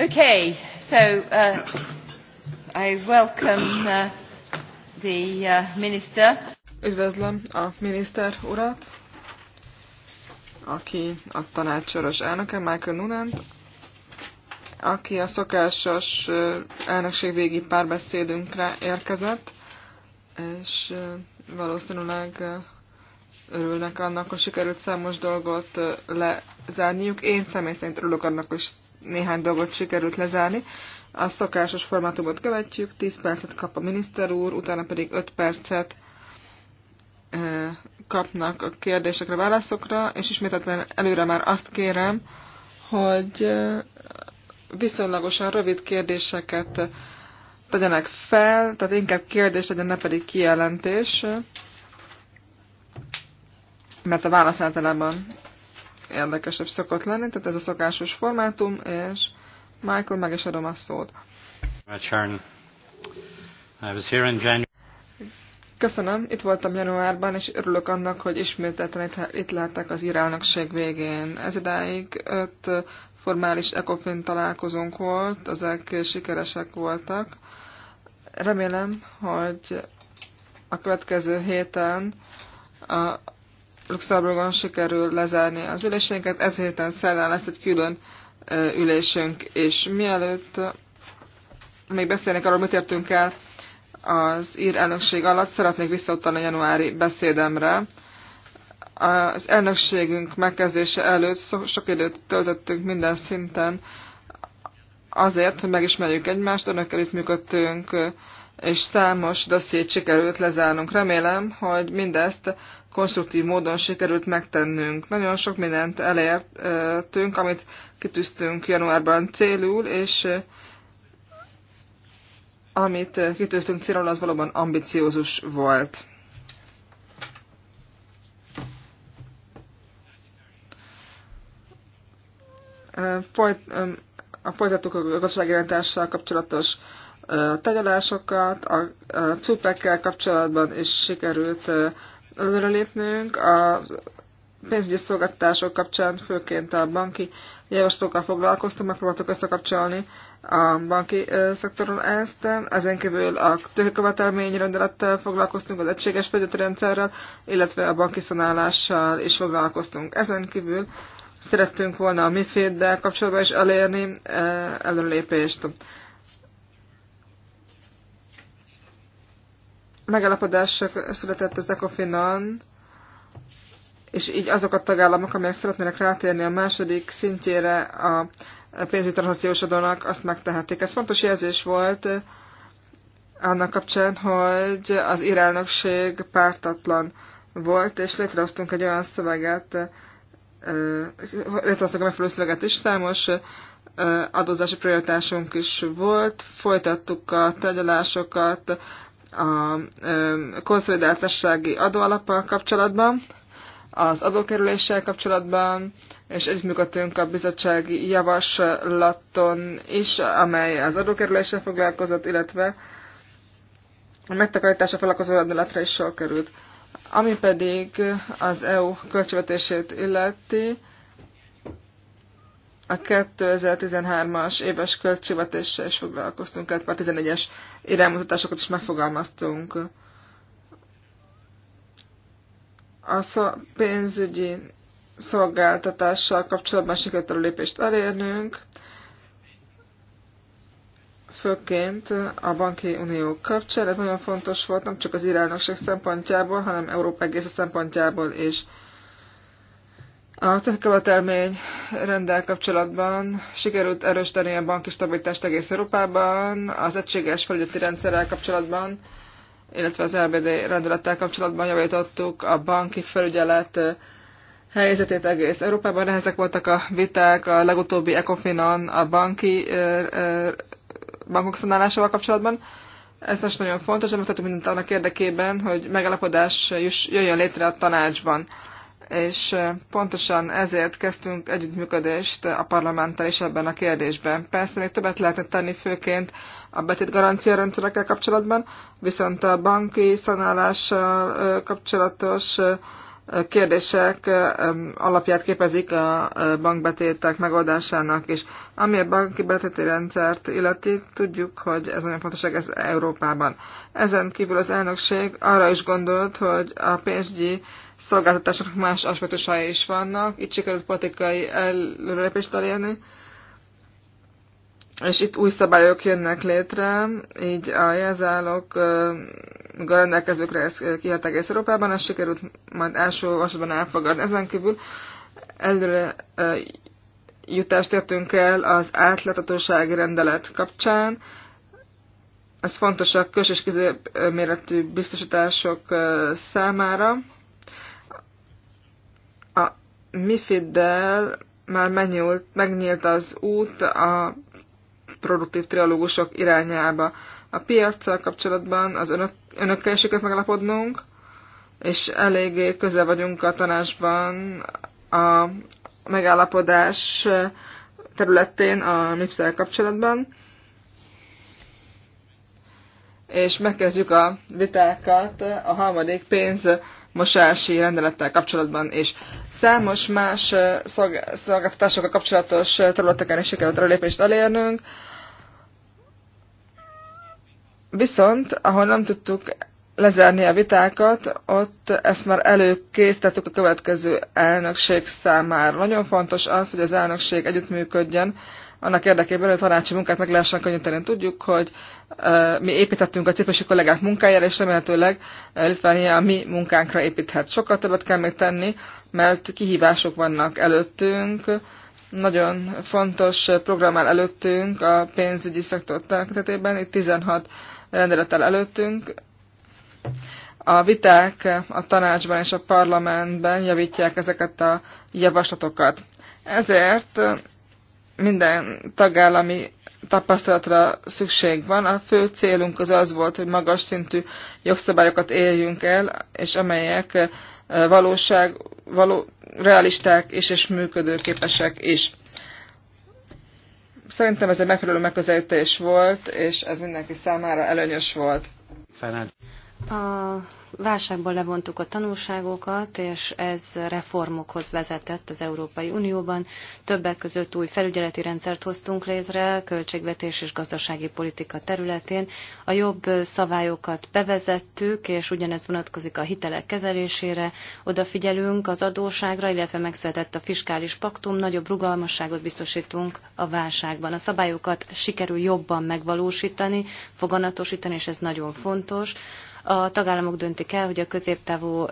Okay, so uh, I welcome uh, the uh, minister. Üdvözlöm a miniszter urat, aki a tanácsoros elnöke, Michael Nunant, aki a szokásos végi párbeszédünkre érkezett, és valószínűleg örülnek annak, hogy sikerült számos dolgot lezárniuk. Én személy szerint örülök annak, hogy néhány dolgot sikerült lezárni. A szokásos formátumot követjük, 10 percet kap a miniszter úr, utána pedig 5 percet kapnak a kérdésekre, válaszokra, és ismétetlen előre már azt kérem, hogy viszonylagosan rövid kérdéseket tegyenek fel, tehát inkább kérdés legyen, ne pedig kijelentés, mert a válasz általában érdekesebb szokott lenni, tehát ez a szokásos formátum, és Michael, meg is adom a szót. Köszönöm, itt voltam januárban, és örülök annak, hogy ismételten itt lehetek az írelnökség végén. Ez idáig öt formális ECOFIN találkozónk volt, ezek sikeresek voltak. Remélem, hogy a következő héten a Luxemburgon sikerül lezárni az üléseinket, ez héten szerdán lesz egy külön ülésünk, és mielőtt még beszélnék arról, mit értünk el az ír elnökség alatt, szeretnék visszautalni a januári beszédemre. Az elnökségünk megkezdése előtt sok időt töltöttünk minden szinten azért, hogy megismerjük egymást, önökkel itt működtünk, és számos dossziét sikerült lezárnunk. Remélem, hogy mindezt konstruktív módon sikerült megtennünk. Nagyon sok mindent elértünk, amit kitűztünk januárban célul, és eh, amit eh, kitűztünk célul, az valóban ambiciózus volt. Eh, folyt, a folytatók a gazdasági kapcsolatos a a, cupekkel kapcsolatban is sikerült előrelépnünk. A pénzügyi szolgáltatások kapcsán főként a banki javaslókkal foglalkoztunk, megpróbáltuk összekapcsolni a banki szektoron ezt. Ezen kívül a tőkekövetelmény rendelettel foglalkoztunk, az egységes rendszerrel, illetve a banki szanálással is foglalkoztunk. Ezen kívül szerettünk volna a MIFID-del kapcsolatban is elérni előrelépést. megállapodás született az Ecofinan, és így azok a tagállamok, amelyek szeretnének rátérni a második szintjére a pénzügyi transzakciós adónak, azt megtehették. Ez fontos jelzés volt annak kapcsán, hogy az irelnökség pártatlan volt, és létrehoztunk egy olyan szöveget, létrehoztunk a megfelelő szöveget is, számos adózási prioritásunk is volt, folytattuk a tárgyalásokat a konszolidáltassági adóalappal kapcsolatban, az adókerüléssel kapcsolatban, és együttműködtünk a bizottsági javaslaton is, amely az adókerüléssel foglalkozott, illetve a megtakarítása foglalkozó rendelatra is sor került. Ami pedig az EU költségvetését illeti, a 2013-as éves költségvetéssel is foglalkoztunk, illetve a 2014 es iránymutatásokat is megfogalmaztunk. A szó, pénzügyi szolgáltatással kapcsolatban sikerült lépést elérnünk, főként a banki unió kapcsán. Ez nagyon fontos volt, nem csak az irányoság szempontjából, hanem Európa egész szempontjából is. És a követelmény rendel kapcsolatban sikerült erősíteni a banki stabilitást egész Európában, az egységes felügyeleti rendszerrel kapcsolatban, illetve az LBD rendelettel kapcsolatban javítottuk a banki felügyelet helyzetét egész Európában. Ezek voltak a viták a legutóbbi Ecofinon a banki bankok szanálásával kapcsolatban. Ez most nagyon fontos, de megtettünk mindent annak érdekében, hogy megállapodás jöjjön létre a tanácsban és pontosan ezért kezdtünk együttműködést a parlamenttel is ebben a kérdésben. Persze még többet lehetne tenni főként a betét garancia rendszerekkel kapcsolatban, viszont a banki szanálással kapcsolatos kérdések alapját képezik a e, bankbetétek megoldásának is. Ami a banki betéti rendszert illeti, tudjuk, hogy ez nagyon fontos ez Európában. Ezen kívül az elnökség arra is gondolt, hogy a pénzügyi szolgáltatásoknak más aspektusai is vannak, itt sikerült politikai előrelépést elérni, és itt új szabályok jönnek létre, így a a rendelkezőkre ez kihat egész Európában, ezt sikerült majd első olvasatban elfogadni. Ezen kívül előre jutást értünk el az átláthatósági rendelet kapcsán. Ez fontos a kös- és középméretű biztosítások számára. A MIFID-del már megnyílt az út a produktív trialógusok irányába. A piaccal kapcsolatban az önök, önökkel is sikerült megalapodnunk, és eléggé közel vagyunk a tanásban a megállapodás területén a mips kapcsolatban. És megkezdjük a vitákat a harmadik pénzmosási rendelettel kapcsolatban és Számos más szolgáltatásokkal kapcsolatos területeken is sikerült lépést elérnünk. Viszont, ahol nem tudtuk lezárni a vitákat, ott ezt már előkészítettük a következő elnökség számára. Nagyon fontos az, hogy az elnökség együttműködjön, annak érdekében, hogy a tanácsi munkát meg lehessen könnyíteni. Tudjuk, hogy uh, mi építettünk a ciprusi kollégák munkájára, és remélhetőleg uh, Litvánia a mi munkánkra építhet. Sokkal többet kell még tenni, mert kihívások vannak előttünk, nagyon fontos program áll előttünk a pénzügyi szektor tekintetében, itt 16 rendelettel előttünk. A viták a tanácsban és a parlamentben javítják ezeket a javaslatokat. Ezért minden tagállami tapasztalatra szükség van. A fő célunk az az volt, hogy magas szintű jogszabályokat éljünk el, és amelyek valóság, való, realisták és, és működőképesek is. Szerintem ez egy megfelelő megközelítés volt, és ez mindenki számára előnyös volt. A válságból levontuk a tanulságokat, és ez reformokhoz vezetett az Európai Unióban. Többek között új felügyeleti rendszert hoztunk létre, költségvetés és gazdasági politika területén. A jobb szabályokat bevezettük, és ugyanez vonatkozik a hitelek kezelésére. Odafigyelünk az adóságra, illetve megszületett a fiskális paktum, nagyobb rugalmasságot biztosítunk a válságban. A szabályokat sikerül jobban megvalósítani, foganatosítani, és ez nagyon fontos a tagállamok döntik el, hogy a középtávú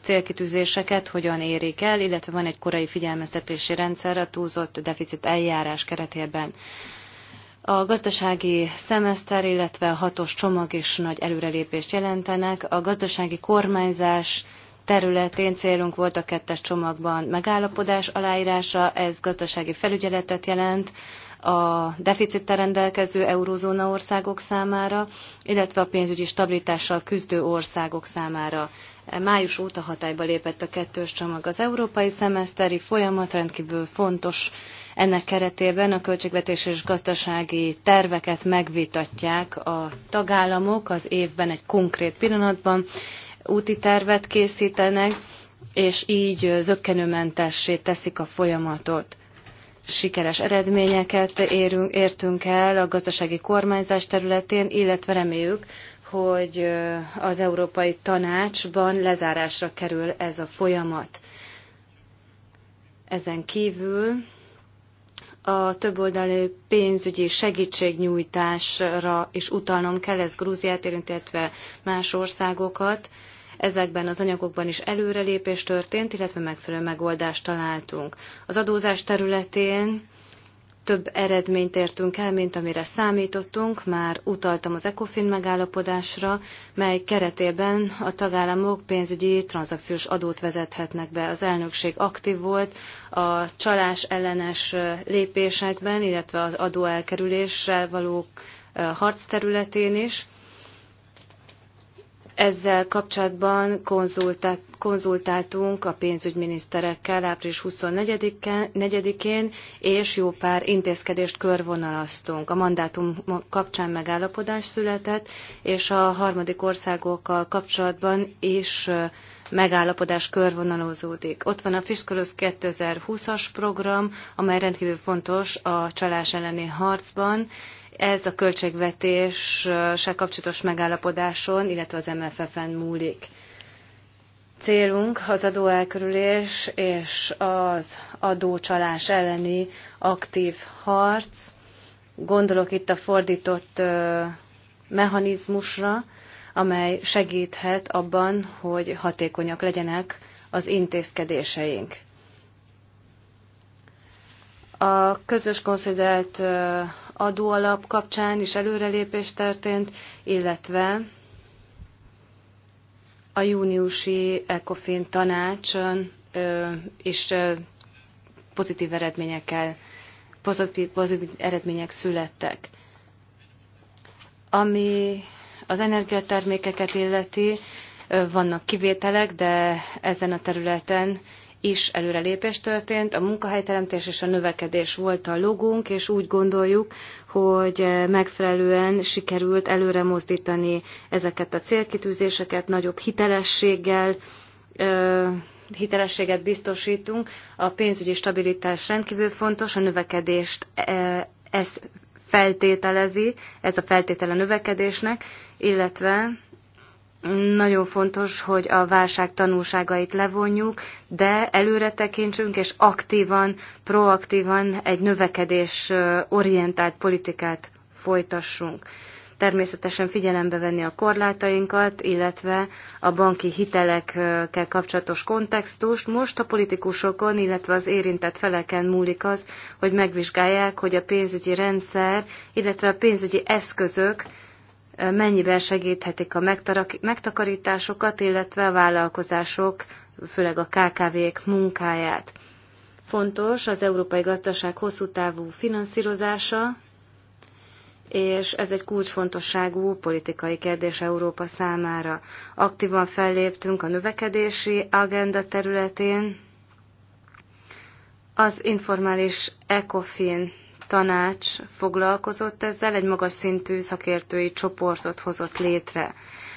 célkitűzéseket hogyan érik el, illetve van egy korai figyelmeztetési rendszer a túlzott deficit eljárás keretében. A gazdasági szemeszter, illetve a hatos csomag is nagy előrelépést jelentenek. A gazdasági kormányzás területén célunk volt a kettes csomagban megállapodás aláírása, ez gazdasági felügyeletet jelent, a deficittel rendelkező eurózóna országok számára, illetve a pénzügyi stabilitással küzdő országok számára. Május óta hatályba lépett a kettős csomag. Az európai szemeszteri folyamat rendkívül fontos ennek keretében a költségvetés és gazdasági terveket megvitatják a tagállamok az évben egy konkrét pillanatban, úti tervet készítenek, és így zöggenőmentessé teszik a folyamatot sikeres eredményeket érünk, értünk el a gazdasági kormányzás területén, illetve reméljük, hogy az Európai Tanácsban lezárásra kerül ez a folyamat. Ezen kívül a többoldalú pénzügyi segítségnyújtásra is utalnom kell, ez Grúziát érint, illetve más országokat ezekben az anyagokban is előrelépés történt, illetve megfelelő megoldást találtunk. Az adózás területén több eredményt értünk el, mint amire számítottunk. Már utaltam az ECOFIN megállapodásra, mely keretében a tagállamok pénzügyi tranzakciós adót vezethetnek be. Az elnökség aktív volt a csalás ellenes lépésekben, illetve az adóelkerüléssel való harc területén is. Ezzel kapcsolatban konzultált, konzultáltunk a pénzügyminiszterekkel április 24-én, és jó pár intézkedést körvonalaztunk. A mandátum kapcsán megállapodás született, és a harmadik országokkal kapcsolatban is megállapodás körvonalozódik. Ott van a Fiskalus 2020-as program, amely rendkívül fontos a csalás elleni harcban, ez a költségvetéssel kapcsolatos megállapodáson, illetve az MFF-en múlik. Célunk az adóelkerülés és az adócsalás elleni aktív harc. Gondolok itt a fordított mechanizmusra, amely segíthet abban, hogy hatékonyak legyenek az intézkedéseink. A közös konszolidált adóalap kapcsán is előrelépés történt, illetve a júniusi ECOFIN tanácson is pozitív eredményekkel, pozitív, pozitív eredmények születtek. Ami az energiatermékeket illeti, vannak kivételek, de ezen a területen is előrelépés történt, a munkahelyteremtés és a növekedés volt a logunk, és úgy gondoljuk, hogy megfelelően sikerült előre mozdítani ezeket a célkitűzéseket, nagyobb hitelességgel, hitelességet biztosítunk. A pénzügyi stabilitás rendkívül fontos, a növekedést e, ez feltételezi, ez a feltétele növekedésnek, illetve nagyon fontos, hogy a válság tanulságait levonjuk, de előre tekintsünk, és aktívan, proaktívan egy növekedés orientált politikát folytassunk. Természetesen figyelembe venni a korlátainkat, illetve a banki hitelekkel kapcsolatos kontextust. Most a politikusokon, illetve az érintett feleken múlik az, hogy megvizsgálják, hogy a pénzügyi rendszer, illetve a pénzügyi eszközök mennyiben segíthetik a megtakarításokat, illetve a vállalkozások, főleg a KKV-k munkáját. Fontos az európai gazdaság hosszú távú finanszírozása, és ez egy kulcsfontosságú politikai kérdés Európa számára. Aktívan felléptünk a növekedési agenda területén, az informális ECOFIN tanács foglalkozott ezzel, egy magas szintű szakértői csoportot hozott létre.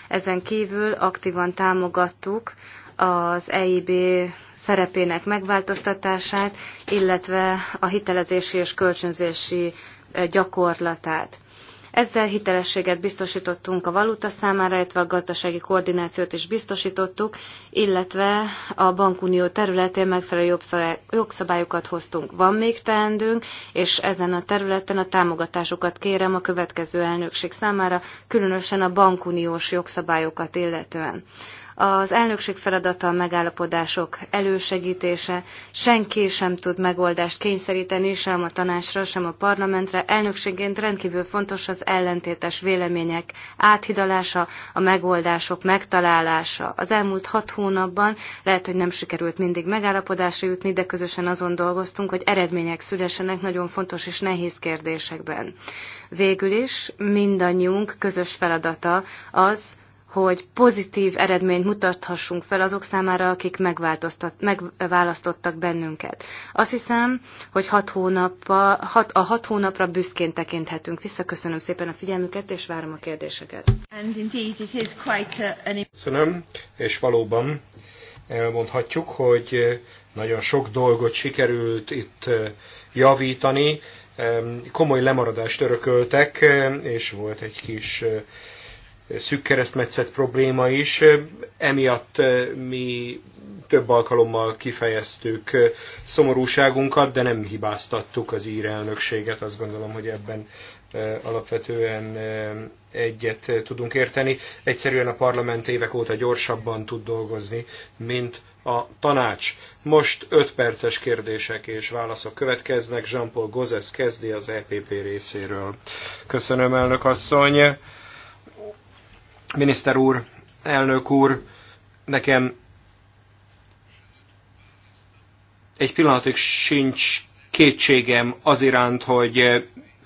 Ezen kívül aktívan támogattuk az EIB szerepének megváltoztatását, illetve a hitelezési és kölcsönzési gyakorlatát. Ezzel hitelességet biztosítottunk a valuta számára, illetve a gazdasági koordinációt is biztosítottuk, illetve a bankunió területén megfelelő jogszabályokat hoztunk. Van még teendőnk, és ezen a területen a támogatásokat kérem a következő elnökség számára, különösen a bankuniós jogszabályokat illetően. Az elnökség feladata a megállapodások elősegítése. Senki sem tud megoldást kényszeríteni, sem a tanácsra, sem a parlamentre. Elnökségként rendkívül fontos az ellentétes vélemények áthidalása, a megoldások megtalálása. Az elmúlt hat hónapban lehet, hogy nem sikerült mindig megállapodásra jutni, de közösen azon dolgoztunk, hogy eredmények szülessenek nagyon fontos és nehéz kérdésekben. Végül is mindannyiunk közös feladata az, hogy pozitív eredményt mutathassunk fel azok számára, akik megválasztottak bennünket. Azt hiszem, hogy hat hónappa, hat, a hat hónapra büszkén tekinthetünk Visszaköszönöm Köszönöm szépen a figyelmüket, és várom a kérdéseket. Köszönöm, és valóban elmondhatjuk, hogy nagyon sok dolgot sikerült itt eh, javítani, komoly lemaradást örököltek, eh, és volt egy kis eh, szűk keresztmetszet probléma is. Emiatt eh, mi több alkalommal kifejeztük eh, szomorúságunkat, de nem hibáztattuk az ír elnökséget. Azt gondolom, hogy ebben eh, alapvetően egyet tudunk érteni. Egyszerűen a parlament évek óta gyorsabban tud dolgozni, mint a tanács. Most 5 perces kérdések és válaszok következnek. Jean-Paul Gozes kezdi az EPP részéről. Köszönöm, elnök asszony. Miniszter úr, elnök úr, nekem egy pillanatig sincs kétségem az iránt, hogy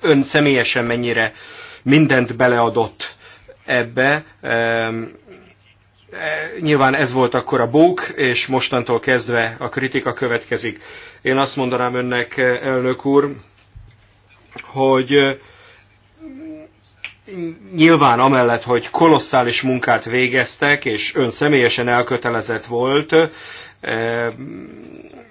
ön személyesen mennyire mindent beleadott ebbe. Ehm, e, nyilván ez volt akkor a bók, és mostantól kezdve a kritika következik. Én azt mondanám önnek, elnök úr, hogy nyilván amellett, hogy kolosszális munkát végeztek, és ön személyesen elkötelezett volt, eh,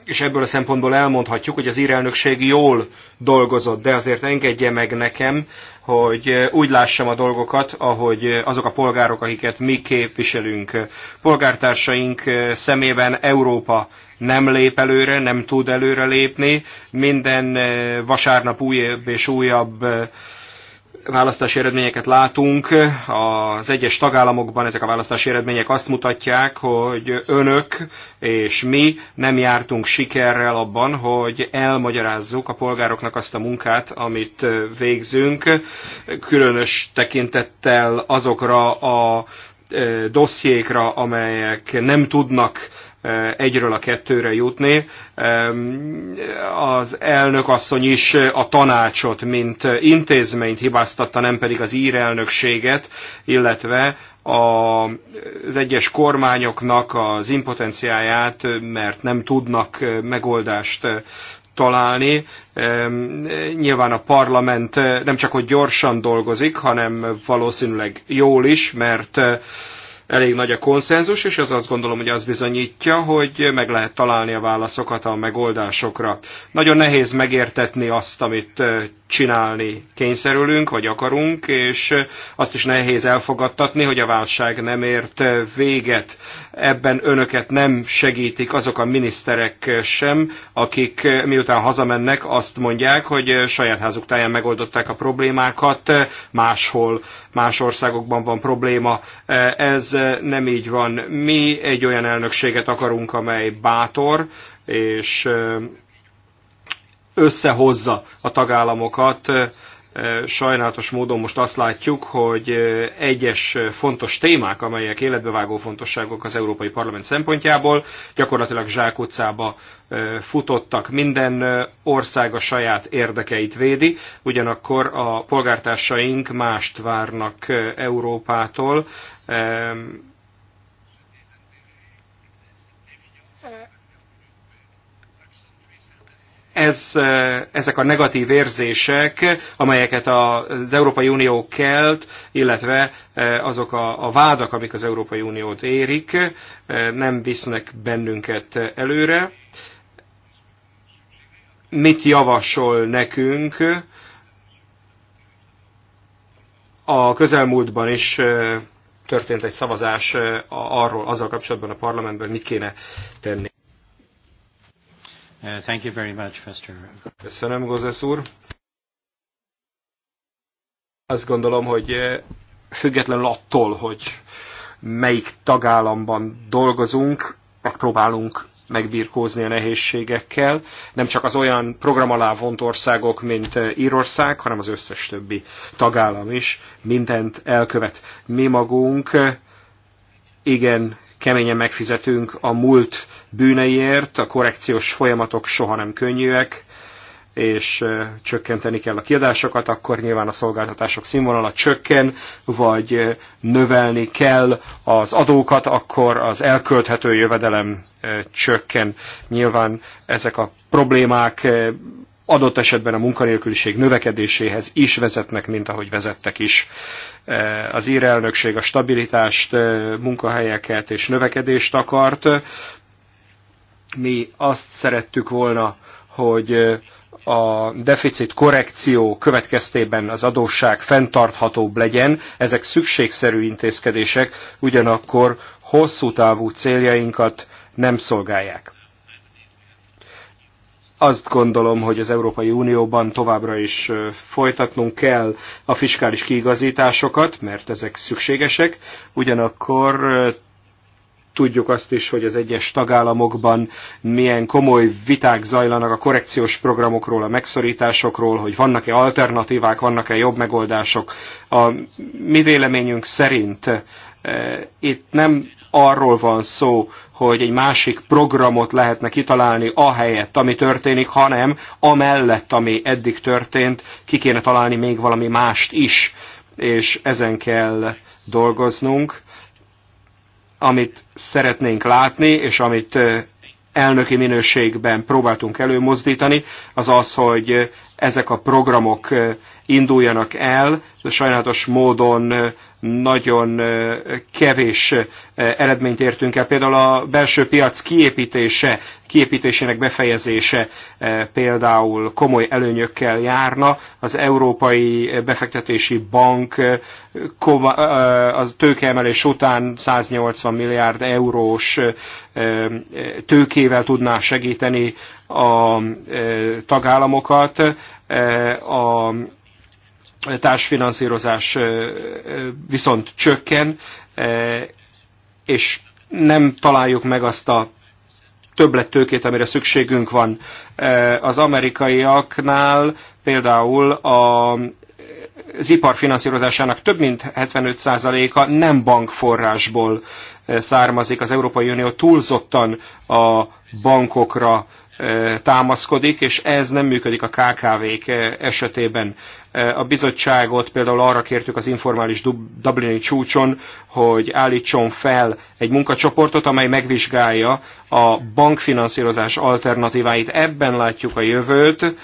és ebből a szempontból elmondhatjuk, hogy az írelnökség jól dolgozott, de azért engedje meg nekem, hogy úgy lássam a dolgokat, ahogy azok a polgárok, akiket mi képviselünk. Polgártársaink eh, szemében Európa nem lép előre, nem tud előre lépni, minden eh, vasárnap újabb és újabb választási eredményeket látunk az egyes tagállamokban, ezek a választási eredmények azt mutatják, hogy önök és mi nem jártunk sikerrel abban, hogy elmagyarázzuk a polgároknak azt a munkát, amit végzünk, különös tekintettel azokra a eh, dossziékra, amelyek nem tudnak egyről a kettőre jutni. Az elnök asszony is a tanácsot, mint intézményt hibáztatta, nem pedig az ír elnökséget, illetve az egyes kormányoknak az impotenciáját, mert nem tudnak megoldást találni. Nyilván a parlament nem csak hogy gyorsan dolgozik, hanem valószínűleg jól is, mert elég nagy a konszenzus, és az azt gondolom, hogy az bizonyítja, hogy meg lehet találni a válaszokat a megoldásokra. Nagyon nehéz megértetni azt, amit csinálni kényszerülünk, vagy akarunk, és azt is nehéz elfogadtatni, hogy a válság nem ért véget. Ebben önöket nem segítik azok a miniszterek sem, akik miután hazamennek azt mondják, hogy saját házuk táján megoldották a problémákat, máshol, más országokban van probléma. Ez nem így van. Mi egy olyan elnökséget akarunk, amely bátor, és összehozza a tagállamokat, sajnálatos módon most azt látjuk, hogy egyes fontos témák, amelyek életbevágó fontosságok az Európai Parlament szempontjából, gyakorlatilag zsákutcába futottak. Minden ország a saját érdekeit védi, ugyanakkor a polgártársaink mást várnak Európától, ez, eh, ezek a negatív érzések, amelyeket az Európai Unió kelt, illetve eh, azok a, a vádak, amik az Európai Uniót érik, eh, nem visznek bennünket előre. Mit javasol nekünk? A közelmúltban is történt egy szavazás arról azzal kapcsolatban a parlamentben, mit kéne tenni. Uh, thank you very much, Fester. Köszönöm, Gózes úr. Azt gondolom, hogy eh, függetlenül attól, hogy melyik tagállamban dolgozunk, megpróbálunk megbirkózni a nehézségekkel. Nem csak az olyan program alá vont országok, mint eh, Írország, hanem az összes többi tagállam is mindent elkövet. Mi magunk eh, igen keményen megfizetünk a múlt bűneiért, a korrekciós folyamatok soha nem könnyűek, és csökkenteni kell a kiadásokat, akkor nyilván a szolgáltatások színvonala csökken, vagy növelni kell az adókat, akkor az elkölthető jövedelem csökken. Nyilván ezek a problémák adott esetben a munkanélküliség növekedéséhez is vezetnek, mint ahogy vezettek is. Eh, az ír elnökség a stabilitást, eh, munkahelyeket és növekedést akart. Mi azt szerettük volna, hogy eh, a deficit korrekció következtében az adósság fenntarthatóbb legyen, ezek szükségszerű intézkedések, ugyanakkor hosszú távú céljainkat nem szolgálják azt gondolom, hogy az Európai Unióban továbbra is folytatnunk kell a fiskális kiigazításokat, mert ezek szükségesek, ugyanakkor tudjuk azt is, hogy az egyes tagállamokban milyen komoly viták zajlanak a korrekciós programokról, a megszorításokról, hogy vannak-e alternatívák, vannak-e jobb megoldások. A mi véleményünk szerint itt nem arról van szó, hogy egy másik programot lehetne kitalálni ahelyett, ami történik, hanem amellett, ami eddig történt, ki kéne találni még valami mást is, és ezen kell dolgoznunk, amit szeretnénk látni, és amit elnöki minőségben próbáltunk előmozdítani, az az, hogy ezek a programok induljanak el, de sajnálatos módon nagyon kevés eredményt értünk el. Például a belső piac kiépítése, kiépítésének befejezése például komoly előnyökkel járna. Az Európai Befektetési Bank az tőkeemelés után 180 milliárd eurós tőkével tudná segíteni a tagállamokat. A társfinanszírozás viszont csökken, és nem találjuk meg azt a többlettőkét, amire szükségünk van. Az amerikaiaknál például a, az ipar finanszírozásának több mint 75%-a nem bankforrásból származik. Az Európai Unió túlzottan a bankokra támaszkodik, és ez nem működik a KKV-k esetében. A bizottságot például arra kértük az informális Dublini csúcson, hogy állítson fel egy munkacsoportot, amely megvizsgálja a bankfinanszírozás alternatíváit. Ebben látjuk a jövőt,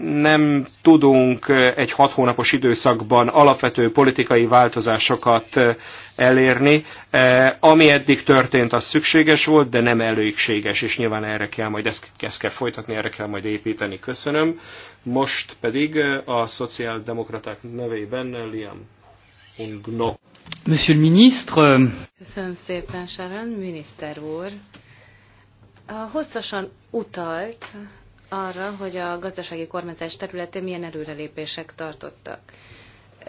nem tudunk egy hat hónapos időszakban alapvető politikai változásokat eh, elérni. Eh, ami eddig történt, az szükséges volt, de nem elégséges, és nyilván erre kell majd ezt, ezt kell folytatni, erre kell majd építeni. Köszönöm. Most pedig eh, a szociáldemokraták nevében Liam Ungno. Monsieur le ministre. Euh, Köszönöm szépen, Sharon, miniszter úr. Hosszasan utalt arra, hogy a gazdasági kormányzás területén milyen előrelépések tartottak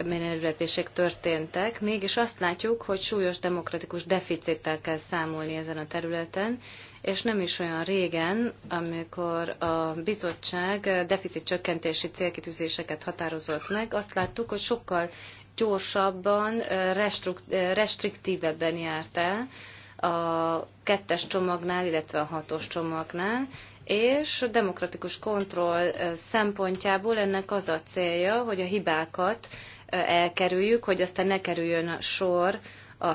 milyen előrelépések történtek, mégis azt látjuk, hogy súlyos demokratikus deficittel kell számolni ezen a területen, és nem is olyan régen, amikor a bizottság deficit csökkentési célkitűzéseket határozott meg, azt láttuk, hogy sokkal gyorsabban, restriktívebben járt el a kettes csomagnál, illetve a hatos csomagnál, és a demokratikus kontroll szempontjából ennek az a célja, hogy a hibákat elkerüljük, hogy aztán ne kerüljön sor a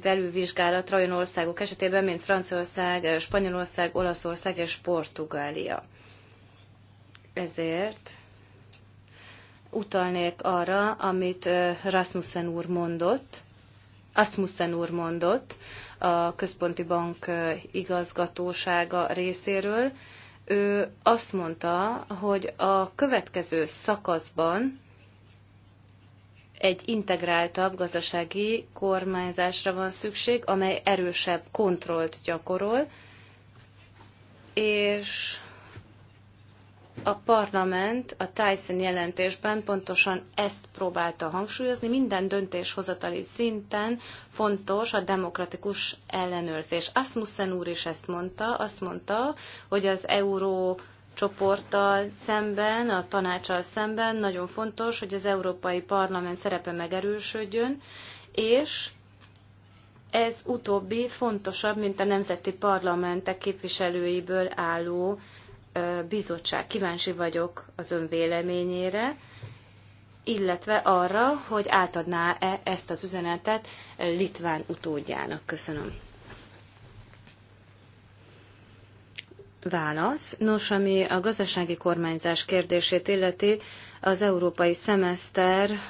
felülvizsgálatra olyan országok esetében, mint Franciaország, Spanyolország, Olaszország és Portugália. Ezért utalnék arra, amit Rasmussen úr mondott, Asmussen úr mondott, a Központi Bank igazgatósága részéről. Ő azt mondta, hogy a következő szakaszban egy integráltabb gazdasági kormányzásra van szükség, amely erősebb kontrollt gyakorol, és a parlament a Tyson jelentésben pontosan ezt próbálta hangsúlyozni, minden döntéshozatali szinten fontos a demokratikus ellenőrzés. Asmussen úr is ezt mondta, azt mondta, hogy az euró csoporttal szemben, a tanácsal szemben nagyon fontos, hogy az Európai Parlament szerepe megerősödjön, és ez utóbbi fontosabb, mint a nemzeti parlamentek képviselőiből álló bizottság. Kíváncsi vagyok az ön véleményére, illetve arra, hogy átadná-e ezt az üzenetet Litván utódjának. Köszönöm. Válasz. Nos, ami a gazdasági kormányzás kérdését illeti, az európai szemeszternek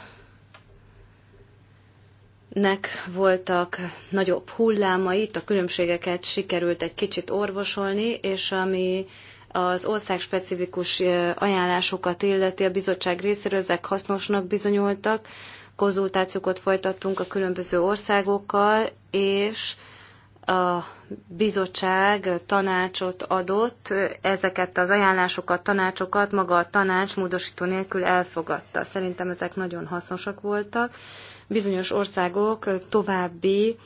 voltak nagyobb hullámai, itt a különbségeket sikerült egy kicsit orvosolni, és ami az ország specifikus ajánlásokat illeti a bizottság részéről, ezek hasznosnak bizonyultak, konzultációkat folytattunk a különböző országokkal, és a bizottság tanácsot adott, ezeket az ajánlásokat, tanácsokat maga a tanács módosító nélkül elfogadta. Szerintem ezek nagyon hasznosak voltak. Bizonyos országok további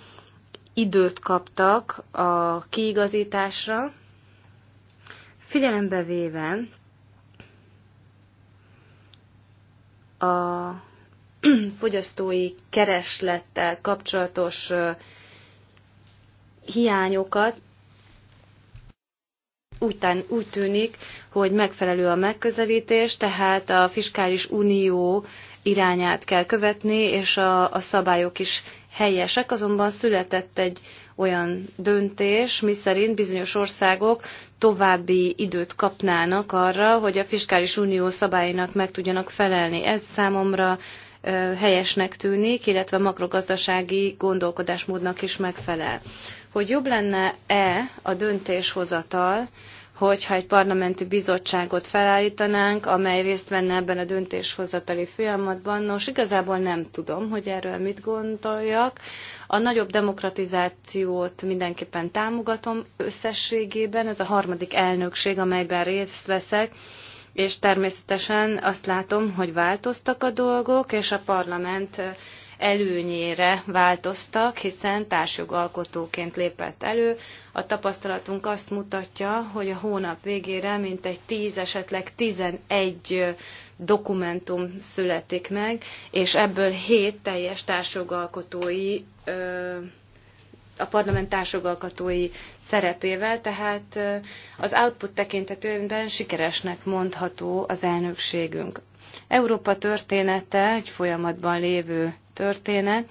időt kaptak a kiigazításra, Figyelembe véve a fogyasztói kereslettel kapcsolatos hiányokat, úgy, tán, úgy tűnik, hogy megfelelő a megközelítés, tehát a fiskális unió irányát kell követni, és a, a szabályok is helyesek, azonban született egy olyan döntés, miszerint bizonyos országok további időt kapnának arra, hogy a fiskális unió szabályainak meg tudjanak felelni. Ez számomra helyesnek tűnik, illetve makrogazdasági gondolkodásmódnak is megfelel. Hogy jobb lenne-e a döntéshozatal, hogyha egy parlamenti bizottságot felállítanánk, amely részt venne ebben a döntéshozatali folyamatban. Nos, igazából nem tudom, hogy erről mit gondoljak. A nagyobb demokratizációt mindenképpen támogatom összességében. Ez a harmadik elnökség, amelyben részt veszek és természetesen azt látom, hogy változtak a dolgok, és a parlament előnyére változtak, hiszen társjogalkotóként lépett elő. A tapasztalatunk azt mutatja, hogy a hónap végére mintegy 10, esetleg 11 dokumentum születik meg, és ebből 7 teljes társjogalkotói a parlament társogalkatói szerepével, tehát az output tekintetőben sikeresnek mondható az elnökségünk. Európa története egy folyamatban lévő történe.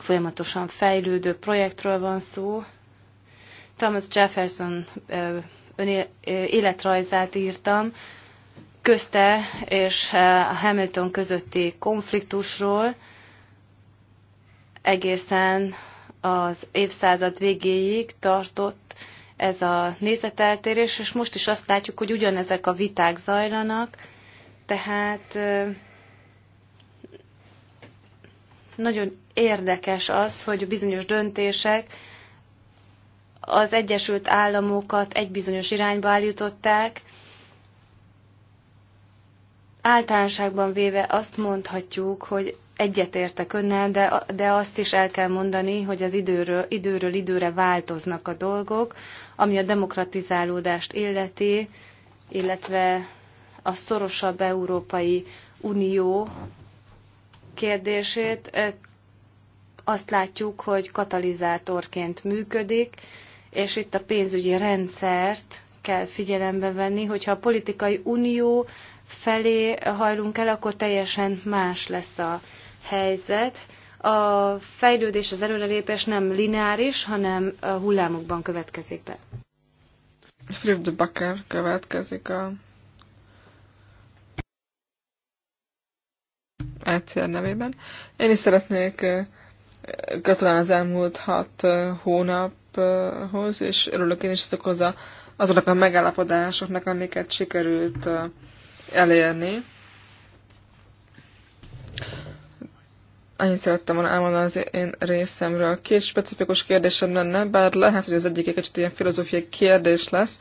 Folyamatosan fejlődő projektről van szó. Thomas Jefferson életrajzát írtam, közte és a Hamilton közötti konfliktusról egészen az évszázad végéig tartott ez a nézeteltérés, és most is azt látjuk, hogy ugyanezek a viták zajlanak, tehát nagyon érdekes az, hogy bizonyos döntések az Egyesült Államokat egy bizonyos irányba állították. Általánoságban véve azt mondhatjuk, hogy egyetértek önnel, de, de azt is el kell mondani, hogy az időről, időről időre változnak a dolgok, ami a demokratizálódást illeti, illetve a szorosabb Európai Unió kérdését azt látjuk, hogy katalizátorként működik, és itt a pénzügyi rendszert kell figyelembe venni, hogyha a politikai unió felé hajlunk el, akkor teljesen más lesz a helyzet. A fejlődés, az előrelépés nem lineáris, hanem hullámokban következik be. Philip de Bakker következik a ECR nevében. Én is szeretnék gratulálni az elmúlt hat hónaphoz, és örülök én is azokhoz a, azoknak a megállapodásoknak, amiket sikerült elérni. Annyit szerettem volna elmondani az én részemről. Két specifikus kérdésem lenne, bár lehet, hogy az egyik egy kicsit ilyen filozófiai kérdés lesz.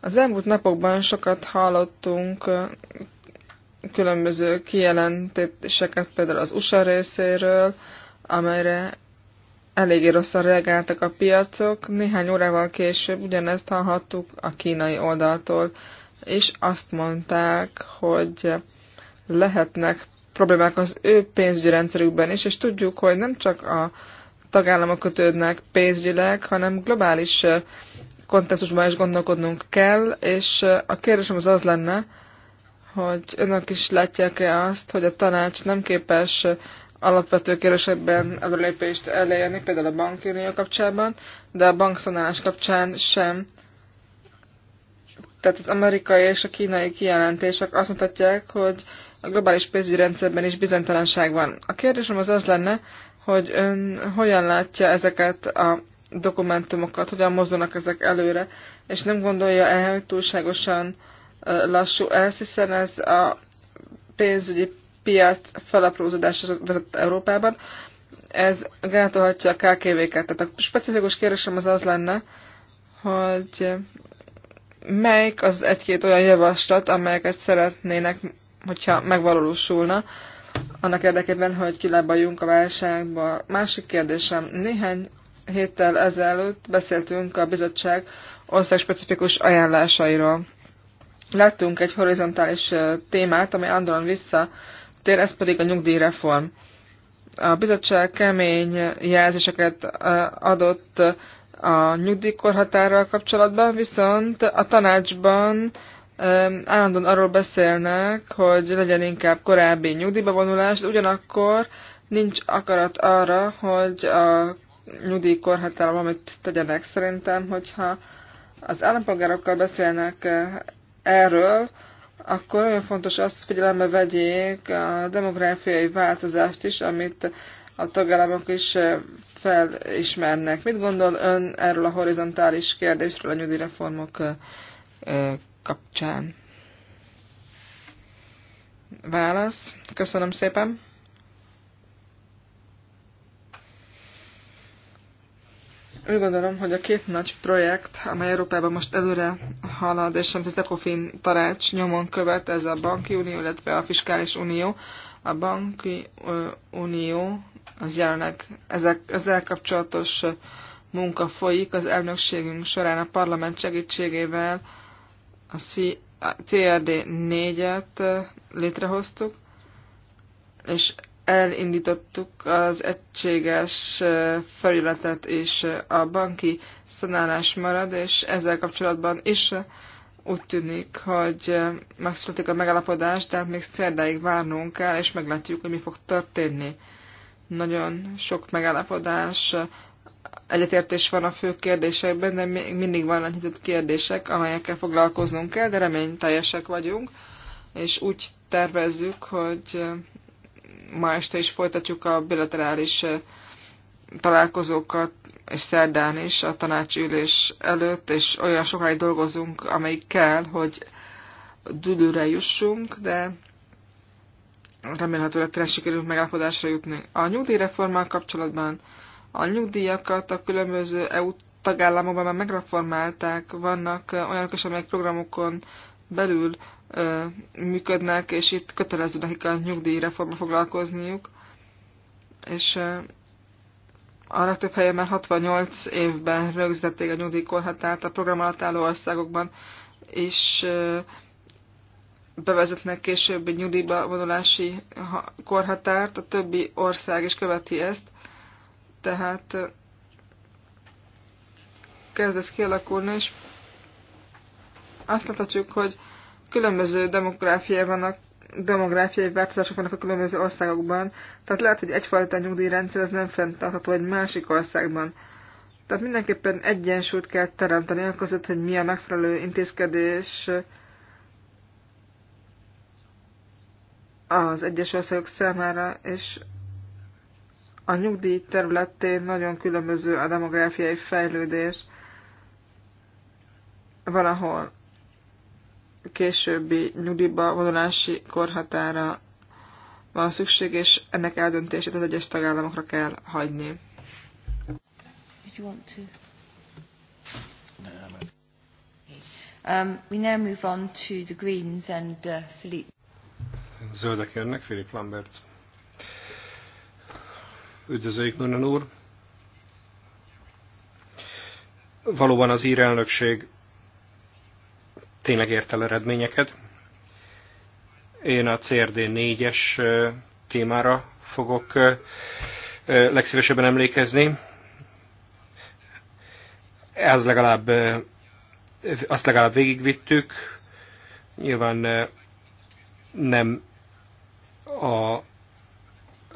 Az elmúlt napokban sokat hallottunk különböző kijelentéseket, például az USA részéről, amelyre eléggé rosszan reagáltak a piacok. Néhány órával később ugyanezt hallhattuk a kínai oldaltól, és azt mondták, hogy lehetnek problémák az ő pénzügyi rendszerükben is, és tudjuk, hogy nem csak a tagállamok kötődnek pénzügyileg, hanem globális kontextusban is gondolkodnunk kell, és a kérdésem az az lenne, hogy önök is látják-e azt, hogy a tanács nem képes alapvető kérdésekben előlépést elérni, például a bankunió kapcsában, de a bankszonálás kapcsán sem. Tehát az amerikai és a kínai kijelentések azt mutatják, hogy a globális pénzügyi rendszerben is bizonytalanság van. A kérdésem az az lenne, hogy ön hogyan látja ezeket a dokumentumokat, hogyan mozdulnak ezek előre, és nem gondolja el, hogy túlságosan uh, lassú ez, hiszen ez a pénzügyi piac felaprózódása vezet Európában. Ez gátolhatja a KKV-ket. Tehát a specifikus kérdésem az az lenne, hogy melyik az egy-két olyan javaslat, amelyeket szeretnének, hogyha megvalósulna, annak érdekében, hogy kilábaljunk a válságba. Másik kérdésem, néhány héttel ezelőtt beszéltünk a bizottság országspecifikus ajánlásairól. Láttunk egy horizontális témát, ami állandóan visszatér, ez pedig a nyugdíjreform. A bizottság kemény jelzéseket adott a nyugdíjkorhatárral kapcsolatban, viszont a tanácsban állandóan arról beszélnek, hogy legyen inkább korábbi nyugdíjba vonulás, de ugyanakkor nincs akarat arra, hogy a nyugdíjkorhatárral, amit tegyenek. Szerintem, hogyha az állampolgárokkal beszélnek erről, akkor nagyon fontos azt, hogy figyelembe vegyék a demográfiai változást is, amit a tagállamok is felismernek. Mit gondol ön erről a horizontális kérdésről a nyugdíjreformok kapcsán? Válasz. Köszönöm szépen. Úgy gondolom, hogy a két nagy projekt, amely Európában most előre halad, és amit az ECOFIN tarács nyomon követ, ez a Banki Unió, illetve a Fiskális Unió. A Banki Unió az jelenleg ezek, ezzel kapcsolatos munka folyik az elnökségünk során a parlament segítségével a CRD 4-et létrehoztuk, és elindítottuk az egységes felületet, és a banki szanálás marad, és ezzel kapcsolatban is úgy tűnik, hogy megszületik a megállapodás, tehát még szerdáig várnunk kell, és meglátjuk, hogy mi fog történni. Nagyon sok megállapodás, egyetértés van a fő kérdésekben, de még mindig vannak nyitott kérdések, amelyekkel foglalkoznunk kell, de reményteljesek vagyunk, és úgy tervezzük, hogy ma este is folytatjuk a bilaterális találkozókat, és szerdán is a tanácsülés előtt, és olyan sokáig dolgozunk, amelyik kell, hogy dülőre jussunk, de remélhetőleg tényleg sikerül megállapodásra jutni. A nyugdíjreformmal kapcsolatban a nyugdíjakat a különböző EU tagállamokban már megreformálták, vannak olyanok is, amelyek programokon belül működnek, és itt kötelező nekik a nyugdíjreformra foglalkozniuk. És a legtöbb helyen már 68 évben rögzítették a nyugdíjkorhatárt, a program alatt álló országokban is bevezetnek később egy nyugdíjba vonulási korhatárt, a többi ország is követi ezt, tehát kezd ez kialakulni, és azt láthatjuk, hogy különböző demográfiai vannak, demográfiai változások vannak a különböző országokban, tehát lehet, hogy egyfajta nyugdíjrendszer az nem fenntartható egy másik országban. Tehát mindenképpen egyensúlyt kell teremteni a között, hogy mi a megfelelő intézkedés az egyes országok számára, és a nyugdíj területén nagyon különböző a demográfiai fejlődés. Valahol későbbi nyugdíjba vonulási korhatára van szükség, és ennek eldöntését az egyes tagállamokra kell hagyni. Um, we now move on to the Greens and uh, Philippe. Zöldek jönnek, Philip Lambert. Üdvözöljük, Nunan úr. Valóban az ír elnökség tényleg ért el eredményeket. Én a CRD 4-es témára fogok legszívesebben emlékezni. Ez legalább, azt legalább végigvittük. Nyilván nem a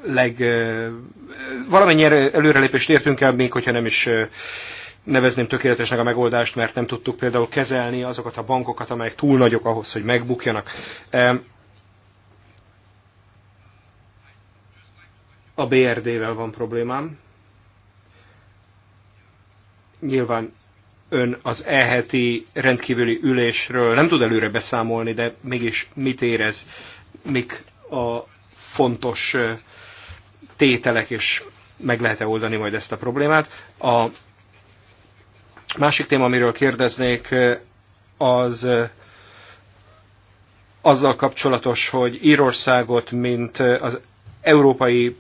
leg... Valamennyi előrelépést értünk el, még hogyha nem is nevezném tökéletesnek a megoldást, mert nem tudtuk például kezelni azokat a bankokat, amelyek túl nagyok ahhoz, hogy megbukjanak. A BRD-vel van problémám. Nyilván ön az elheti rendkívüli ülésről nem tud előre beszámolni, de mégis mit érez, mik a fontos tételek, és meg lehet-e oldani majd ezt a problémát. A Másik téma, amiről kérdeznék, az azzal kapcsolatos, hogy Írországot, mint az európai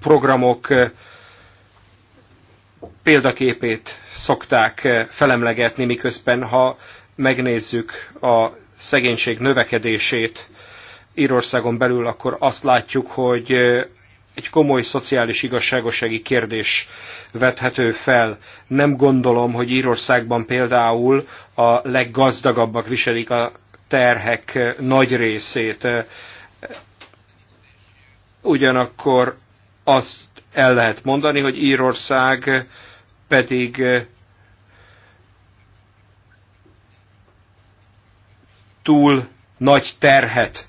programok példaképét szokták felemlegetni, miközben ha megnézzük a szegénység növekedését Írországon belül, akkor azt látjuk, hogy egy komoly szociális igazságossági kérdés vethető fel. Nem gondolom, hogy Írországban például a leggazdagabbak viselik a terhek nagy részét. Ugyanakkor azt el lehet mondani, hogy Írország pedig túl nagy terhet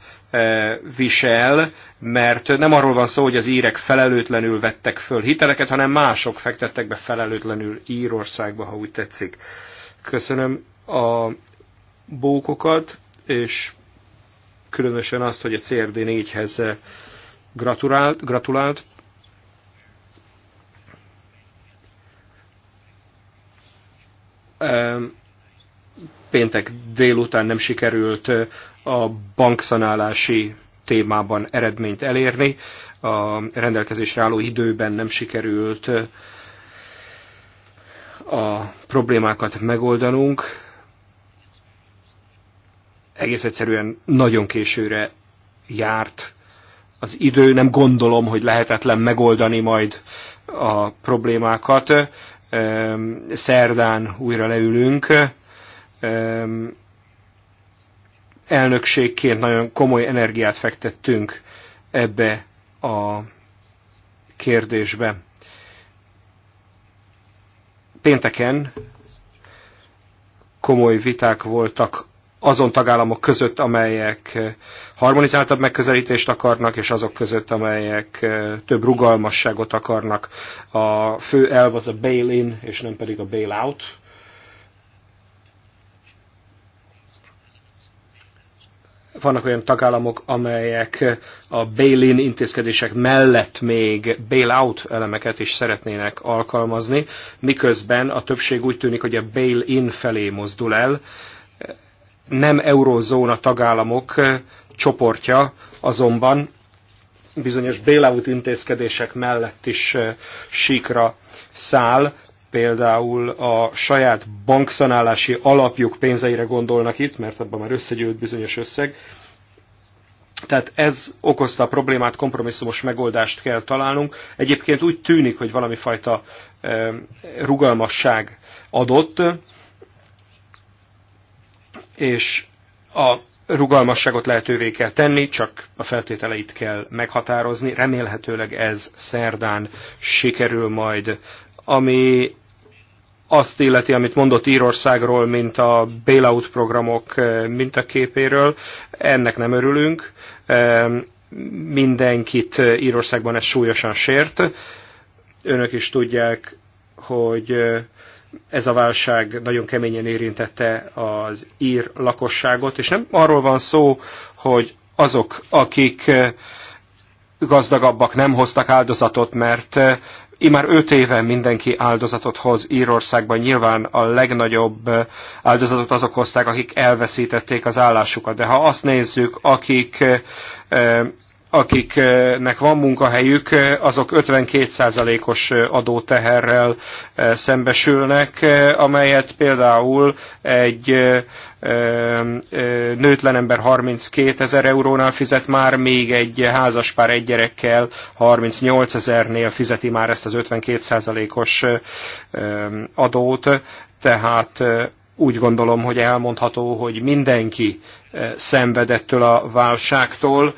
visel, mert nem arról van szó, hogy az írek felelőtlenül vettek föl hiteleket, hanem mások fektettek be felelőtlenül Írországba, ha úgy tetszik. Köszönöm a bókokat, és különösen azt, hogy a CRD 4-hez gratulált, gratulált. péntek délután nem sikerült a bankszanálási témában eredményt elérni, a rendelkezésre álló időben nem sikerült a problémákat megoldanunk. Egész egyszerűen nagyon későre járt az idő, nem gondolom, hogy lehetetlen megoldani majd a problémákat. Szerdán újra leülünk, elnökségként nagyon komoly energiát fektettünk ebbe a kérdésbe. Pénteken komoly viták voltak azon tagállamok között, amelyek harmonizáltabb megközelítést akarnak, és azok között, amelyek több rugalmasságot akarnak. A fő elv az a bail-in, és nem pedig a bail-out. vannak olyan tagállamok, amelyek a bail-in intézkedések mellett még bail-out elemeket is szeretnének alkalmazni, miközben a többség úgy tűnik, hogy a bail-in felé mozdul el. Nem eurozóna tagállamok csoportja azonban bizonyos bail-out intézkedések mellett is eh, síkra száll például a saját bankszanálási alapjuk pénzeire gondolnak itt, mert abban már összegyűlt bizonyos összeg. Tehát ez okozta a problémát, kompromisszumos megoldást kell találnunk. Egyébként úgy tűnik, hogy valami fajta eh, rugalmasság adott, és a rugalmasságot lehetővé kell tenni, csak a feltételeit kell meghatározni. Remélhetőleg ez szerdán sikerül majd ami azt illeti, amit mondott Írországról, mint a bailout programok eh, mintaképéről. Ennek nem örülünk. Mindenkit eh, Írországban ez súlyosan sért. Önök is tudják, hogy eh, ez a válság nagyon keményen érintette az ír lakosságot, és nem arról van szó, hogy azok, akik gazdagabbak nem hoztak áldozatot, mert Imár öt éve mindenki áldozatot hoz Írországban. Nyilván a legnagyobb áldozatot azok hozták, akik elveszítették az állásukat. De ha azt nézzük, akik eh, akiknek van munkahelyük, azok 52%-os adóteherrel eh, szembesülnek, eh, amelyet például egy nőtlen ember 32 ezer eurónál fizet már, még egy házaspár egy gyerekkel 38 ezernél fizeti már ezt az 52 százalékos adót, tehát úgy gondolom, hogy elmondható, hogy mindenki szenvedettől a válságtól,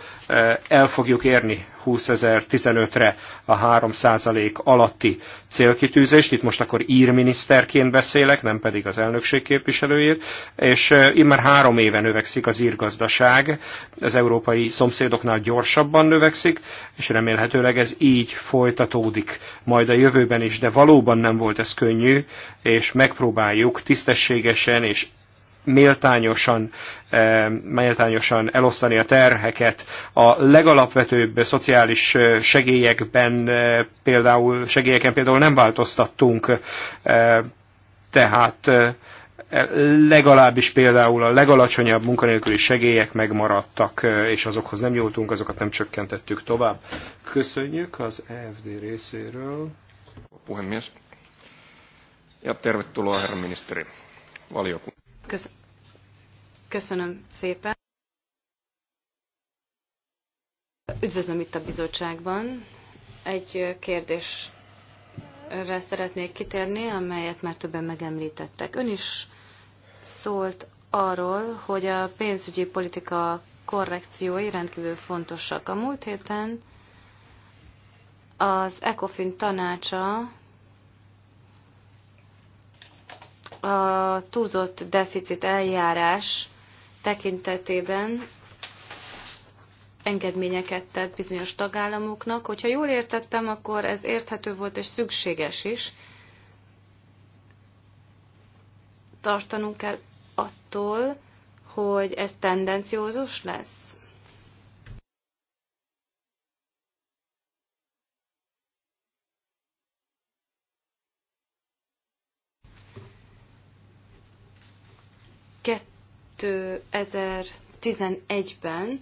el fogjuk érni 2015-re a 3% alatti célkitűzést. Itt most akkor írminiszterként beszélek, nem pedig az elnökség képviselőjét. És immár három éve növekszik az írgazdaság, az európai szomszédoknál gyorsabban növekszik, és remélhetőleg ez így folytatódik majd a jövőben is, de valóban nem volt ez könnyű, és megpróbáljuk tisztességesen és méltányosan, eh, méltányosan elosztani a terheket. A legalapvetőbb szociális eh, segélyekben eh, például, segélyeken például nem változtattunk, tehát legalábbis például a legalacsonyabb munkanélküli segélyek megmaradtak, és azokhoz nem nyúltunk, azokat nem csökkentettük tovább. Köszönjük az EFD részéről. Puhemies. Ja tervetuloa, herra miniszteri. Valiokunta. Köszönöm szépen. Üdvözlöm itt a bizottságban. Egy kérdésre szeretnék kitérni, amelyet már többen megemlítettek. Ön is szólt arról, hogy a pénzügyi politika korrekciói rendkívül fontosak. A múlt héten az ECOFIN tanácsa a túlzott deficit eljárás tekintetében engedményeket tett bizonyos tagállamoknak. Hogyha jól értettem, akkor ez érthető volt és szükséges is. Tartanunk kell attól, hogy ez tendenciózus lesz? Kettő 2011-ben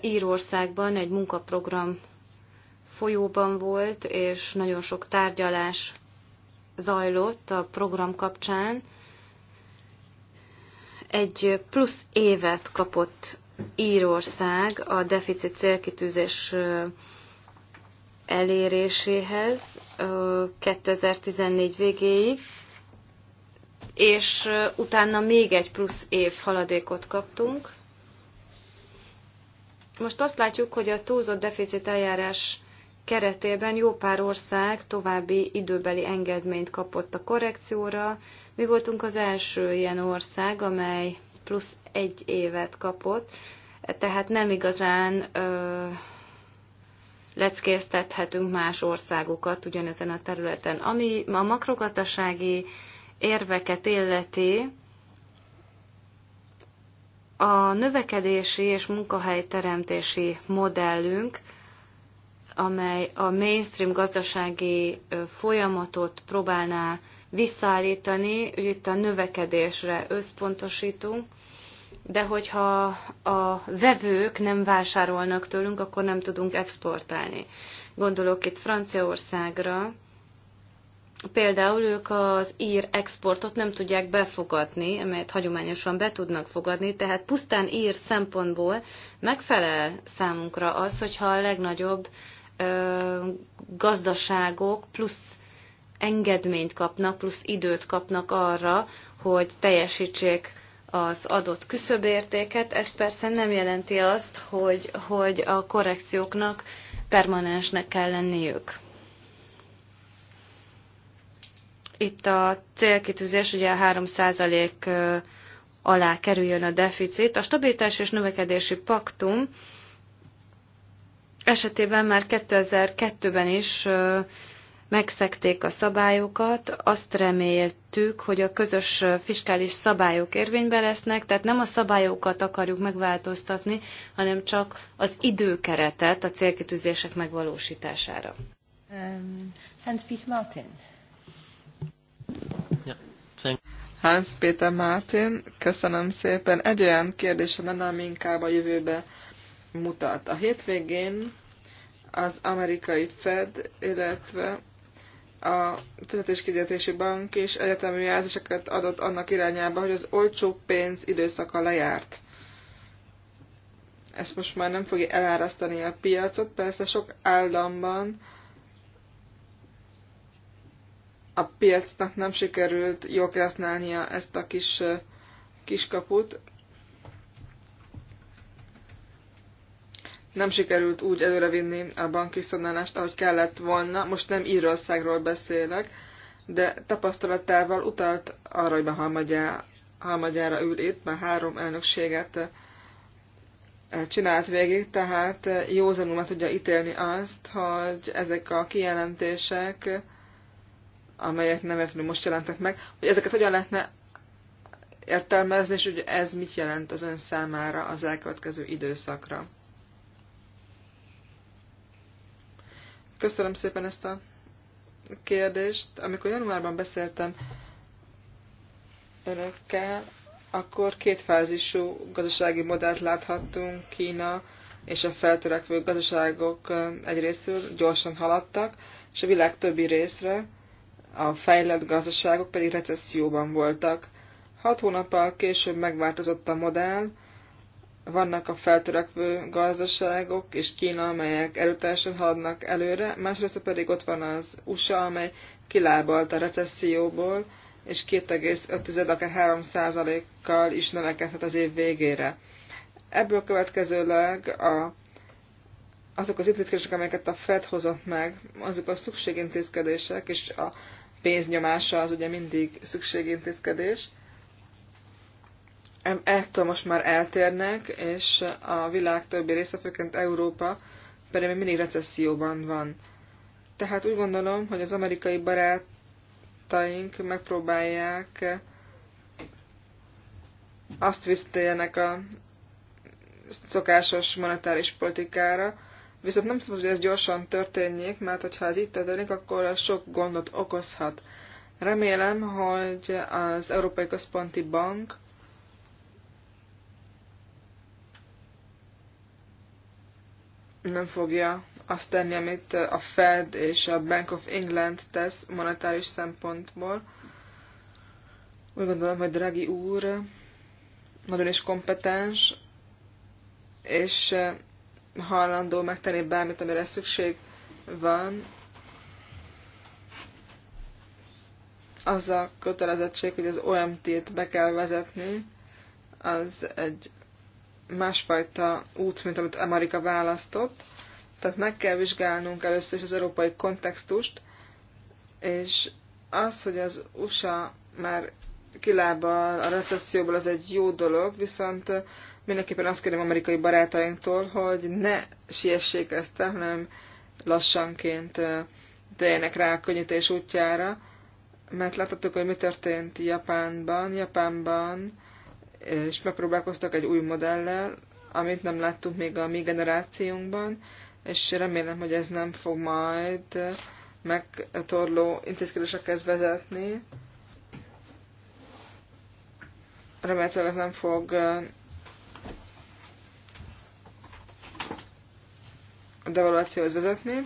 Írországban egy munkaprogram folyóban volt, és nagyon sok tárgyalás zajlott a program kapcsán. Egy plusz évet kapott Írország a deficit célkitűzés eléréséhez 2014 végéig, és utána még egy plusz év haladékot kaptunk. Most azt látjuk, hogy a túlzott deficit eljárás keretében jó pár ország további időbeli engedményt kapott a korrekcióra. Mi voltunk az első ilyen ország, amely plusz egy évet kapott, tehát nem igazán ö, leckéztethetünk más országokat ugyanezen a területen. Ami a makrogazdasági érveket illeti, a növekedési és munkahelyteremtési modellünk, amely a mainstream gazdasági folyamatot próbálná visszaállítani, itt a növekedésre összpontosítunk, de hogyha a vevők nem vásárolnak tőlünk, akkor nem tudunk exportálni. Gondolok itt Franciaországra, Például ők az ír exportot nem tudják befogadni, amelyet hagyományosan be tudnak fogadni, tehát pusztán ír szempontból megfelel számunkra az, hogyha a legnagyobb ö, gazdaságok plusz engedményt kapnak, plusz időt kapnak arra, hogy teljesítsék az adott küszöbértéket. Ez persze nem jelenti azt, hogy, hogy a korrekcióknak permanensnek kell lenniük. Itt a célkitűzés ugye 3% alá kerüljön a deficit. A stabilitás és növekedési paktum esetében már 2002-ben is megszekték a szabályokat, azt reméltük, hogy a közös fiskális szabályok érvényben lesznek, tehát nem a szabályokat akarjuk megváltoztatni, hanem csak az időkeretet a célkitűzések megvalósítására. Um, Hans-Peter Martin. Hans Péter Mártin, köszönöm szépen. Egy olyan kérdésem lenne, ami inkább a jövőbe mutat. A hétvégén az amerikai Fed, illetve a fizetéskérdési bank is egyetemű jelzéseket adott annak irányába, hogy az olcsó pénz időszaka lejárt. Ezt most már nem fogja elárasztani a piacot, persze sok államban a piacnak nem sikerült jól kihasználnia ezt a kis kiskaput. Nem sikerült úgy előrevinni a banki szonálást, ahogy kellett volna. Most nem Írországról beszélek, de tapasztalatával utalt arra, hogy Halmagyára ül itt, már három elnökséget csinált végig, tehát józanul meg tudja ítélni azt, hogy ezek a kijelentések amelyek nem értelmű most jelentek meg, hogy ezeket hogyan lehetne értelmezni, és hogy ez mit jelent az ön számára az elkövetkező időszakra. Köszönöm szépen ezt a kérdést. Amikor januárban beszéltem önökkel, akkor kétfázisú gazdasági modellt láthattunk, Kína és a feltörekvő gazdaságok eh, egy részről gyorsan haladtak, és a világ többi részre a fejlett gazdaságok pedig recesszióban voltak. Hat hónappal később megváltozott a modell, vannak a feltörekvő gazdaságok és Kína, amelyek erőteljesen haladnak előre, másrészt pedig ott van az USA, amely kilábalt a recesszióból, és 2,5 akár 3 kal is növekedhet az év végére. Ebből következőleg a, azok az intézkedések, amelyeket a Fed hozott meg, azok a szükségintézkedések és a pénznyomása az ugye mindig szükségintézkedés. Ettől most már eltérnek, és a világ többi része, főként Európa, pedig még mindig recesszióban van. Tehát úgy gondolom, hogy az amerikai barátaink megpróbálják azt visszatérjenek a szokásos monetáris politikára, Viszont nem szabad, hogy ez gyorsan történjék, mert hogyha ez itt történik, akkor ez sok gondot okozhat. Remélem, hogy az Európai Központi Bank nem fogja azt tenni, amit a Fed és a Bank of England tesz monetáris szempontból. Úgy gondolom, hogy Draghi úr nagyon is kompetens, és hajlandó megtenni bármit, amire szükség van, az a kötelezettség, hogy az OMT-t be kell vezetni, az egy másfajta út, mint amit Amerika választott. Tehát meg kell vizsgálnunk először is az európai kontextust, és az, hogy az USA már kilábal a recesszióból, az egy jó dolog, viszont Mindenképpen azt kérem amerikai barátainktól, hogy ne siessék ezt, hanem lassanként térjenek rá a könnyítés útjára, mert láthattuk, hogy mi történt Japánban. Japánban és megpróbálkoztak egy új modellel, amit nem láttunk még a mi generációnkban, és remélem, hogy ez nem fog majd megtorló intézkedésekhez vezetni. Remélhetőleg ez nem fog a devaluációhoz vezetni.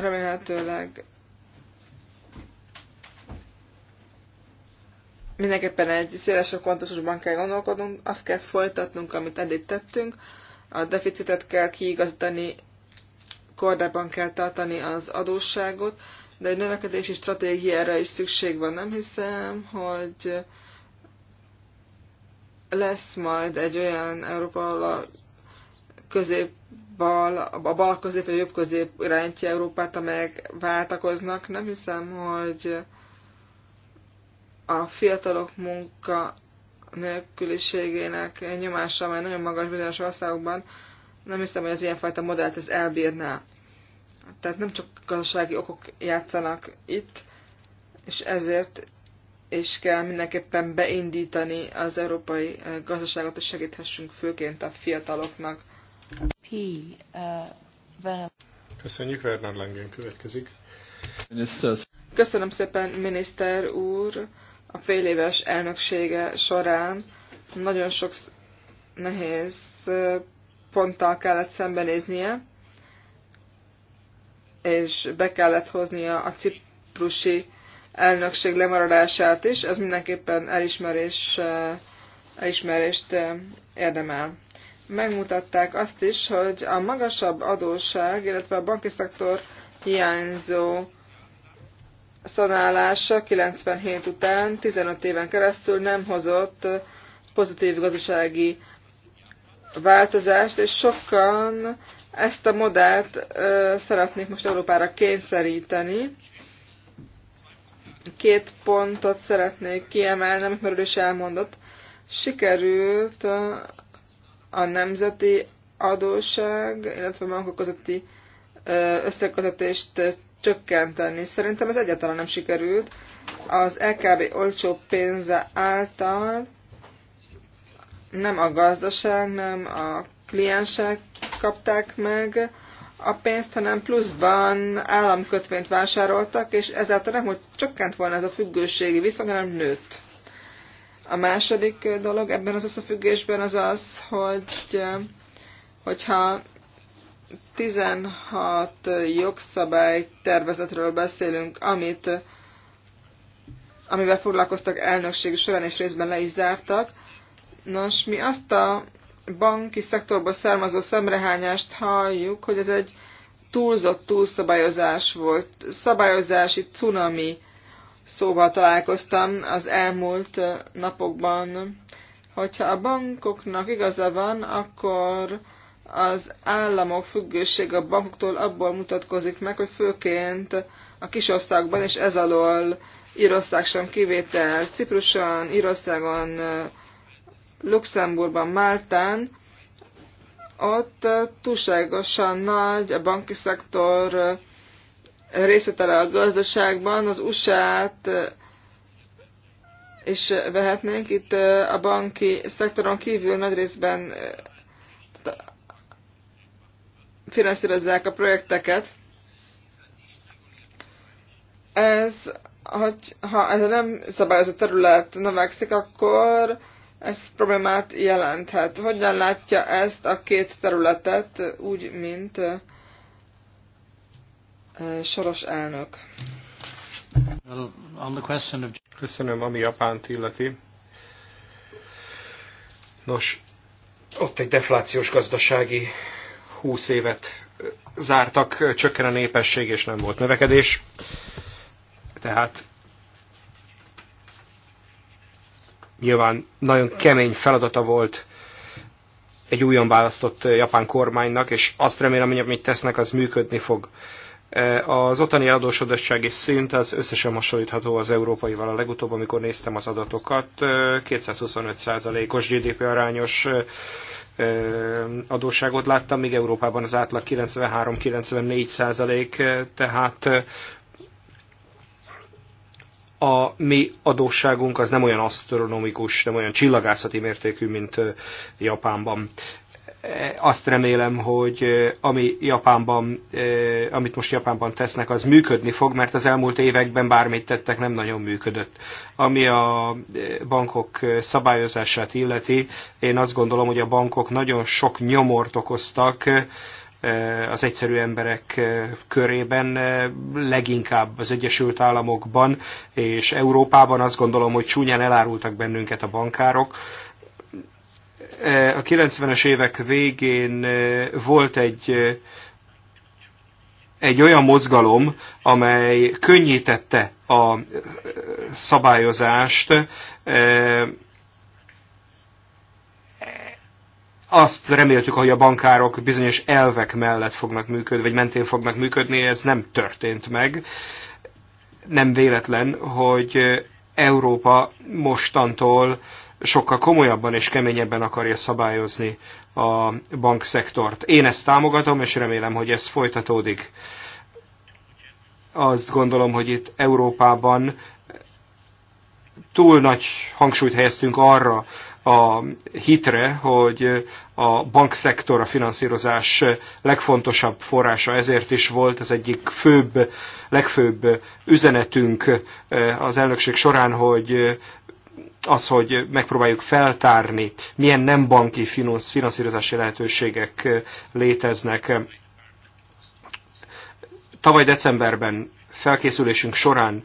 Remélhetőleg mindenképpen egy szélesebb kontextusban kell gondolkodnunk, azt kell folytatnunk, amit eddig tettünk, a deficitet kell kiigazítani, kordában kell tartani az adósságot, de egy növekedési stratégiára is szükség van. Nem hiszem, hogy lesz majd egy olyan Európa, ahol a közép-bal, a bal közép vagy jobb közép irányítja Európát, amelyek váltakoznak. Nem hiszem, hogy a fiatalok munka nélküliségének nyomása, amely nagyon magas bizonyos országokban, nem hiszem, hogy az ilyenfajta modellt ez elbírná. Tehát nem csak gazdasági okok játszanak itt, és ezért és kell mindenképpen beindítani az európai gazdaságot, hogy segíthessünk főként a fiataloknak. Köszönjük, Werner Langen következik. Köszönöm szépen, miniszter úr! A fél éves elnöksége során nagyon sok nehéz ponttal kellett szembenéznie, és be kellett hoznia a ciprusi elnökség lemaradását is, ez mindenképpen elismerés, elismerést érdemel megmutatták azt is, hogy a magasabb adósság, illetve a banki szektor hiányzó szanálása 97 után 15 éven keresztül nem hozott pozitív gazdasági változást, és sokan ezt a modát ö, szeretnék most Európára kényszeríteni. Két pontot szeretnék kiemelni, amit már is elmondott. Sikerült a nemzeti adóság, illetve a bankok közötti összekötetést csökkenteni. Szerintem ez egyáltalán nem sikerült. Az LKB olcsó pénze által nem a gazdaság, nem a kliensek kapták meg a pénzt, hanem pluszban államkötvényt vásároltak, és ezáltal nem, hogy csökkent volna ez a függőségi viszony, hanem nőtt. A második dolog ebben az összefüggésben az az, hogy hogyha 16 jogszabály tervezetről beszélünk, amit, amivel foglalkoztak elnökség során és részben le is zártak, nos, mi azt a banki szektorból származó szemrehányást halljuk, hogy ez egy túlzott túlszabályozás volt, szabályozási cunami szóval találkoztam az elmúlt napokban. Hogyha a bankoknak igaza van, akkor az államok függőség a bankoktól abból mutatkozik meg, hogy főként a kisországban, és ez alól Írország sem kivétel, Cipruson, Írországon, Luxemburgban, Máltán, ott túlságosan nagy a banki szektor részvétele a gazdaságban, az USA-t és vehetnénk. Itt a banki szektoron kívül nagy részben finanszírozzák a projekteket. Ez, hogy, ha ez a nem szabályozott terület növekszik, akkor ez problémát jelenthet. Hogyan látja ezt a két területet úgy, mint soros elnök. Köszönöm, ami Japánt illeti. Nos, ott egy deflációs gazdasági húsz évet zártak, csökken a népesség, és nem volt növekedés. Tehát nyilván nagyon kemény feladata volt egy újon választott japán kormánynak, és azt remélem, hogy amit tesznek, az működni fog. E, az ottani adósodottsági szint az összesen hasonlítható az európaival. A legutóbb, amikor néztem az adatokat, 225%-os e, GDP arányos e, adósságot láttam, míg Európában az átlag 93-94 százalék, tehát a mi adósságunk az nem olyan asztronomikus, nem olyan csillagászati mértékű, mint Japánban azt remélem, hogy ami Japánban, amit most Japánban tesznek, az működni fog, mert az elmúlt években bármit tettek, nem nagyon működött. Ami a bankok szabályozását illeti, én azt gondolom, hogy a bankok nagyon sok nyomort okoztak, az egyszerű emberek körében, leginkább az Egyesült Államokban és Európában azt gondolom, hogy csúnyán elárultak bennünket a bankárok. Eh, a 90-es évek végén eh, volt egy, eh, egy olyan mozgalom, amely könnyítette a szabályozást, azt reméltük, hogy a bankárok bizonyos elvek mellett fognak működni, vagy mentén fognak működni, ez nem történt meg. Nem véletlen, hogy Európa mostantól sokkal komolyabban és keményebben akarja szabályozni a bankszektort. Én ezt támogatom, és remélem, hogy ez folytatódik. Azt gondolom, hogy itt Európában túl nagy hangsúlyt helyeztünk arra a hitre, hogy a bankszektor a finanszírozás legfontosabb forrása, ezért is volt az egyik főbb, legfőbb üzenetünk eh, az elnökség során, hogy az, hogy megpróbáljuk feltárni, milyen nem banki finanszírozási lehetőségek léteznek. Tavaly decemberben felkészülésünk során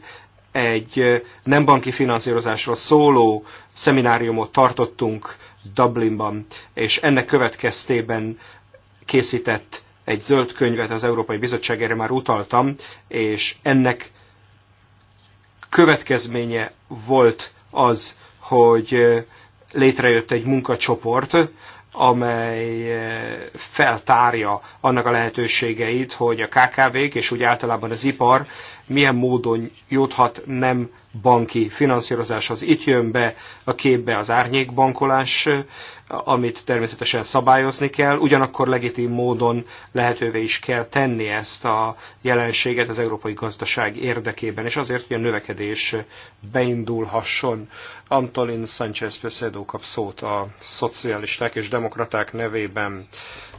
egy nem banki finanszírozásról szóló szemináriumot tartottunk Dublinban, és ennek következtében készített egy zöld könyvet az Európai Bizottság, erre már utaltam, és ennek következménye volt az, hogy létrejött egy munkacsoport, amely feltárja annak a lehetőségeit, hogy a KKV-k és úgy általában az ipar milyen módon juthat nem banki finanszírozáshoz. Itt jön be a képbe az árnyékbankolás, amit természetesen szabályozni kell, ugyanakkor legitim módon lehetővé is kell tenni ezt a jelenséget az európai gazdaság érdekében, és azért, hogy a növekedés beindulhasson. Antolin Sánchez Pesedo kap szót a szocialisták és demokraták nevében.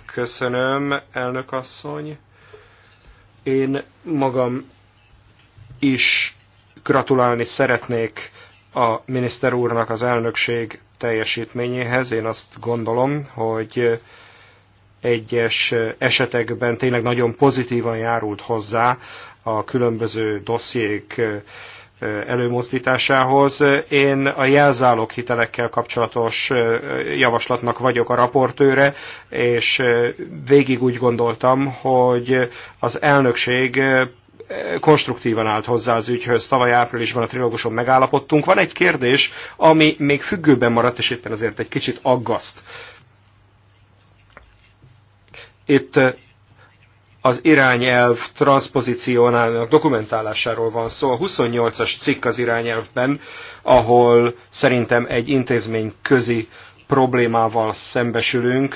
Köszönöm, elnök asszony. Én magam is gratulálni szeretnék a miniszter úrnak az elnökség teljesítményéhez. Én azt gondolom, hogy egyes esetekben tényleg nagyon pozitívan járult hozzá a különböző dossziék előmozdításához. Én a jelzálók hitelekkel kapcsolatos javaslatnak vagyok a raportőre, és végig úgy gondoltam, hogy az elnökség konstruktívan állt hozzá az ügyhöz. Tavaly áprilisban a trilóguson megállapodtunk. Van egy kérdés, ami még függőben maradt, és éppen azért egy kicsit aggaszt. Itt az irányelv transpozíciónának dokumentálásáról van szó. A 28-as cikk az irányelvben, ahol szerintem egy intézmény közi problémával szembesülünk.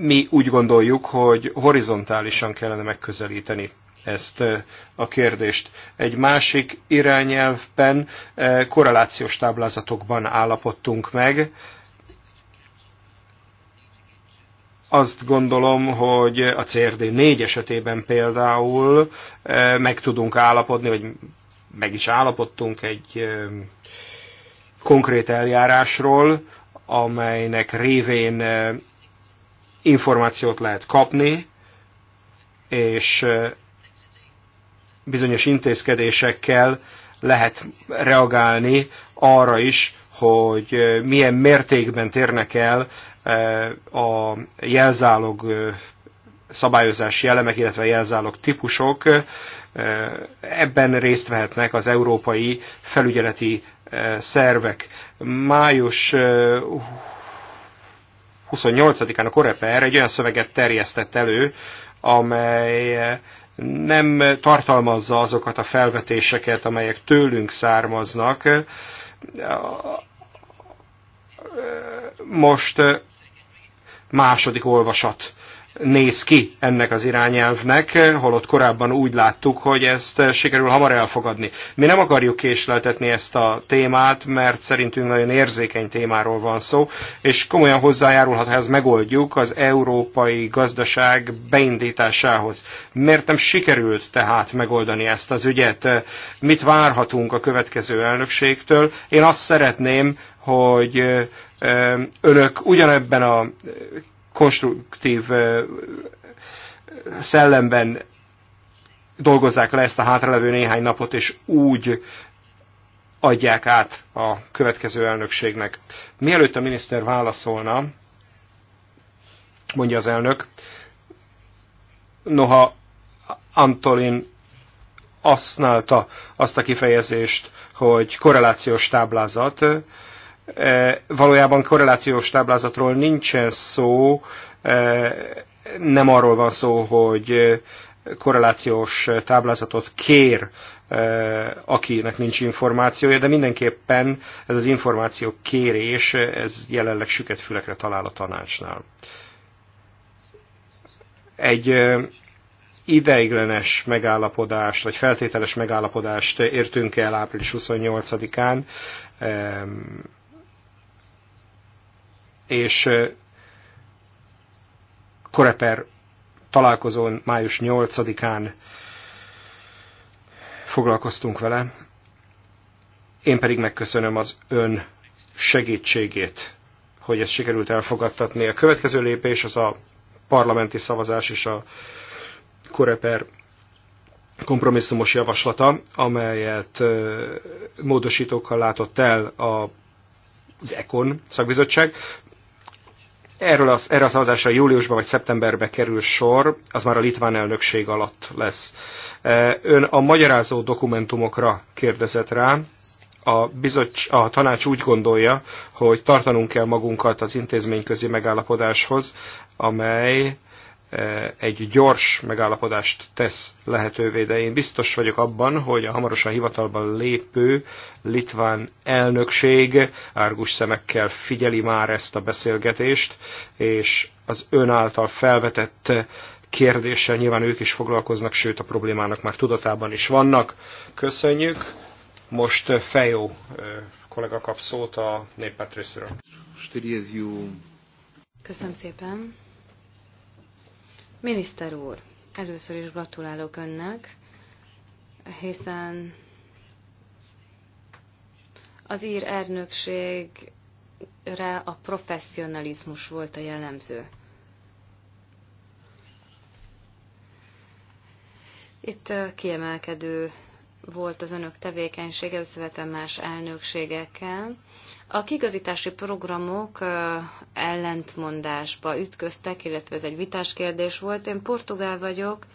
Mi úgy gondoljuk, hogy horizontálisan kellene megközelíteni ezt a kérdést. Egy másik irányelvben korrelációs táblázatokban állapodtunk meg. Azt gondolom, hogy a CRD 4 esetében például meg tudunk állapodni, vagy meg is állapodtunk egy konkrét eljárásról, amelynek révén információt lehet kapni, és bizonyos intézkedésekkel lehet reagálni arra is, hogy milyen mértékben térnek el a jelzálog szabályozási elemek, illetve jelzálog típusok. Ebben részt vehetnek az európai felügyeleti szervek. Május 28-án a Koreper egy olyan szöveget terjesztett elő, amely nem tartalmazza azokat a felvetéseket, amelyek tőlünk származnak. Most második olvasat néz ki ennek az irányelvnek, holott korábban úgy láttuk, hogy ezt sikerül hamar elfogadni. Mi nem akarjuk késleltetni ezt a témát, mert szerintünk nagyon érzékeny témáról van szó, és komolyan hozzájárulhat, ha ezt megoldjuk az európai gazdaság beindításához. Miért nem sikerült tehát megoldani ezt az ügyet? Mit várhatunk a következő elnökségtől? Én azt szeretném, hogy önök ugyanebben a konstruktív szellemben dolgozzák le ezt a hátralevő néhány napot, és úgy adják át a következő elnökségnek. Mielőtt a miniszter válaszolna, mondja az elnök, noha Antolin használta azt a kifejezést, hogy korrelációs táblázat, E, valójában korrelációs táblázatról nincsen szó, e, nem arról van szó, hogy korrelációs táblázatot kér, e, akinek nincs információja, de mindenképpen ez az információ kérés, ez jelenleg süket fülekre talál a tanácsnál. Egy ideiglenes megállapodást, vagy feltételes megállapodást értünk el április 28-án, és Koreper találkozón május 8-án foglalkoztunk vele. Én pedig megköszönöm az ön segítségét, hogy ezt sikerült elfogadtatni. A következő lépés az a parlamenti szavazás és a Koreper kompromisszumos javaslata, amelyet módosítókkal látott el a az EKON szakbizottság. Erről az, erre a szavazásra júliusban vagy szeptemberbe kerül sor, az már a litván elnökség alatt lesz. E, ön a magyarázó dokumentumokra kérdezett rá, a, bizottság, a tanács úgy gondolja, hogy tartanunk kell magunkat az intézményközi megállapodáshoz, amely egy gyors megállapodást tesz lehetővé, de én biztos vagyok abban, hogy a hamarosan hivatalban lépő litván elnökség árgus szemekkel figyeli már ezt a beszélgetést, és az ön által felvetett kérdéssel nyilván ők is foglalkoznak, sőt a problémának már tudatában is vannak. Köszönjük. Most eh, Fejó eh, kollega kap szót a néppárt részéről. Köszönöm szépen. Miniszter úr, először is gratulálok önnek, hiszen az ír ernökségre a professzionalizmus volt a jellemző. Itt kiemelkedő volt az önök tevékenysége összevetve más elnökségekkel. A kigazítási programok ellentmondásba ütköztek, illetve ez egy vitás kérdés volt. Én portugál vagyok,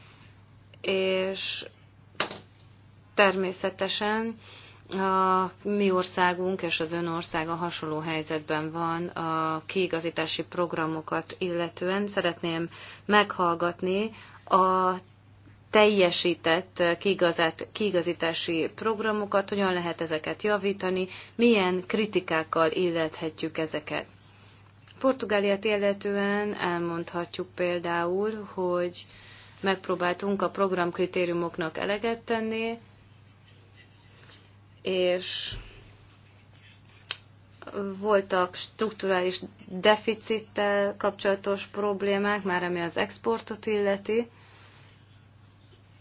és természetesen a mi országunk és az ön országa hasonló helyzetben van a kiigazítási programokat illetően. Szeretném meghallgatni a teljesített eh, kiigazát, kiigazítási programokat, hogyan lehet ezeket javítani, milyen kritikákkal illethetjük ezeket. Portugáliát illetően elmondhatjuk például, hogy megpróbáltunk a programkritériumoknak eleget tenni, és voltak strukturális deficittel kapcsolatos problémák, már ami az exportot illeti,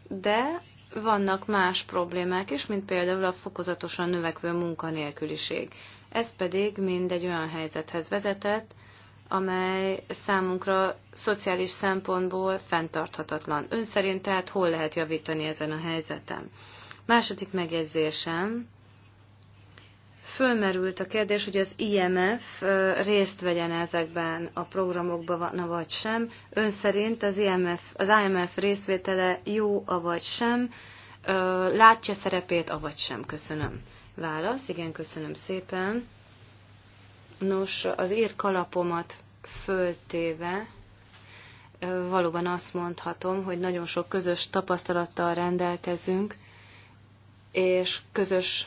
de vannak más problémák is, mint például a fokozatosan növekvő munkanélküliség. Ez pedig mind egy olyan helyzethez vezetett, amely számunkra szociális szempontból fenntarthatatlan. Ön szerint tehát hol lehet javítani ezen a helyzeten? Második megjegyzésem, fölmerült a kérdés, hogy az IMF részt vegyen ezekben a programokban, vagy sem. Ön szerint az IMF, az IMF részvétele jó, avagy sem? Látja szerepét, avagy sem? Köszönöm. Válasz, igen, köszönöm szépen. Nos, az ír kalapomat föltéve valóban azt mondhatom, hogy nagyon sok közös tapasztalattal rendelkezünk, és közös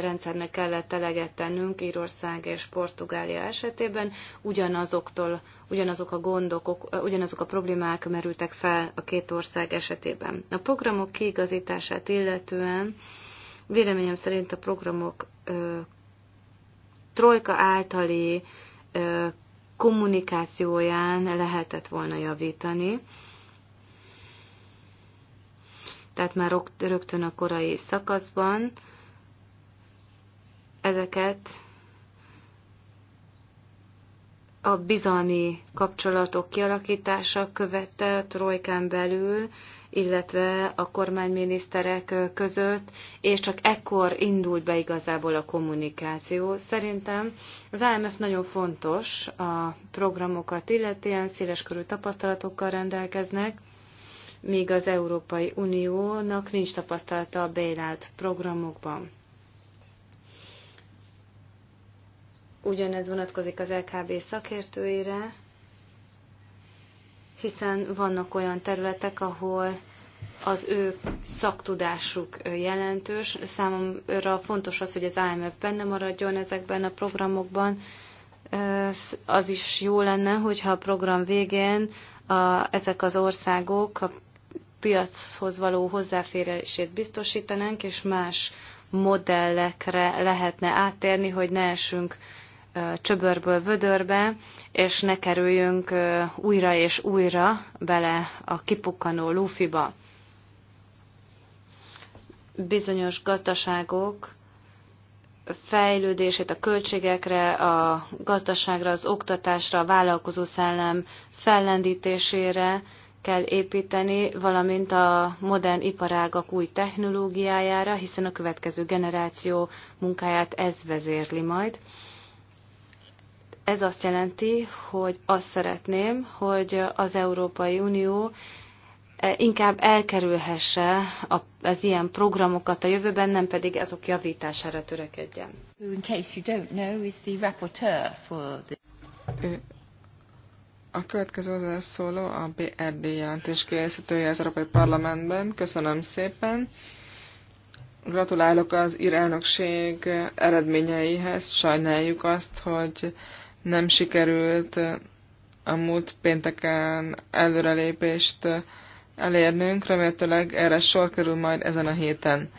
rendszernek kellett eleget tennünk Írország és Portugália esetében. Ugyanazoktól, ugyanazok a gondok, ugyanazok a problémák merültek fel a két ország esetében. A programok kiigazítását illetően véleményem szerint a programok ö, trojka általi ö, kommunikációján lehetett volna javítani tehát már rögtön a korai szakaszban ezeket a bizalmi kapcsolatok kialakítása követte trojkán belül, illetve a kormányminiszterek között, és csak ekkor indult be igazából a kommunikáció. Szerintem az IMF nagyon fontos a programokat illetően, széleskörű tapasztalatokkal rendelkeznek, míg az Európai Uniónak nincs tapasztalata a bailout programokban. Ugyanez vonatkozik az LKB szakértőire, hiszen vannak olyan területek, ahol az ő szaktudásuk jelentős. Számomra fontos az, hogy az IMF benne maradjon ezekben a programokban. Az is jó lenne, hogyha a program végén a, ezek az országok a piachoz való hozzáférését biztosítanánk, és más modellekre lehetne áttérni, hogy ne esünk csöbörből vödörbe, és ne kerüljünk újra és újra bele a kipukkanó lufiba. Bizonyos gazdaságok fejlődését a költségekre, a gazdaságra, az oktatásra, a vállalkozó szellem fellendítésére, kell építeni, valamint a modern iparágak új technológiájára, hiszen a következő generáció munkáját ez vezérli majd. Ez azt jelenti, hogy azt szeretném, hogy az Európai Unió eh, inkább elkerülhesse az ilyen programokat a jövőben, nem pedig azok javítására törekedjen. A következő hozzászóló a BRD jelentés készítője az Európai Parlamentben. Köszönöm szépen. Gratulálok az ír elnökség eredményeihez. Sajnáljuk azt, hogy nem sikerült a múlt pénteken előrelépést elérnünk. Remélhetőleg erre sor kerül majd ezen a héten.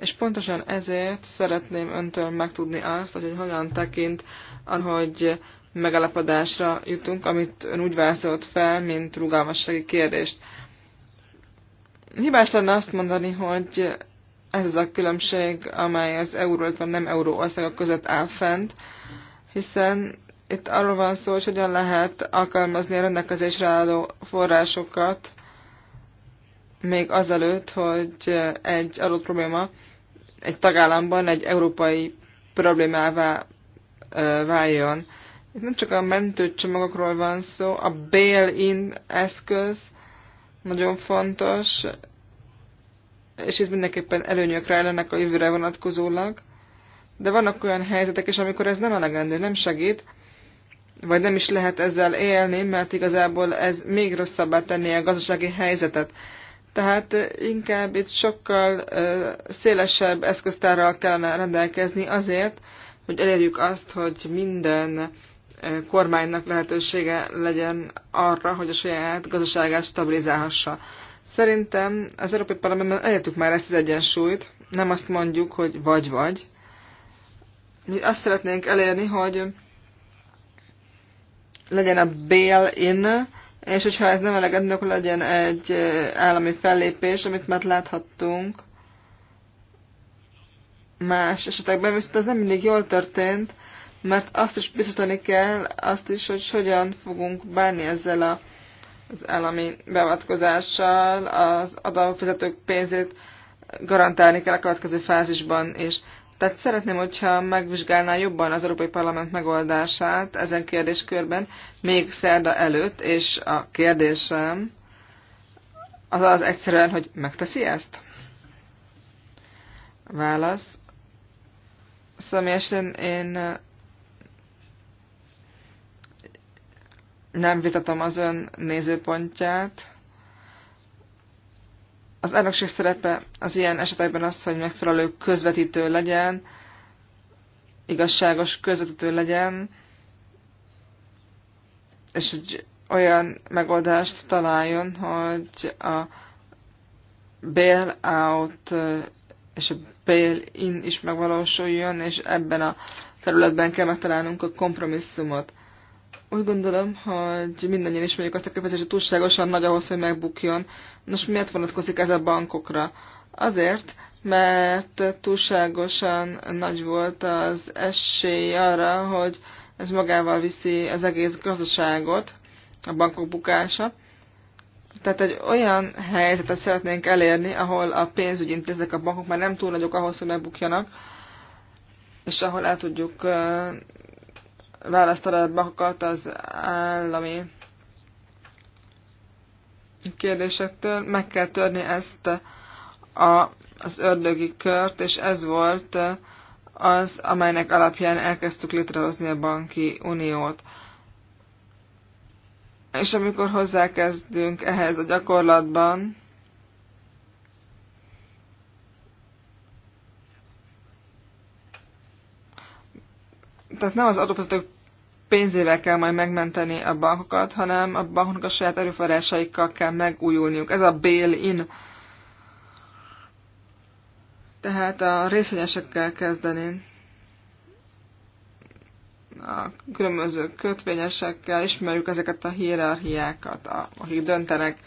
És pontosan ezért szeretném öntől megtudni azt, hogy hogyan tekint, hogy megalapodásra jutunk, amit ön úgy válaszolt fel, mint rugalmassági kérdést. Hibás lenne azt mondani, hogy ez az a különbség, amely az euró, illetve nem euró országok között áll fent, hiszen itt arról van szó, hogy hogyan lehet alkalmazni a rendelkezésre álló forrásokat, még azelőtt, hogy egy adott probléma egy tagállamban egy európai problémává váljon. Itt nem csak a mentőcsomagokról van szó, a bail-in eszköz nagyon fontos, és itt mindenképpen előnyökre ellenek a jövőre vonatkozólag. De vannak olyan helyzetek is, amikor ez nem elegendő, nem segít, vagy nem is lehet ezzel élni, mert igazából ez még rosszabbá tenné a gazdasági helyzetet. Tehát inkább itt sokkal szélesebb eszköztárral kellene rendelkezni azért, hogy elérjük azt, hogy minden kormánynak lehetősége legyen arra, hogy a saját gazdaságát stabilizálhassa. Szerintem az Európai Parlamentben elértük már ezt az egyensúlyt, nem azt mondjuk, hogy vagy-vagy. Mi azt szeretnénk elérni, hogy legyen a bail-in, és hogyha ez nem elegendő, akkor legyen egy állami fellépés, amit már láthattunk más esetekben, viszont ez nem mindig jól történt, mert azt is biztosítani kell, azt is, hogy hogyan fogunk bánni ezzel a, az állami beavatkozással, az adófizetők pénzét garantálni kell a következő fázisban is. Tehát szeretném, hogyha megvizsgálná jobban az Európai Parlament megoldását ezen kérdéskörben, még szerda előtt, és a kérdésem az az egyszerűen, hogy megteszi ezt? Válasz. Személyesen én nem vitatom az ön nézőpontját. Az elnökség szerepe az ilyen esetekben az, hogy megfelelő közvetítő legyen, igazságos közvetítő legyen, és egy olyan megoldást találjon, hogy a bail-out és a bail-in is megvalósuljon, és ebben a területben kell megtalálnunk a kompromisszumot. Úgy gondolom, hogy mindannyian ismerjük azt a kifejezést, hogy túlságosan nagy ahhoz, hogy megbukjon. Nos, miért vonatkozik ez a bankokra? Azért, mert túlságosan nagy volt az esély arra, hogy ez magával viszi az egész gazdaságot, a bankok bukása. Tehát egy olyan helyzetet szeretnénk elérni, ahol a pénzügyi intézetek, a bankok már nem túl nagyok ahhoz, hogy megbukjanak, és ahol el tudjuk választalatbakat az állami kérdésektől. Meg kell törni ezt a, az ördögi kört, és ez volt az, amelynek alapján elkezdtük létrehozni a banki uniót. És amikor hozzákezdünk ehhez a gyakorlatban, tehát nem az adófizetők pénzével kell majd megmenteni a bankokat, hanem a banknak a saját erőforrásaikkal kell megújulniuk. Ez a bail-in. Tehát a részvényesekkel kezdeni. A különböző kötvényesekkel ismerjük ezeket a hierarchiákat, akik döntenek.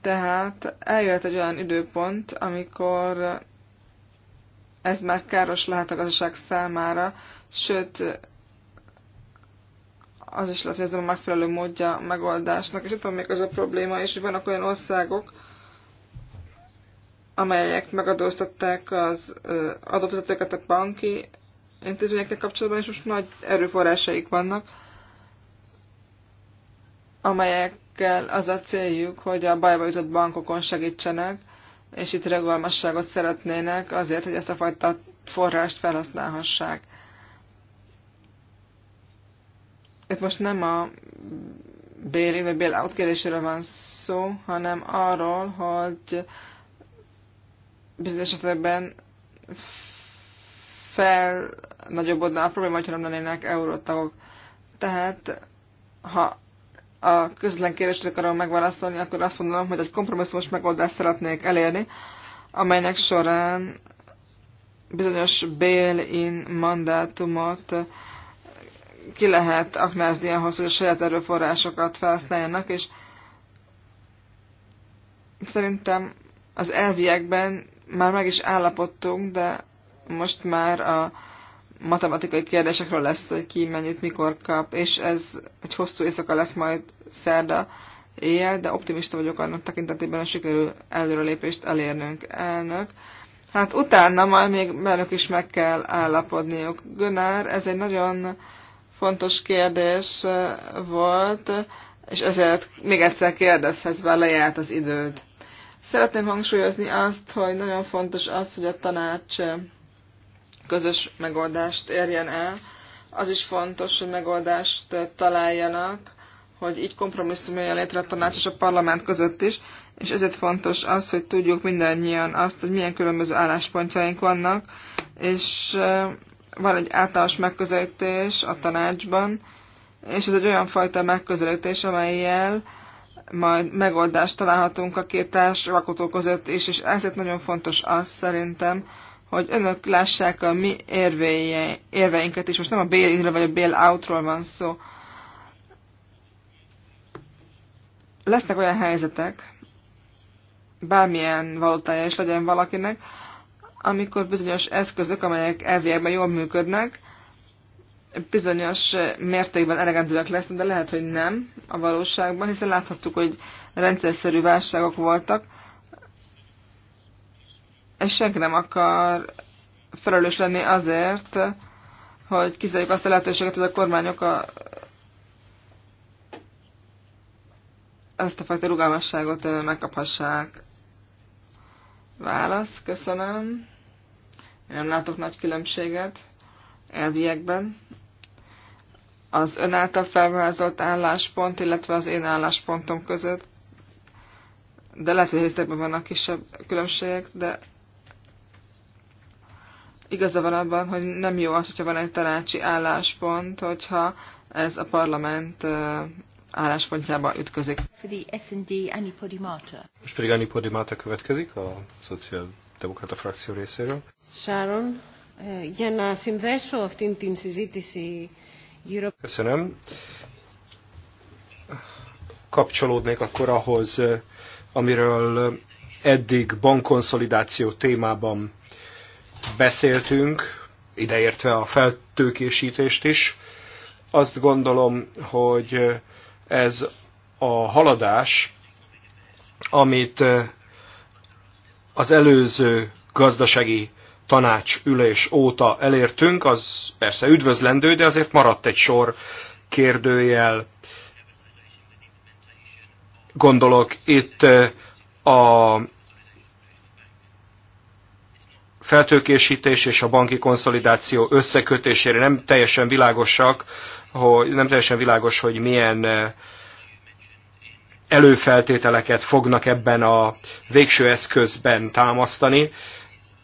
Tehát eljött egy olyan időpont, amikor ez már káros lehet a gazdaság számára, sőt, az is lesz, hogy ez a megfelelő módja megoldásnak. És itt van még az a probléma is, hogy vannak olyan országok, amelyek megadóztatták az adófizetőket a banki intézményekkel kapcsolatban, és most nagy erőforrásaik vannak, amelyekkel az a céljuk, hogy a bajba jutott bankokon segítsenek, és itt regalmasságot szeretnének azért, hogy ezt a fajta forrást felhasználhassák. itt most nem a bail-in vagy bail-out kérdéséről van szó, hanem arról, hogy bizonyos esetekben fel nagyobbodna a probléma, hogyha nem lennének eurótagok. Tehát, ha a közlen kérdést akarom megválaszolni, akkor azt mondanom, hogy egy kompromisszumos megoldást szeretnék elérni, amelynek során bizonyos bail-in mandátumot ki lehet aknázni ahhoz, hogy a saját erőforrásokat felhasználjanak, és szerintem az elviekben már meg is állapodtunk, de most már a matematikai kérdésekről lesz, hogy ki mennyit mikor kap, és ez egy hosszú éjszaka lesz majd szerda éjjel, de optimista vagyok annak tekintetében, hogy sikerül előrelépést elérnünk elnök. Hát utána majd még velük is meg kell állapodniuk. Gönár, ez egy nagyon fontos kérdés eh, volt, és ezért még egyszer kérdezhetsz, bár lejárt az időd. Szeretném hangsúlyozni azt, hogy nagyon fontos az, hogy a tanács eh, közös megoldást érjen el. Az is fontos, hogy megoldást eh, találjanak, hogy így kompromisszum jöjjön létre a tanács és a parlament között is, és ezért fontos az, hogy tudjuk mindannyian azt, hogy milyen különböző álláspontjaink vannak, és van egy általános megközelítés a tanácsban, és ez egy olyan fajta megközelítés, amelyel majd megoldást találhatunk a két társalkotó között is, és ezért nagyon fontos az szerintem, hogy önök lássák a mi érvénye, érveinket is. Most nem a bail-inről vagy a bail-outról van szó. Lesznek olyan helyzetek, bármilyen valutája is legyen valakinek, amikor bizonyos eszközök, amelyek elviekben jól működnek, bizonyos mértékben elegendőek lesznek, de lehet, hogy nem a valóságban, hiszen láthattuk, hogy rendszerszerű válságok voltak, és senki nem akar felelős lenni azért, hogy kizárjuk azt a lehetőséget, hogy a kormányok a, ezt a fajta rugalmasságot megkaphassák. Válasz, köszönöm. Én nem látok nagy különbséget elviekben. Az ön által felvázolt álláspont, illetve az én álláspontom között, de lehet, hogy van vannak kisebb különbségek, de igaza van abban, hogy nem jó az, hogyha van egy tanácsi álláspont, hogyha ez a parlament álláspontjába ütközik. Most pedig Annie Podimata következik a Szociáldemokrata frakció részéről. Sharon, για uh, Simveso, a Tintin Szizitisi συζήτηση Köszönöm. Kapcsolódnék akkor ahhoz, uh, amiről uh, eddig bankkonszolidáció témában beszéltünk, ideértve a feltőkésítést is. Azt gondolom, hogy ez a haladás, amit az előző gazdasági tanácsülés óta elértünk, az persze üdvözlendő, de azért maradt egy sor kérdőjel. Gondolok itt a feltőkésítés és a banki konszolidáció összekötésére nem teljesen világosak hogy nem teljesen világos, hogy milyen eh, előfeltételeket fognak ebben a végső eszközben támasztani.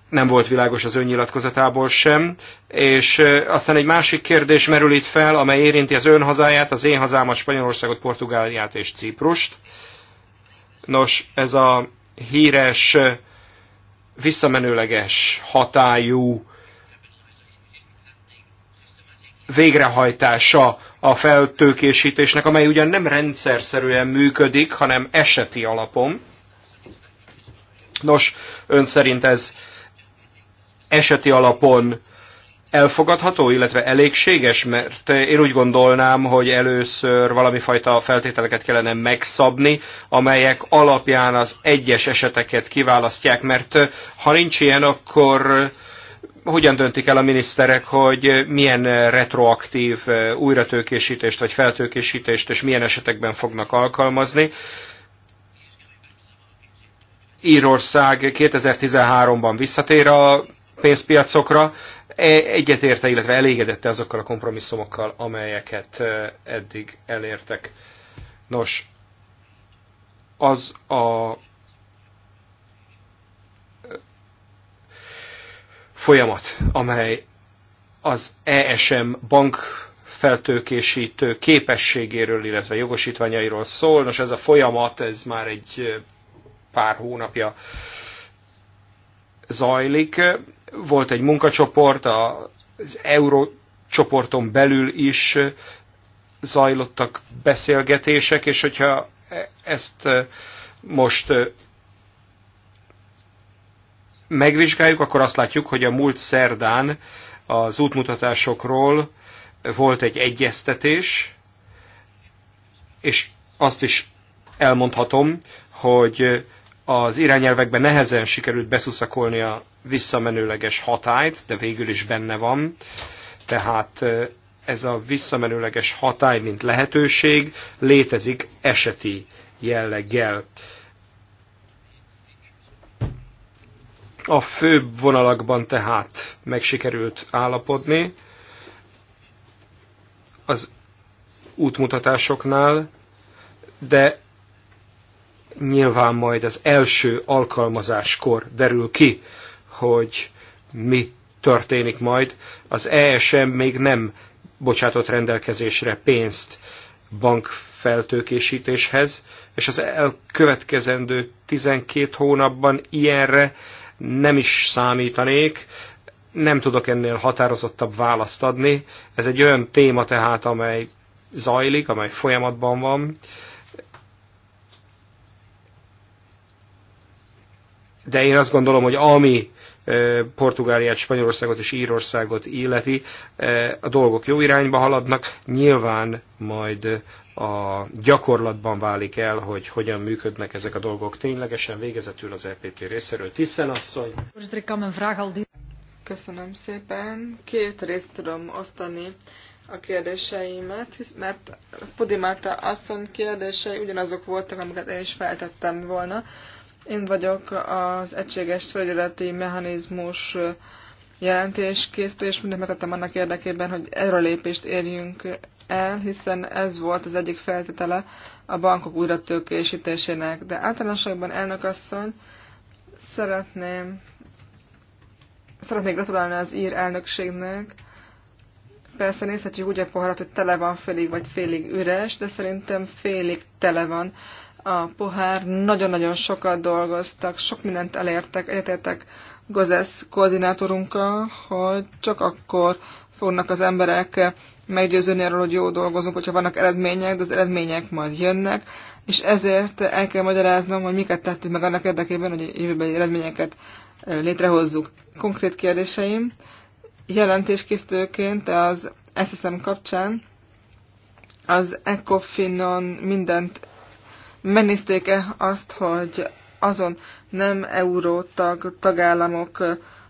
Nem volt világos az önnyilatkozatából sem. És eh, aztán egy másik kérdés merül itt fel, amely érinti az ön hazáját, az én hazámat, Spanyolországot, Portugáliát és Ciprust. Nos, ez a híres, eh, visszamenőleges hatályú végrehajtása a feltőkésítésnek, amely ugyan nem rendszerszerűen működik, hanem eseti alapon. Nos, ön szerint ez eseti alapon elfogadható, illetve elégséges, mert én úgy gondolnám, hogy először valami fajta feltételeket kellene megszabni, amelyek alapján az egyes eseteket kiválasztják, mert ha nincs ilyen, akkor hogyan döntik el a miniszterek, hogy eh, milyen eh, retroaktív eh, újratőkésítést vagy feltőkésítést és milyen esetekben fognak alkalmazni. Írország 2013-ban visszatér a pénzpiacokra, e, egyetérte, illetve elégedette azokkal a kompromisszumokkal, amelyeket eddig elértek. Nos, az a folyamat, amely az ESM bank feltőkésítő képességéről, illetve jogosítványairól szól. Nos, ez a folyamat, ez már egy pár hónapja zajlik. Volt egy munkacsoport, az eurócsoporton belül is zajlottak beszélgetések, és hogyha e-, ezt most megvizsgáljuk, akkor azt látjuk, hogy a múlt szerdán az útmutatásokról volt egy egyeztetés, és azt is elmondhatom, hogy az irányelvekben nehezen sikerült beszuszakolni a visszamenőleges hatályt, de végül is benne van. Tehát ez a visszamenőleges hatály, mint lehetőség létezik eseti jelleggel. A fő vonalakban tehát meg sikerült állapodni. Az útmutatásoknál, de nyilván majd az első alkalmazáskor derül ki, hogy mi történik majd. Az ESM még nem bocsátott rendelkezésre pénzt bankfeltőkésítéshez, és az elkövetkezendő 12 hónapban ilyenre nem is számítanék, nem tudok ennél határozottabb választ adni. Ez egy olyan téma tehát, amely zajlik, amely folyamatban van. De én azt gondolom, hogy ami Portugáliát, Spanyolországot és Írországot illeti, a dolgok jó irányba haladnak, nyilván majd a gyakorlatban válik el, hogy hogyan működnek ezek a dolgok ténylegesen, végezetül az EPP részéről. Tiszen asszony! Köszönöm szépen. Két részt tudom osztani a kérdéseimet, hisz, mert Pudimáta asszony kérdései ugyanazok voltak, amiket én is feltettem volna. Én vagyok az egységes felügyeleti mechanizmus jelentéskészítő, és mindent megtettem annak érdekében, hogy lépést érjünk el, hiszen ez volt az egyik feltétele a bankok tőkésítésének. De általánosságban elnök asszony, szeretném, szeretnék gratulálni az ír elnökségnek. Persze nézhetjük úgy a poharat, hogy tele van félig vagy félig üres, de szerintem félig tele van a pohár. Nagyon-nagyon sokat dolgoztak, sok mindent elértek, egyetértek Gozesz koordinátorunkkal, hogy csak akkor fognak az emberek meggyőződni arról, hogy jó dolgozunk, hogyha vannak eredmények, de az eredmények majd jönnek, és ezért el kell magyaráznom, hogy miket tettünk meg annak érdekében, hogy jövőbeli eredményeket létrehozzuk. Konkrét kérdéseim jelentéskészítőként az SSM kapcsán az Ecofinon mindent megnézték-e azt, hogy azon nem eurótag tagállamok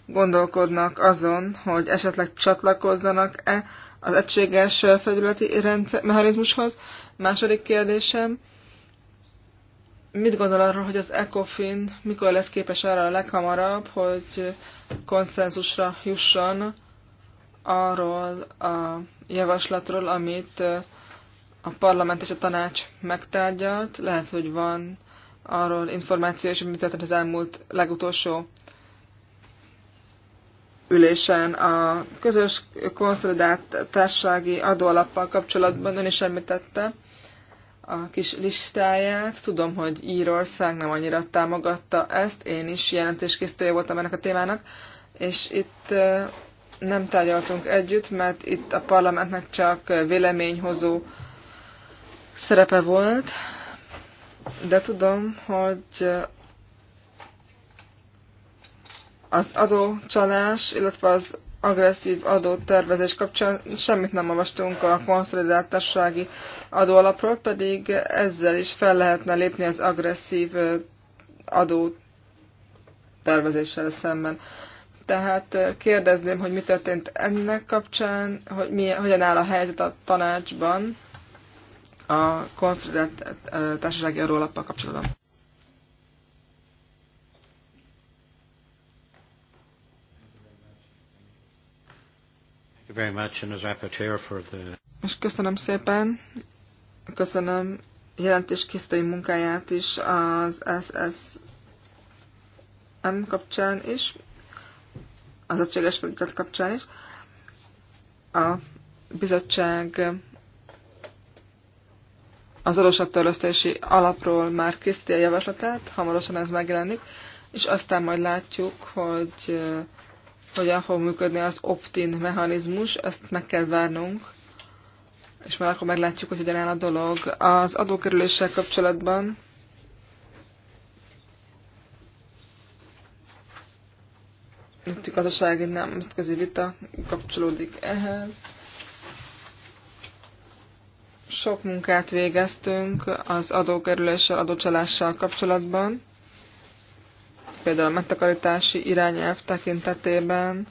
gondolkodnak azon, hogy esetleg csatlakozzanak-e az egységes felületi rendszer, mechanizmushoz. Második kérdésem, mit gondol arról, hogy az ECOFIN mikor lesz képes arra a leghamarabb, hogy konszenzusra jusson arról a javaslatról, amit a parlament és a tanács megtárgyalt. Lehet, hogy van arról információ és mi történt az elmúlt legutolsó ülésen a közös konszolidált társasági adóalappal kapcsolatban ön is említette a kis listáját. Tudom, hogy Írország nem annyira támogatta ezt, én is jelentéskészítője voltam ennek a témának, és itt nem tárgyaltunk együtt, mert itt a parlamentnek csak véleményhozó szerepe volt, de tudom, hogy az adócsalás, illetve az agresszív adótervezés kapcsán semmit nem olvastunk a konszolidált társasági adóalapról, pedig ezzel is fel lehetne lépni az agresszív adótervezéssel szemben. Tehát kérdezném, hogy mi történt ennek kapcsán, hogy mi, hogyan áll a helyzet a tanácsban a konszolidált társasági adóalappal kapcsolatban. very much, and as rapporteur for the... És köszönöm szépen, köszönöm jelentéskészítői munkáját is az SSM kapcsán is, az egységes felügyelet kapcsán is. A bizottság az orvosattörlesztési alapról már készíti a javaslatát, hamarosan ez megjelenik, és aztán majd látjuk, hogy hogyan fog működni az opt-in mechanizmus, ezt meg kell várnunk, és már akkor meglátjuk, hogy hogyan áll a dolog. Az adókerüléssel kapcsolatban itt gazdasági nemzetközi vita kapcsolódik ehhez. Sok munkát végeztünk az adókerüléssel, adócsalással kapcsolatban például a megtakarítási irányelv tekintetében,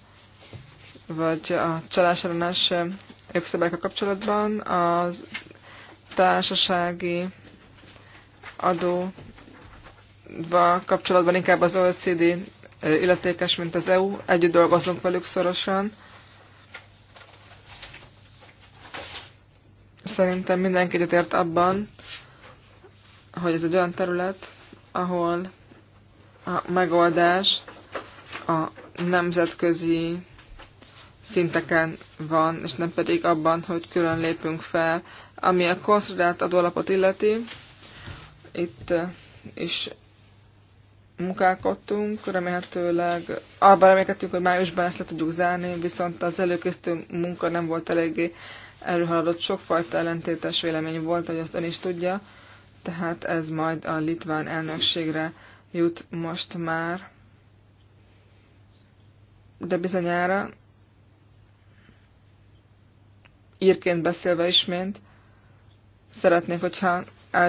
vagy a csalásellenes jogszabályokkal kapcsolatban az társasági adóval kapcsolatban inkább az OECD illetékes, mint az EU. Együtt dolgozunk velük szorosan. Szerintem mindenki egyetért abban, hogy ez egy olyan terület, ahol a megoldás a nemzetközi szinteken van, és nem pedig abban, hogy külön lépünk fel. Ami a konszolidált adólapot illeti, itt eh, is munkálkodtunk, remélhetőleg abban remélkedtünk, hogy májusban ezt le tudjuk zárni, viszont az előkészítő munka nem volt eléggé előhaladott, sokfajta ellentétes vélemény volt, hogy azt ön is tudja, tehát ez majd a litván elnökségre jut most már. De bizonyára, írként beszélve ismét, szeretnék, hogyha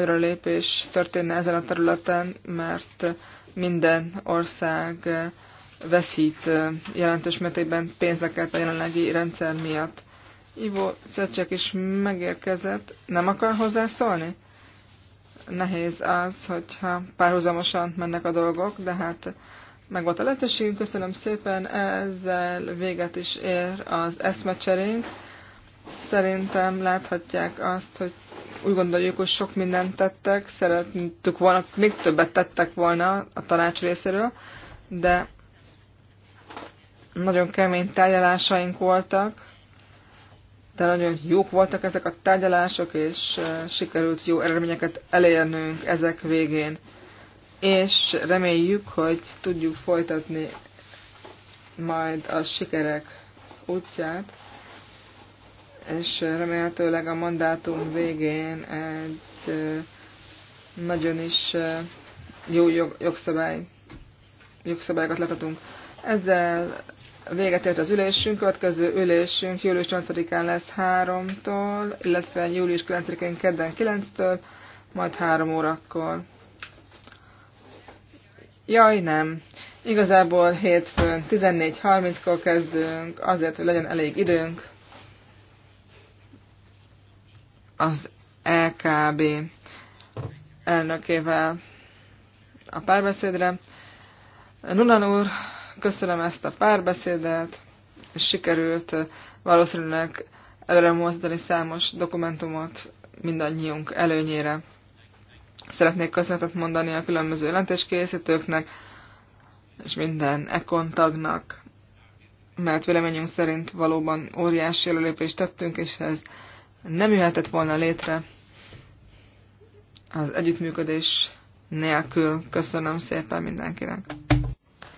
lépés történne ezen a területen, mert minden ország veszít jelentős mértékben pénzeket a jelenlegi rendszer miatt. Ivo Szöcsek is megérkezett. Nem akar hozzászólni? nehéz az, hogyha párhuzamosan mennek a dolgok, de hát meg volt a lehetőségünk, köszönöm szépen, ezzel véget is ér az eszmecserénk. Szerintem láthatják azt, hogy úgy gondoljuk, hogy sok mindent tettek, szerettük volna, még többet tettek volna a tanács részéről, de nagyon kemény tárgyalásaink voltak, de nagyon jók voltak ezek a tárgyalások, és sikerült jó eredményeket elérnünk ezek végén. És reméljük, hogy tudjuk folytatni majd a sikerek útját, és remélhetőleg a mandátum végén egy nagyon is jó jog, jogszabály, jogszabályokat láthatunk. Ezzel véget ért az ülésünk, következő ülésünk július 8-án lesz 3-tól, illetve július 9-én kedden 9-től, majd 3 órakor. Jaj, nem. Igazából hétfőn 14.30-kor kezdünk, azért, hogy legyen elég időnk. Az LKB e elnökével a párbeszédre. Nunan úr Köszönöm ezt a párbeszédet, és sikerült eh, valószínűleg előre mozdani számos dokumentumot mindannyiunk előnyére. Szeretnék köszönetet mondani a különböző jelentéskészítőknek, és minden ekon tagnak, mert véleményünk szerint valóban óriási előlépést tettünk, és ez nem jöhetett volna létre az együttműködés nélkül. Köszönöm szépen mindenkinek!